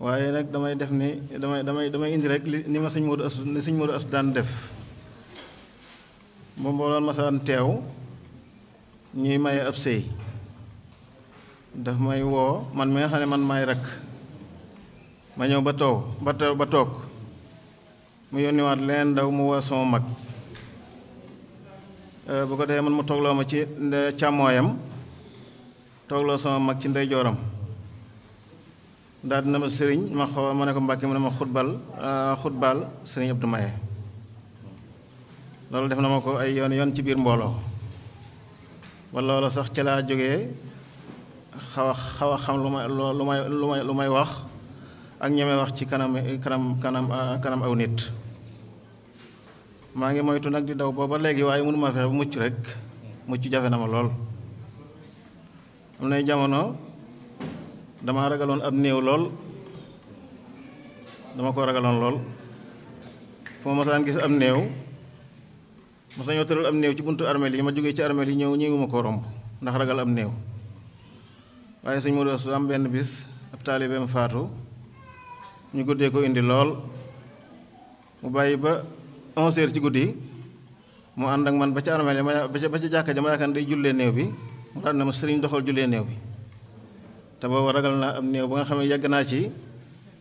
waaye nag damay def ni damay damay damay indi rek li ni ma sëñ Modou Astou ni sëñ Modou Astou daan def moom boo doon teew ñuy maye ab sëy daf may woo man mi xam ne man may rakk ma ñëw ba toog ba ba toog mu yónniwaat leen ndaw mu woo sama mag euh, bu ko dee man mu loo ma ci euh, càmmooyam toogloo sama mag ci ndeyjooram daal dina ma sëriñ ma xaw ma ne ko mbàkke mu ne ma xutbal ah, xutbal sëriñ Abdou loolu def na ma ko ay yoon yoon ci biir mbooloo ba loolu sax ci laa jógee xaw xaw xam lu may lu may lu may wax ak ñeme wax ci kanam kanam kanam ah, kanam aw nit maa ngi moytu nag di daw booba léegi waaye mënuma fexe bu mucc rek mucc jafe na ma lool am nay jamono dama ragaloon ab néew lool dama ko ragaloon lool foo ma gis ab néew mas nañoo tëral am néew ci buntu armeel yi ma jógee ci armeel yi ñëw ñëwuma ko romb ndax ragal ab néew waaye sëñ Modou Asta am benn bis ab taalibeem faatu ñu guddee ko indi lool mu bàyyi ba onze ci guddi mu ànd ak man ba ci armeel yi ma ba ci jàkka ja ma yaakaar day jullee néew bi mu daal na ma sëriñ doxal julee néew bi te ragal naa am néew ba nga xam ne yàgg naa ci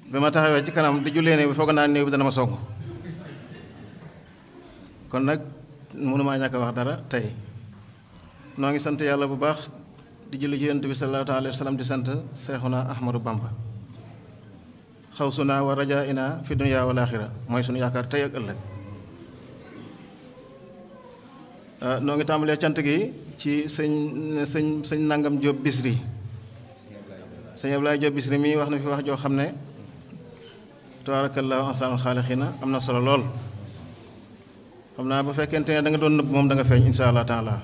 ba ma taxawee ci kanam di julee néew bi foog naa néew bi dana ma song kon nag mënumaa ñàkk wax dara tey noo ngi sant yàlla bu baax di julli ci yonent bi sallallahu alayhi wa di sant seexuna ahmadu bamba xaw su naa wa rajaa ina fi dunya wal axira mooy sunu yaakaar tey ak ëllëg noo ngi tàmbalee cant gi ci sëñ sëñ sëñ nangam Diop Bisri sëñ Ablaye Diop Bisri mii wax na fi wax joo xam ne tabaarakallaahu ahsanal xaaliqiina am na solo lool xam naa bu fekkente ne da nga doon nëbb moom da nga feeñ insha allah taala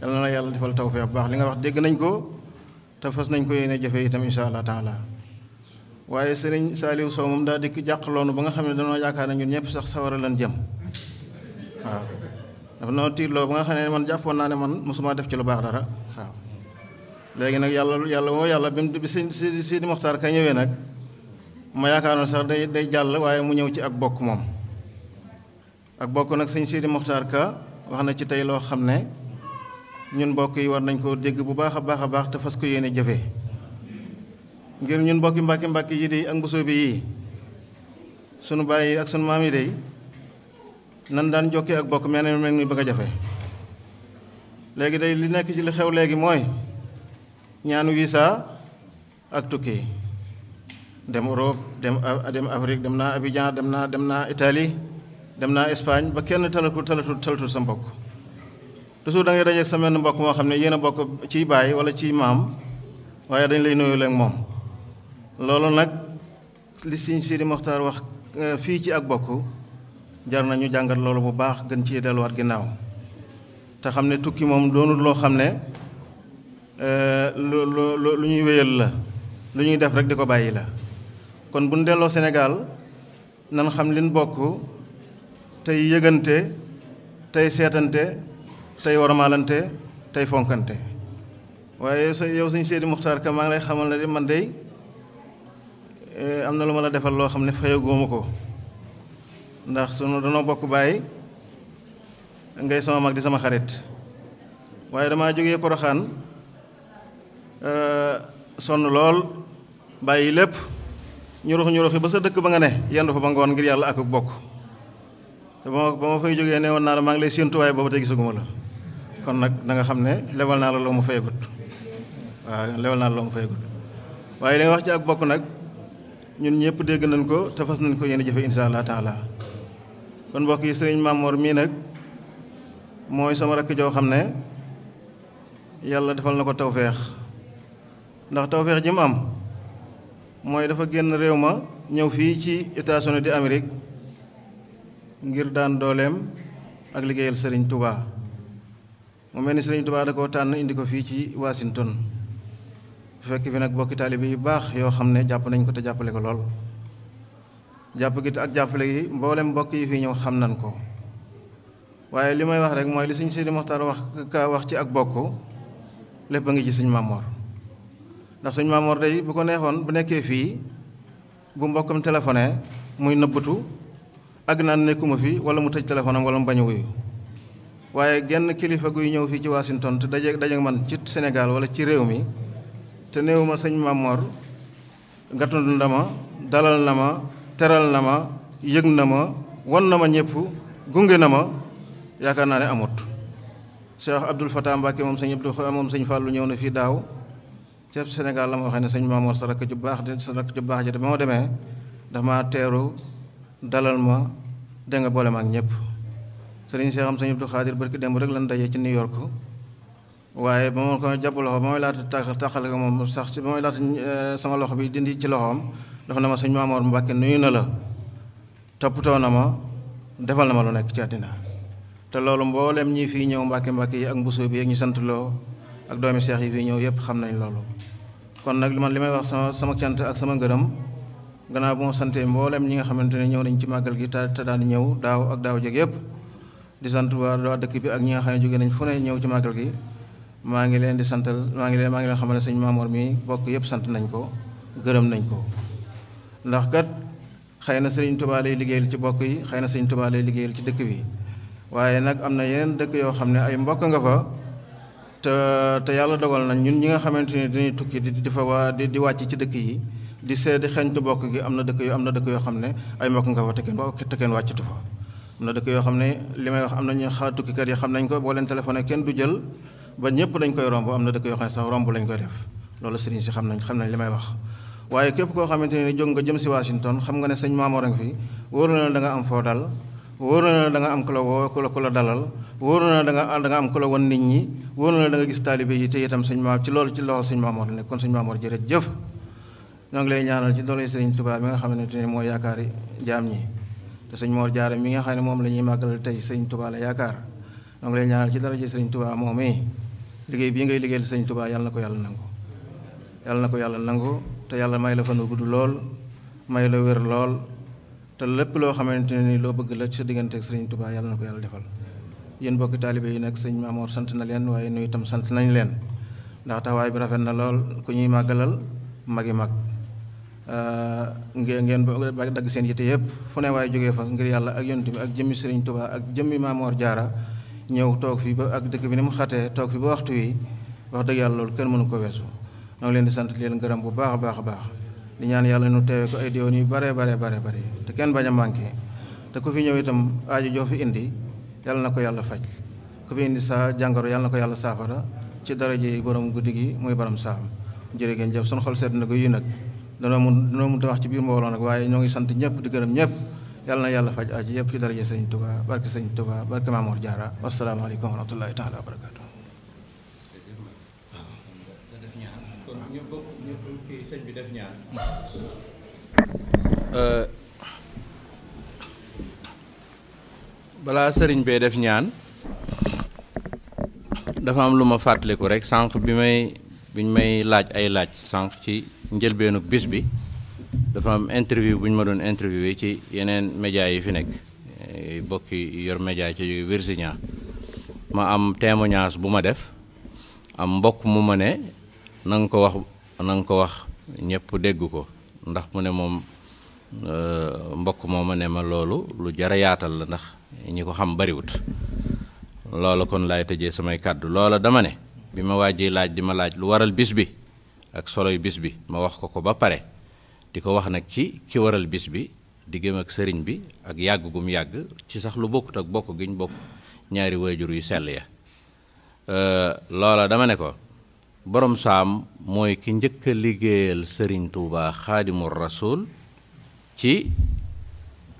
yal na la yàlla defal tawfeex bu baax li nga wax dégg nañ ko te fas nañ ko yéene jafe itam insha allah taala waaye sëriñ Saliou Sow moom daa dikk jàqloonu ba nga xam ne danoo yaakaar ne ñun ñëpp sax sawara lan jëm waaw dafa noo tiitloo ba nga xam ne man jàppoon naa ne man mosuma def ci lu baax dara waaw léegi nag yàlla yàlla woo yàlla bi mu bi si si si di Moxtaar ka ñëwee nag ma yaakaaroon sax day day jàll waaye mu ñëw ci ak bokk moom ak bokk nag sëñ Sidi Moxtaar Ka wax na ci tey loo xam ne ñun mbokk yi war nañ koo dégg bu baax a baax a baax te fas ko yéene jëfee ngir ñun mbokki mbàkki mbàkki yi de ak mbusoo bi yii sunu bàyyi ak sunu maam yi de nan daan jokkee ak bokk mel ne ni ba a jafe léegi day li nekk ci li xew léegi mooy ñaanu visa ak tukki dem Europe dem dem Afrique dem naa Abidjan dem naa dem naa Italie dem naa Espagne ba kenn talatu talatu talatu sa mbokk toujours da ngay dajeeg sa menn mbokk moo xam ne yéen a bokk ci baay wala ci maam waaye dañ lay nuyu leeg moom loolu nag li Sëriñ Sidi Moxtaar wax euh, fii ci ak bokk jar nañu jàngat loolu bu baax gën ci delluwaat ginnaaw te xam ne tukki moom doonul loo xam ne euh, lu lu lu ñuy wéyal la lu ñuy def rek di ko bàyyi la kon bu ñu delloo Sénégal nan xam liñ bokk tey yëgante tey seetante tey warmaalante tey fonkante waaye sa yow suñu Seydi Muxtaar Ka maa ngi lay xamal ne man dey euh, am na lu ma la defal loo xam ne fayaguma ko ndax sunu danoo bokk bàyyi ngay sama mag di sama xarit waaye damaa jógee poroxaan euh, sonn lool bàyyi lépp ñu rux ñu ruxi ba sa dëkk ba nga ne yendu fa ba ngoon ngir yàlla ak bokk te ba ma fay jógee ne woon naa la maa ngi lay séentu boobu booba tey gisaguma la kon nag da nga xam ne lebal naa la loo mu fayagut waaw lebal naa la loo mu fayagut waaye li nga wax ci ak bokk nag ñun ñëpp dégg nañ ko te fas nañ ko yéen jëfe insha allah taala kon mbokk yi sëriñ Mamoor mii nag mooy sama rakk joo xam ne yàlla defal na ko tawféex ndax tawféex ji mu am mooy dafa génn réew ma ñëw fii ci États-Unis di Amérique ngir daan dooleem ak liggéeyal sëriñ tubaa mu mel ni sëriñ tubaa da koo tànn indi ko fii ci Washington fekk fi nag bokki taalibe yu baax yoo xam ne jàpp nañ ko te jàppale ko lool jàpp gi ak jàppale gi mboolem mbokk yi fi ñëw xam nañ ko waaye li may wax rek mooy li sëñ Sidi Moxtaar wax kaa wax ci ak bokk lépp a ngi ci sëñ Maamoor ndax sëñ Maamoor day bu ko neexoon bu nekkee fii bu mbokkam téléphoné muy nëbbatu ak naan nekkuma fi wala mu tëj téléphone am wala wuyu waaye genn kilifa guy ñëw fii ci Washington te daje daje man ci senegal wala ci réew mi te néew ma sëñ Maamoor gàttandu dalal na ma teral na ma yëg na ma wan na ma ñëpp gunge na ma yaakaar naa ne amut Cheikh Abdoul Fatah Mbacke moom sëñ Abdou moom sëñ Fallou ñëw na fii daaw ceeb Sénégal la ma ne sëñ Maamoor sa rakk baax de sa baax ji de ba demee dama teeru dalal ma da nga boole ma ak ñëpp sëriñ Cheikh am sëñ Abdou Khadir barki démb rek lan dajee ci New York waaye ba ma ko jàpp loxo ba may laata tàqal tàqal moom sax ci ba may laata eh, sama loxo bi dindi ci loxoom dafa na ma sëñ Maamoor Mbàkke nuyu na la toppatoo na ma defal na ma lu nekk ci àddina te loolu mboolem ñi fii ñëw Mbàkke Mbàkke yi ak mbusoo bi ak ñu sant loo ak doomi seex yi fii ñëw yëpp xam nañ loolu kon nag man li may wax sama sama cant ak sama ngërëm gannaaw bu santee mbooleem ñi nga xamante ne ñëw nañ ci màggal gi te te daan ñëw daaw ak daaw jeg yëpp di sant waa doo dëkk bi ak ñi nga xam ne jóge nañ fu ne ñëw ci màggal gi maa ngi leen di santal maa ngi leen maa ngi leen xamal ne sëñ Maamoor mi bokk yëpp sant nañ ko gërëm nañ ko ndax kat xëy na sëriñ Tuubaa lay liggéeyal ci bokk yi xëy na sëriñ Tuubaa lay liggéeyal ci dëkk bi waaye nag am na yeneen dëkk yoo xam ne ay mbokk nga fa te te yàlla dogal na ñun ñi nga xamante ni dañuy tukki di di fa waa di wàcc ci dëkk yi di seedi xeñtu bokk gi am na dëkk yu am na dëkk yoo xam ne ay mbokk nga fa te kenn te wàccatu fa am na dëkk yoo xam ne li may wax am na nañu xaar tukkikat yi xam nañ ko boo leen téléphoné kenn du jël ba ñëpp dañ koy romb am na dëkk yoo xam ne sax romb lañ koy def loolu sëriñ si xam nañ xam nañ li may wax waaye képp koo xamante ne jóg nga jëm si Washington xam nga ne sëñ Maamoor a ngi fi wóor na da nga am foo dal wóor na da nga am ku la woo wóor na da nga da nga am ku la won nit ñi wóor na da nga gis taalibe yi tey itam sëñ Maam ci loolu ci loxol sëñ Maamoor la nekk kon sëñ Maamoor jërëjëf ñoo ngi lay ñaanal ci doole sëñ Tuubaa mi nga xamante ne moo yaakaari jaam ñi te sëñ Moor Jaara mi nga xam ne moom la ñuy màggal tey sëriñ tubaa la yaakaar ñoo ngi lay ñaanal ci daraja sëriñ Tuubaa moom mi liggéey bii ngay liggéeyal sëriñ Tuubaa yàlla na ko yàlla nangu yàlla na ko yàlla nangu te yàlla may la fan wu gudd lool may la wér lool te lépp loo xamante ne ni loo bëgg la ci sa diggante ak tubaa Touba yàlla na ko yàlla defal yéen bokki taalibe yi nag sëñ Maamoor sant na leen waaye nuyu tam sant nañ leen ndax taxawaay bi rafet na lool ko ñuy màggalal magi mag ngeen ngeen ba dagg seen yite yëpp fu ne waaye jógee fa ngir yàlla ak yonent bi ak jëmmi sëriñ tubaa ak jëmmi Maamoor Jaara ñëw toog fi ba ak dëkk bi ni mu xatee toog fi ba waxtu wi wax dëgg yàlla loolu kenn mënu ko weesu ñoo leen di sant di leen gërëm bu baax a baax baax di ñaan yàlla nu teewee ko ay déwén yu bare bare bare bare te kenn bañ a manqué te ku fi ñëw itam aaju joo fi indi yàlla na ko yàlla faj ku fi indi sa jàngoro yàlla na ko yàlla saafara ci dara ji borom guddi gi muy borom saam jërë ngeen jëf sun xol sedd na ko yi nag danoo mun danoo mun ta wax ci biir mbooloo nag waaye ñoo ngi sant ñëpp di gërëm ñëpp yàlla na yàlla faj aaju yëpp ci daraje sëñ Tuubaa barke sëñ Tuubaa barke Maamoor Jaara wasalaamaaleykum wa rahmatullahi taala wa barakatu sëñ bi def ñaan. Euh, balaa sëriñ bee def ñaan dafa am lu ma fàttaliku rek sànq bi may biñ may laaj ay laaj sànq ci njëlbeenu bis bi dafa am interview bu ñu ma doon interviewé ci yeneen média yi fi nekk bokki yor média ci Virginia ma am témoignage bu ma def am mbokk mu ma ne na ko wax na ko wax ñëpp dégg ko ndax mu ne moom euh, mbokk moo ma ne ma loolu lu jara yaatal la ndax ñi ko xam bariwut loola kon laay tëjee samay kàddu loola dama ne bi ma waajee laaj di ma laaj lu waral bis bi ak soloy bis bi ma wax ko ko ba pare di ko wax nag ci ki waral bis bi diggam ak sëriñ bi ak yàgg gum yàgg ci sax lu bokkut ak bokk giñ bokk ñaari waajur yu sell ya euh, loola dama ne ko borom saam mooy ki njëkk a liggéeyal sëriñ tuuba xaadimul rasul ci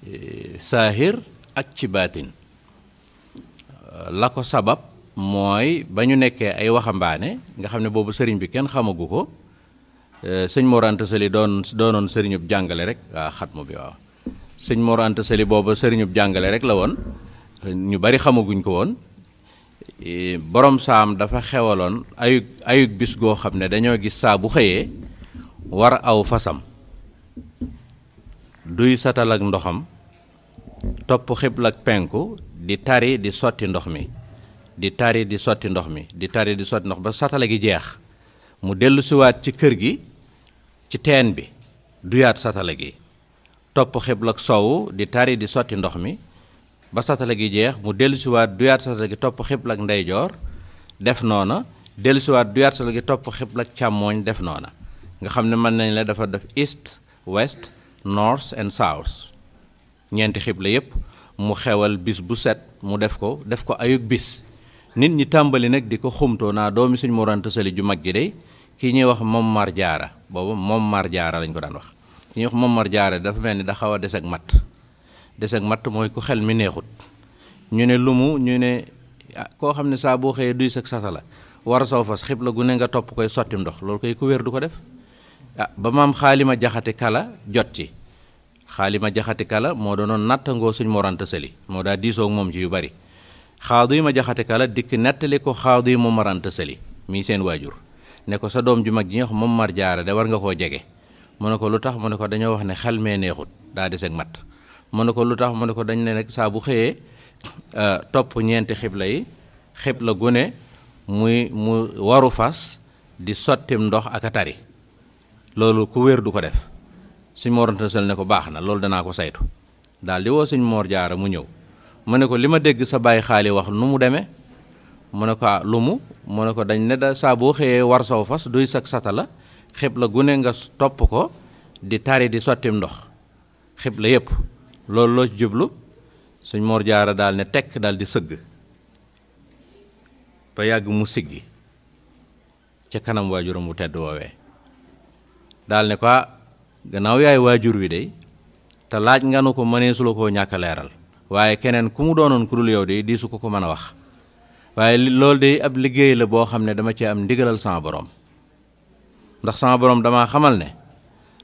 eh, saahir ak ci baatin la ko sabab mooy ba ñu nekkee ay waxambaane nga xam ne boobu sëriñ bi kenn xamagu ko eh, sëñ Mor Anta Sali doon doonoon sëriñub jàngale rek waaw ah, xatmu bi waaw sëñ Mor Anta Sali sëriñub jàngale rek la woon ñu bari xamaguñ ko woon borom saam dafa xewaloon ayug ayug bis goo xam ne dañoo gis saa bu xëyee war aw fasam duy satal ak ndoxam topp xibla ak penku di tari di sotti ndox mi di tari di sotti ndox mi di tari di sotti ndox ba satala gi jeex mu dellusiwaat ci kër gi ci teen bi duyaat satala gi topp xibla ak sowu di tari di sotti ndox mi ba satala gi jeex mu dellusiwaat duyaat satala gi topp xibla ak ndeyjoor def noona dellusiwaat duyaat satala gi topp xibla ak càmmooñ def noona nga xam ne mën nañ la dafa def east west north and south ñeenti xibla yépp mu xewal bis bu set mu def ko def ko ayug bis nit ñi tàmbali nag di ko xumtoo naa doomi suñ moranta sali ju mag ji day kii ñuy wax moom mar jaara boobu moom mar jaara lañ ko daan wax ki ñuy wax moom mar jaara dafa mel ni daxaw a des ak matt des matt mooy ku xel mi neexut ñu ne lumu ñu ne ah, koo xam ne saa boo xëyee duy sag sasa la war a saw fas la gu ne nga topp koy sotti ndox loolu koy ku wér du ko def ah ba maam xaalima jaxate kala jot ci xaalima jaxate kala moo doonoon ngoo suñ moranta sali moo daa diisoo moom ci yu bari xaadu yi ma jaxate kala dikk nettali ko xaadu yi mu maranta sali mii seen waajur ne ko sa doom ju mag ji nga xam moom mar jaara de war nga koo jege mu ne ko lu tax mu ne ko dañoo wax ne xel mee neexut daa des ak matt mu ne ko lu tax mu ne ko dañ ne nag saa bu xëyee euh, topp ñeenti xibla yi xibla gune muy mu waru fas di sottim ndox ak loolu ku wér du ko def suñ moronta sel ko baax na loolu danaa ko saytu daal di woo suñ moor jaara mu ñëw mu ne ko li ma dégg sa bàyyi xaali wax nu mu demee mu ne ko ah, lu mu mu ne ko dañ ne da saa boo xëyee war saw fas duy sag sata la xibla gune nga topp ko di tari di sottim ndox la yépp loolu loo ci jublu suñ Mor Jaara daal ne tekk daal di sëgg ba yàgg mu siggi ca kanam waajuram wu tedd woowee daal ne ko ah, gannaaw yaay waajur wi de te laaj nga nu ko mëneesu la koo ñàkk leeral waaye keneen ku mu doonoon ku dul yow de di ko ko mën a wax waaye loolu de ab liggéey la boo xam ne dama cee am ndigalal sama boroom ndax sama boroom dama xamal ne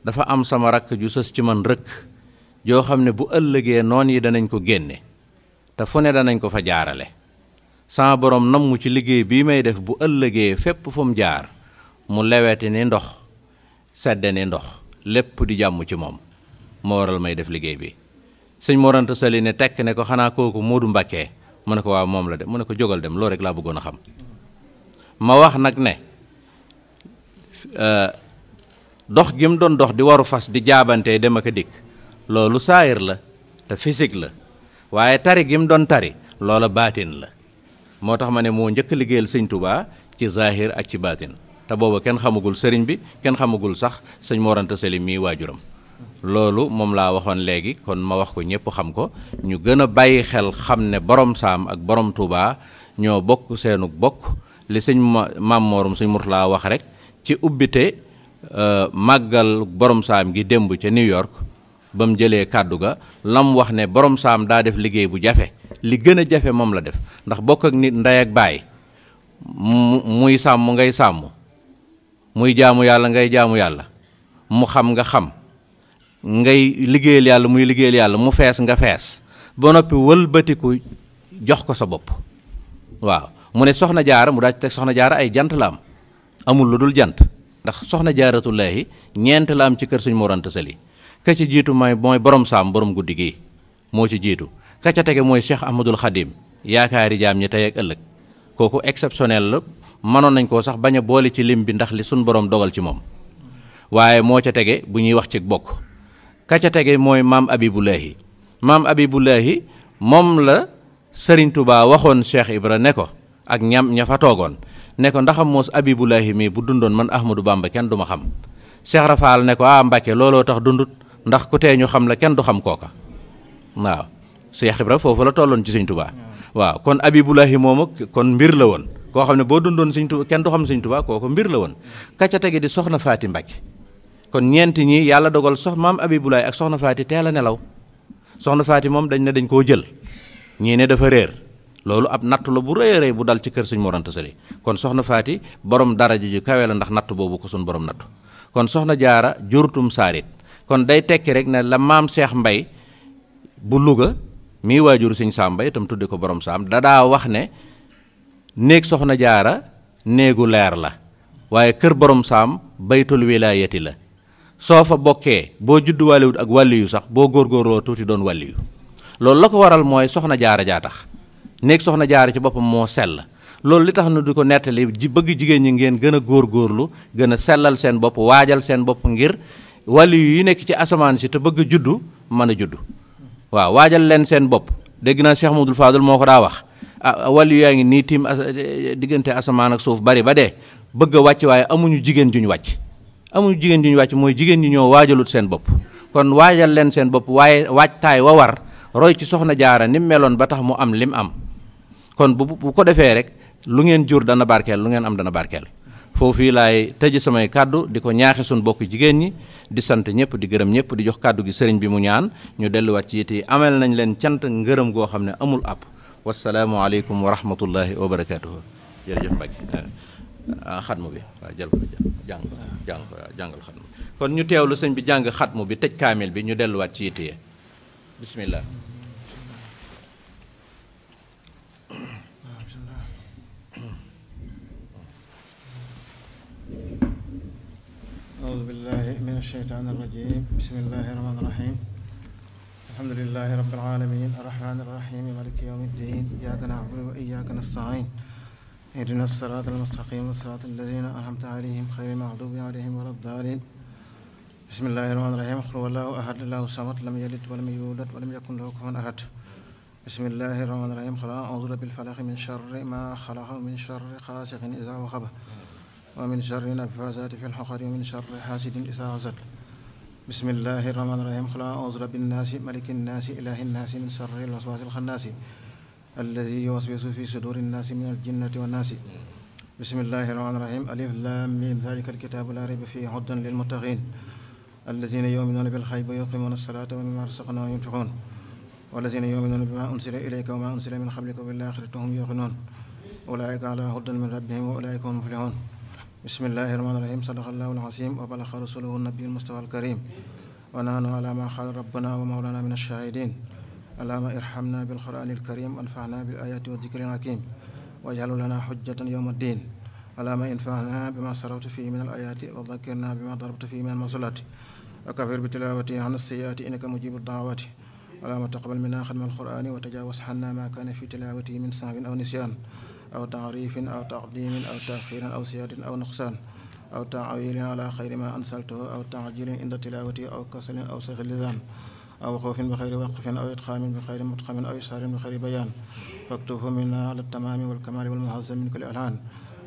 dafa am sama rakk ju sës ci man rëkk yoo xam ne bu ëllëgee noon yi danañ ko génne te fu ne danañ ko fa jaarale sama borom nam ci liggéey bii may def bu ëllëgee fépp fu mu jaar mu lewete ni ndox sedd ni ndox lépp di jàmm ci moom moo waral may def liggéey bi sëñ Moranta Sali ne tekk ne ko xanaa kooku Moodu Mbàkke mu ne ko waaw moom la de mu ne ko jógal dem loolu rek laa bëggoon a xam ma wax nag ne euh, dox gi mu doon dox di waru fas di jaabante dem ak a dikk loolu saayir la te physique la waaye tari gi mu doon tari loola baatin la moo tax ma ne moo njëkk liggéeyal sëñ tubaa ci zahir ak ci baatin te booba kenn xamagul sëriñ bi kenn xamagul sax sëñ Mor Anta Sali mii waajuram loolu moom laa waxoon léegi kon ma wax ko ñëpp xam ko ñu gën a bàyyi xel xam ne borom saam ak borom tubaa ñoo bokk seenug bokk li sëñ maam moorum sëñ Murtala wax rek ci ubbite euh, màggal borom saam gi démb ca New York ba mu jëlee kàddu ga lam wax ne borom saam daa def liggéey bu jafe li gën a jafe moom la def ndax bokk ak nit ndey ak baay muy sàmm ngay sàmm muy jaamu yàlla ngay jaamu yàlla mu xam nga xam ngay liggéeyal yàlla muy liggéeyal yàlla mu fees nga fees ba noppi wëlbatiku jox ko sa bopp waaw mu ne soxna jaara mu daaj teg soxna jaara ay jant la am amul lu dul jant ndax soxna jaaratullaahi ñeent la am ci kër suñ moranta sali ka ci jiitu may mooy borom saam borom guddi gii moo ci jiitu ka ca tege mooy Cheikh Ahmadul Xadim yaakaari jaam ñi tey ak ëllëg kooku exceptionnel la mënoon nañ koo sax bañ a boole ci lim bi ndax li suñ borom dogal ci moom waaye moo ca tege bu ñuy wax ci bokk ka ca tege mooy maam Abibulaahi maam Abibulaahi moom la Sëriñ Tuubaa waxoon Cheikh Ibra ne ko ak ñam ña fa toogoon ne ko ndaxam moos Abibulaahi mii bu dundoon man Ahmadou bàmba kenn du ma xam Cheikh Rafaal ne ko ah ndax ku tee ñu xam la kenn du xam kooka waaw Cheikh Ibra foofu la tolloon ci Sëñ Tuubaa hmm. waaw kon Abibulahi moomu kon mbir la woon koo xam ne boo dundoon Sëñ Tuubaa kenn du xam Sëñ tubaa kooku mbir la woon hmm. kacca tege di soxna Faati Mbàkke kon ñeenti ñi yàlla dogal sox maam Abibulahi ak soxna Faati teel a nelaw soxna Faati moom dañ ne dañ koo jël ñii ne dafa réer loolu ab natt la bu rëy rëy bu dal ci kër Sëñ Mor Anta Sali kon soxna Faati borom daraja ji kawe la ndax natt boobu ko suñ borom natt kon soxna jaara jurtum saarit kon day tekki rek ne la maam Cheikh Mbay bu Louga mii waajur sëñ Saam Mbay itam tudde ko borom saam dadaa wax ne néeg soxna jaara néegu leer la waaye kër borom saam baytul wilaayati la soo fa bokkee boo judduwaaliwut ak wàlliyu sax boo góor góorgóorloo tuuti doon wàlliyu loolu la ko waral mooy soxna jaara jaa tax néeg soxna jaara ci boppam moo sell loolu li tax na du ko nettali ji bëgg jigéen ñi ngeen gën a góorlu gën a sellal seen bopp waajal seen bopp ngir wàllu yu nekk ci asamaan si te bëgg a juddu mën a juddu waaw waajal leen seen bopp dégg naa Cheikh Modou Fadul moo ko daa wax ah, ah wàllu yaa ngi nii tiim eh, diggante asamaan ak suuf bari ba dee bëgg wàcc waaye amuñu jigéen ju ñu wàcc amuñu jigéen ju ñu wàcc mooy jigéen ñi ñoo waajalut seen bopp kon waajal leen seen bopp waaye waajtaay wa war roy ci soxna jaara ni mu meloon ba tax mu am lim am kon bu bu ko defee rek lu ngeen jur dana barkeel lu ngeen am dana barkeel foofu laay tëj samay kàddu di ko ñaaxe suñ bokk jigéen ñi di sant ñëpp di gërëm ñëpp di jox kàddu gi sëriñ bi mu ñaan ñu delluwaat ci it yi amel nañ leen cant ngërëm goo xam ne amul àpp wasalaamualeykum wa rahmatullahi wa barakaatuhu jërëjëf Mbacke eh, ah, xatmu bi waaw jël ko jàng jàng jàngal xatmu kon ñu teewlu sëñ bi jàng xatmu bi tëj kaamil bi ñu delluwaat ci it yi bismillah أعوذ بالله من الشيطان الرجيم بسم الله الرحمن الرحيم الحمد لله رب العالمين الرحمن الرحيم مالك يوم الدين إياك نعبد وإياك نستعين اهدنا الصراط المستقيم صراط الذين أنعمت عليهم خير المغضوب عليهم ولا الضالين بسم الله الرحمن الرحيم قل هو الله أحد الله الصمد لم يلد ولم يولد ولم يكن له كفوا أحد بسم الله الرحمن الرحيم قل أعوذ بالفلق من شر ما خلق من شر غاسق إذا وقب ومن شر النفاثات في الحقد ومن شر حاسد إذا حسد بسم الله الرحمن الرحيم قل أعوذ برب الناس ملك الناس إله الناس من شر الوسواس الخناس الذي يوسوس في صدور الناس من الجنة والناس بسم الله الرحمن الرحيم ألف لام ميم ذلك الكتاب لا ريب فيه هدى للمتقين الذين يؤمنون بالغيب ويقيمون الصلاة ومما رزقناهم ينفقون والذين يؤمنون بما أنزل إليك وما أنزل من قبلك وبالآخرة هم يوقنون أولئك على هدى من ربهم وأولئك هم المفلحون bismillahi rahmaani rahim sadaqallahu alazim wa balaxa rasuluhu nabiyu almustafa alkarim wa nahnu ala ma xaal rabbana wa mawlana min alshahidin allahuma irhamna bilqurani alkarim anfana bil ayati wa dikri alhakim waj'alu lana xujjatan yowma ddin allahuma infana bima sarafta fihi min alayati wa dakirna bima darabta fihi min almasulati وكفر بتلاوتي عن السيئات إنك مجيب الدعوات اللهم تقبل منا خدم القرآن وتجاوز عنا ما كان في تلاوته من سهو أو نسيان aw taarifin aw taqdimin aw taxirin aw siyaadin aw nuqsaan aw taawilin ala xayri ma ansaltahu aw taajilin inda tilawati aw kasalin aw saxi lisaan aw xuufin bi xayri waqfin aw itqaamin bi xayri mutqamin aw isaarin bi xayri bayaan faktuhu minna ala tamaami walkamaali walmuhazam min kulli alhaan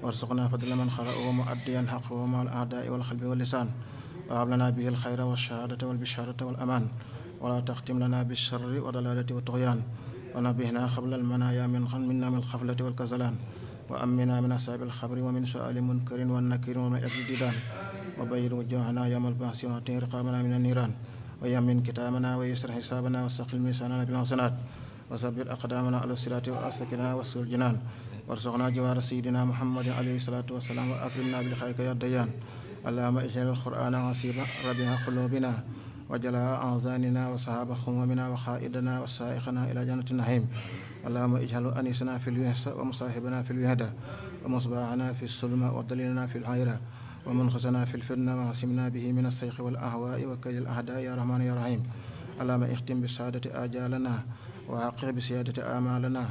warsuqna fadla man xara'ahu muaddiyan xaqahu ma al aadaai walxalbi wallisaan وهب لنا به الخير والشهادة والبشارة والأمان ولا تختم لنا بالشر والضلالة والطغيان ونبهنا قبل المنايا من منا من الخفلة والكسلان وأمنا من أصحاب الخبر ومن سؤال منكر والنكير ومن أجل الديدان وبين وجوهنا يوم البعث وأعطي رقابنا من النيران ويمن كتابنا ويسر حسابنا واستقل ميساننا بالحسنات وثبت أقدامنا على الصراط وأسكنا وسوء الجنان وارزقنا جوار سيدنا محمد عليه الصلاة والسلام وأكرمنا بالخير يا ديان اللهم اجعل القرآن عصيبا ربها قلوبنا وجلاء أنزاننا وصحاب خمومنا وخائدنا وسائقنا إلى جنة النعيم اللهم اجعل أنيسنا في الوحسة ومصاحبنا في الوحدة ومصباحنا في السلمة وضليلنا في الحيرة ومنخزنا في الفتنة وعصمنا به من السيخ والأهواء وكيد الأعداء يا رحمن يا رحيم اللهم اختم بالسعادة آجالنا وعقب بسيادة آمالنا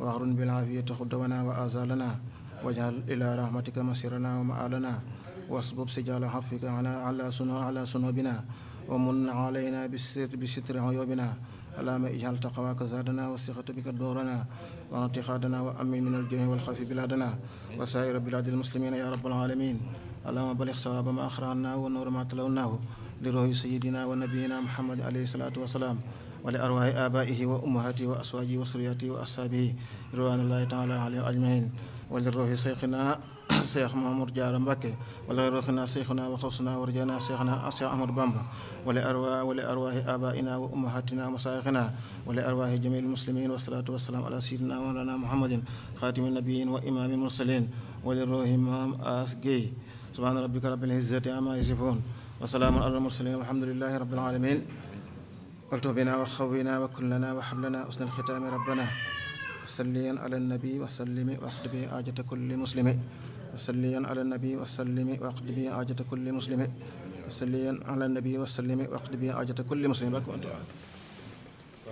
واغرن بالعافية خدونا وآزالنا واجعل إلى رحمتك مسيرنا ومآلنا واصبب سجال حفك على على سنو على سنوبنا ومن علينا بالستر بستر عيوبنا اللهم اجعل تقواك زادنا والثقة بك دورنا وانتقادنا وأمن من الجهل والخوف بلادنا وسائر بلاد المسلمين يا رب العالمين اللهم بلغ ثواب ما أخرعناه والنور ما تلوناه لروح سيدنا ونبينا محمد عليه الصلاة والسلام ولأرواح آبائه وأمهاته وأزواجه وسرياته وأصحابه رضوان الله تعالى عليهم أجمعين ولروح شيخنا seex Mamour Diarra Mbacke wala roxina seexuna wa xawsuna warjana seexna seex Ahmad Bamba wala arwa wala arwaahi abaina wa ummahatina wa masaaxina wala arwaahi jamiil muslimin wasalaatu wasalaam ala sayyidina wa mawlana muhammadin xaatimi nabiyin wa imaami mursalin wala roxi maam as Guèye subhaana rabbika rabbil izzati amma yasifuun wa salaamun ala mursalin walhamdulillahi rabbil alamin waltu bina wa xawina wa kullana wa hablana usnal xitaami rabbana salliyan ala nabi wa sallimi wa axdibi ajata kulli muslimi salliyan ala nabi wasallimi waqdi bi ajata kulli muslimi salliyan ala nabi wasallimi waqdi bi ajata kulli muslimi